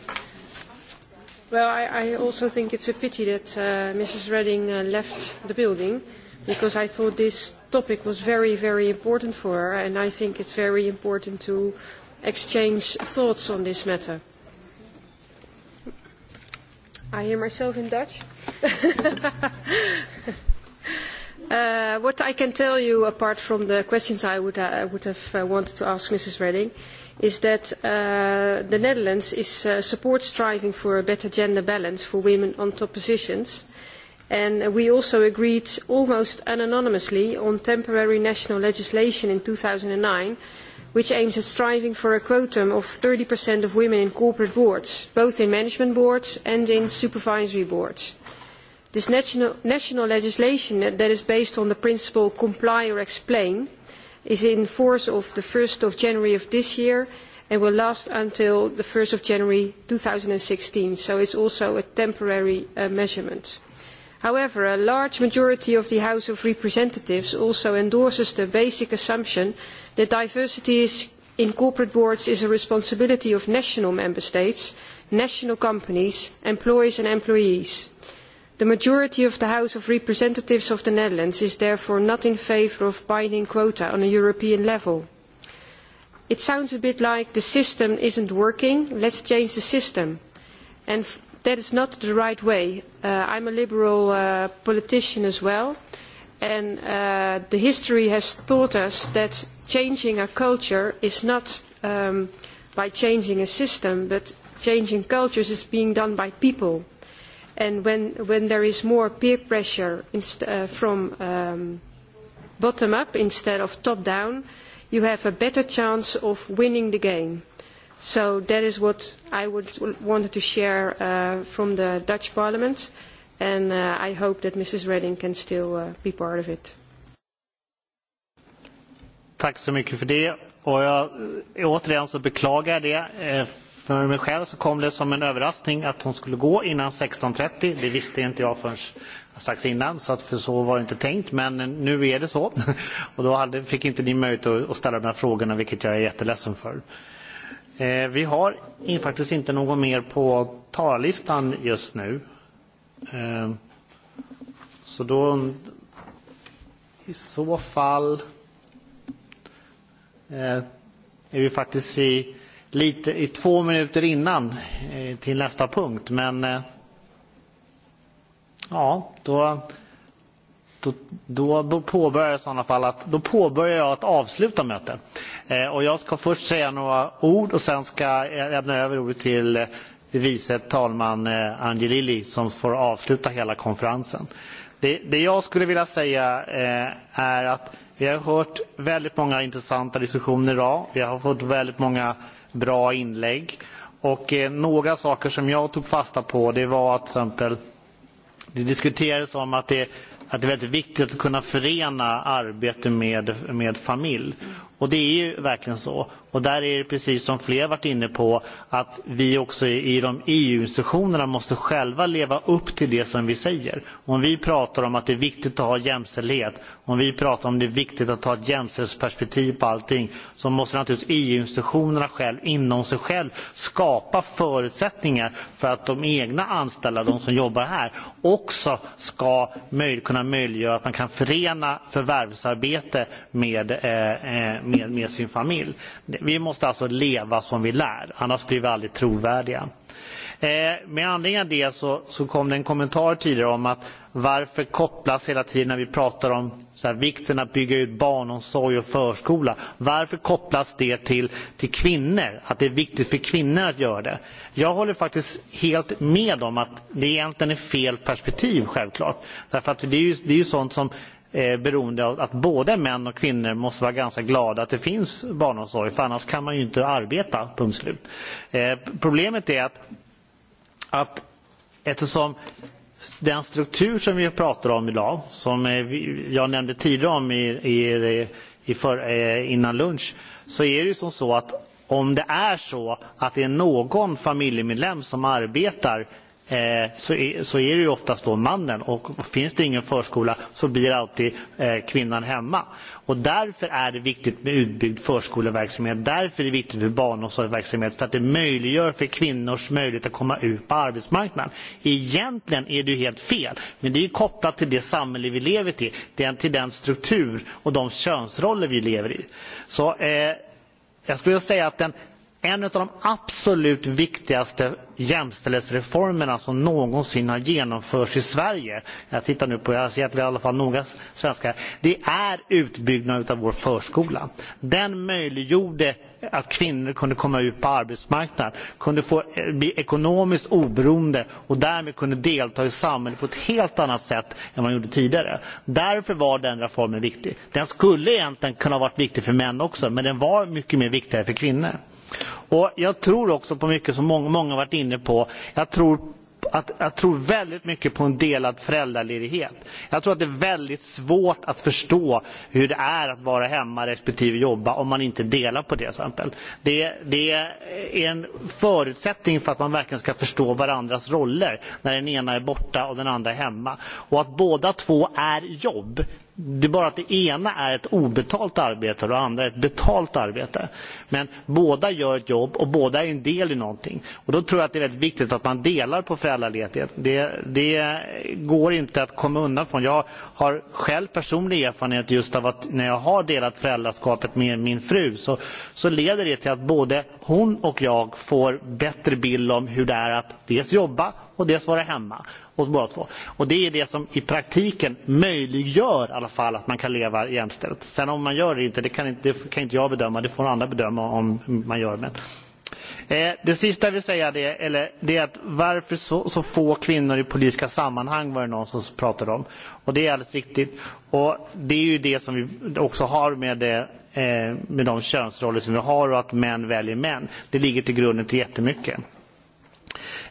Well, I, I also think it's a pity that uh, Mrs. Redding uh, left the building because I thought this topic was very, very important for her and I think it's very important to exchange thoughts on this matter. I hear myself in Dutch. [LAUGHS] Uh, what I can tell you, apart from the questions I would, uh, would have uh, wanted to ask Mrs. Redding, is that uh, the Netherlands is, uh, supports striving for a better gender balance for women on top positions. And we also agreed almost unanimously on temporary national legislation in two thousand nine, which aims at striving for a quotum of 30% of women in corporate boards, both in management boards and in supervisory boards. This national, national legislation that is based on the principle comply or explain is in force of the 1st of January of this year and will last until the 1st of January 2016, so it's also a temporary uh, measurement. However, a large majority of the House of Representatives also endorses the basic assumption that diversity in corporate boards is a responsibility of national member states, national companies, employers and employees. The majority of the House of Representatives of the Netherlands is therefore not in favour of binding quota on a European level. It sounds a bit like the system isn't working, let's change the system. And that is not the right way. Uh, I'm a liberal uh, politician as well, and uh, the history has taught us that changing a culture is not um, by changing a system, but changing cultures is being done by people and when, when there is more peer pressure uh, from um, bottom up instead of top down, you have a better chance of winning the game. So that is what I would, wanted to share uh, from the Dutch Parliament, and uh, I hope that Mrs. Redding can still uh, be part of it. Tack så mycket för det. Och jag, eh, återigen så beklagar jag det. Eh, För mig själv så kom det som en överraskning att hon skulle gå innan 16.30. Det visste inte jag förrän strax innan, så att för så var det inte tänkt. Men nu är det så. [LAUGHS] Och då hade, fick inte ni möjlighet att ställa de här frågorna, vilket jag är jätteledsen för. Eh, vi har in, faktiskt inte någon mer på talarlistan just nu. Eh, så då i så fall eh, är vi faktiskt i lite i två minuter innan eh, till nästa punkt. Men eh, ja, då, då, då påbörjar jag i sådana fall att, då påbörjar jag att avsluta mötet. Eh, och jag ska först säga några ord och sen ska jag lämna över ordet till, till eh, vice talman eh, Angelilli som får avsluta hela konferensen. Det, det jag skulle vilja säga eh, är att vi har hört väldigt många intressanta diskussioner idag. Vi har fått väldigt många bra inlägg. Och eh, några saker som jag tog fasta på det var att till exempel det diskuterades om att det, att det är väldigt viktigt att kunna förena arbete med, med familj. Och det är ju verkligen så. Och där är det precis som fler varit inne på att vi också i de EU-institutionerna måste själva leva upp till det som vi säger. Om vi pratar om att det är viktigt att ha jämställdhet, om vi pratar om att det är viktigt att ha ett jämställdhetsperspektiv på allting, så måste naturligtvis EU-institutionerna själv inom sig själv skapa förutsättningar för att de egna anställda, de som jobbar här, också ska möj kunna möjliggöra att man kan förena förvärvsarbete med, eh, med eh, med, med sin familj. Vi måste alltså leva som vi lär, annars blir vi aldrig trovärdiga. Eh, med anledning av det så, så kom det en kommentar tidigare om att varför kopplas hela tiden när vi pratar om så här, vikten att bygga ut barnomsorg och förskola, varför kopplas det till, till kvinnor, att det är viktigt för kvinnor att göra det? Jag håller faktiskt helt med om att det egentligen är fel perspektiv självklart. Därför att det är ju, det är ju sånt som Eh, beroende av att både män och kvinnor måste vara ganska glada att det finns barnomsorg för annars kan man ju inte arbeta, punkt slut. Eh, problemet är att, att eftersom den struktur som vi pratar om idag, som eh, jag nämnde tidigare om i, i, i för, innan lunch, så är det ju som så att om det är så att det är någon familjemedlem som arbetar Eh, så är det ju oftast då mannen och finns det ingen förskola så blir alltid eh, kvinnan hemma. Och därför är det viktigt med utbyggd förskoleverksamhet, därför är det viktigt med barnomsorgsverksamhet för att det möjliggör för kvinnors möjlighet att komma ut på arbetsmarknaden. Egentligen är det ju helt fel, men det är kopplat till det samhälle vi lever till, till den struktur och de könsroller vi lever i. Så eh, jag skulle säga att den, en av de absolut viktigaste jämställdhetsreformerna som någonsin har genomförts i Sverige. Jag tittar nu på, jag ser att vi i alla fall några svenskar. Det är utbyggnaden av vår förskola. Den möjliggjorde att kvinnor kunde komma ut på arbetsmarknaden, kunde få, eh, bli ekonomiskt oberoende och därmed kunde delta i samhället på ett helt annat sätt än man gjorde tidigare. Därför var den reformen viktig. Den skulle egentligen kunna ha varit viktig för män också, men den var mycket mer viktigare för kvinnor. Och jag tror också på mycket som många, många varit inne på. Jag tror att, jag tror väldigt mycket på en delad föräldraledighet. Jag tror att det är väldigt svårt att förstå hur det är att vara hemma respektive jobba om man inte delar på det. Exempel. Det, det är en förutsättning för att man verkligen ska förstå varandras roller när den ena är borta och den andra är hemma. Och att båda två är jobb Det är bara att det ena är ett obetalt arbete och det andra är ett betalt arbete. Men båda gör ett jobb och båda är en del i någonting. Och då tror jag att det är väldigt viktigt att man delar på föräldraledighet. Det, det går inte att komma undan från. Jag har själv personlig erfarenhet just av att när jag har delat föräldraskapet med min fru så, så leder det till att både hon och jag får bättre bild om hur det är att dels jobba och dels vara hemma hos båda två. Och det är det som i praktiken möjliggör i alla fall att man kan leva jämställt. Sen om man gör det inte, det kan inte, det kan inte jag bedöma, det får andra bedöma om man gör det. Eh, det sista jag vill säga det, eller, det är att varför så, så få kvinnor i politiska sammanhang var det någon som pratade om. Och det är alldeles riktigt. Och det är ju det som vi också har med det eh, med de könsroller som vi har och att män väljer män. Det ligger till grunden till jättemycket.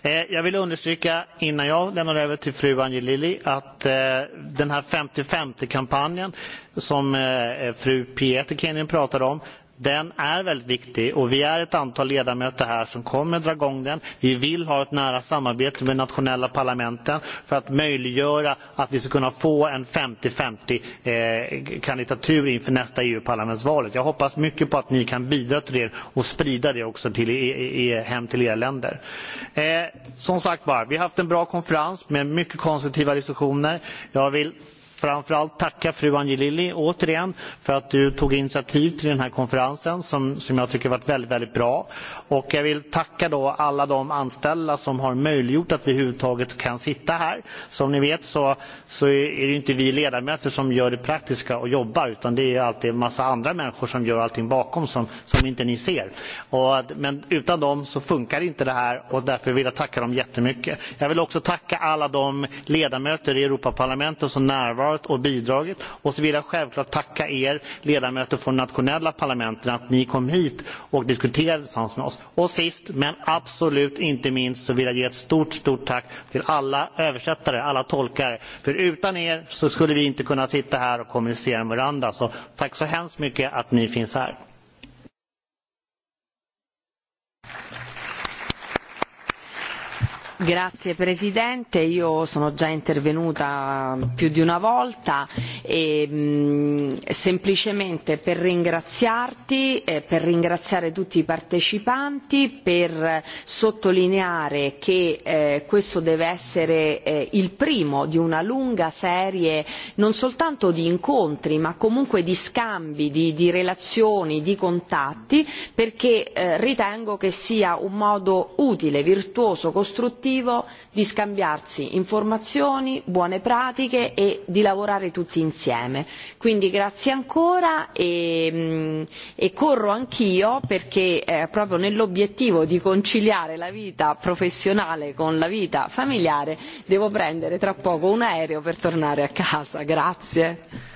Eh, jag vill understryka innan jag lämnar över till fru Angelilli att eh, den här 50-50-kampanjen som eh, fru e Kenin pratade om den är väldigt viktig och vi är ett antal ledamöter här som kommer att dra igång den. Vi vill ha ett nära samarbete med nationella parlamenten för att möjliggöra att vi ska kunna få en 50-50 eh, kandidatur inför nästa EU-parlamentsvalet. Jag hoppas mycket på att ni kan bidra till det er och sprida det också till er, er, hem till era länder. Eh, som sagt var, vi har haft en bra konferens med mycket konstruktiva diskussioner. Jag vill Framförallt tacka fru Angelilli återigen för att du tog initiativ till den här konferensen som, som jag tycker varit väldigt, väldigt bra. Och jag vill tacka då alla de anställda som har möjliggjort att vi överhuvudtaget kan sitta här. Som ni vet så, så är det inte vi ledamöter som gör det praktiska och jobbar utan det är alltid en massa andra människor som gör allting bakom som, som inte ni ser. Och, men utan dem så funkar inte det här och därför vill jag tacka dem jättemycket. Jag vill också tacka alla de ledamöter i Europaparlamentet som närvarar ansvaret och bidragit. Och så vill jag självklart tacka er ledamöter från nationella parlamenten att ni kom hit och diskuterade tillsammans med oss. Och sist men absolut inte minst så vill jag ge ett stort, stort tack till alla översättare, alla tolkare. För utan er så skulle vi inte kunna sitta här och kommunicera med varandra. Så tack så hemskt mycket att ni finns här. Grazie Presidente, io sono già intervenuta più di una volta e mh, semplicemente per ringraziarti, eh, per ringraziare tutti i partecipanti, per sottolineare che eh, questo deve essere eh, il primo di una lunga serie non soltanto di incontri ma comunque di scambi, di, di relazioni, di contatti perché eh, ritengo che sia un modo utile, virtuoso, costruttivo obiettivo di scambiarsi informazioni, buone pratiche e di lavorare tutti insieme. Quindi grazie ancora e, mm, e corro anch'io perché eh, proprio nell'obiettivo di conciliare la vita professionale con la vita familiare devo prendere tra poco un aereo per tornare a casa. Grazie.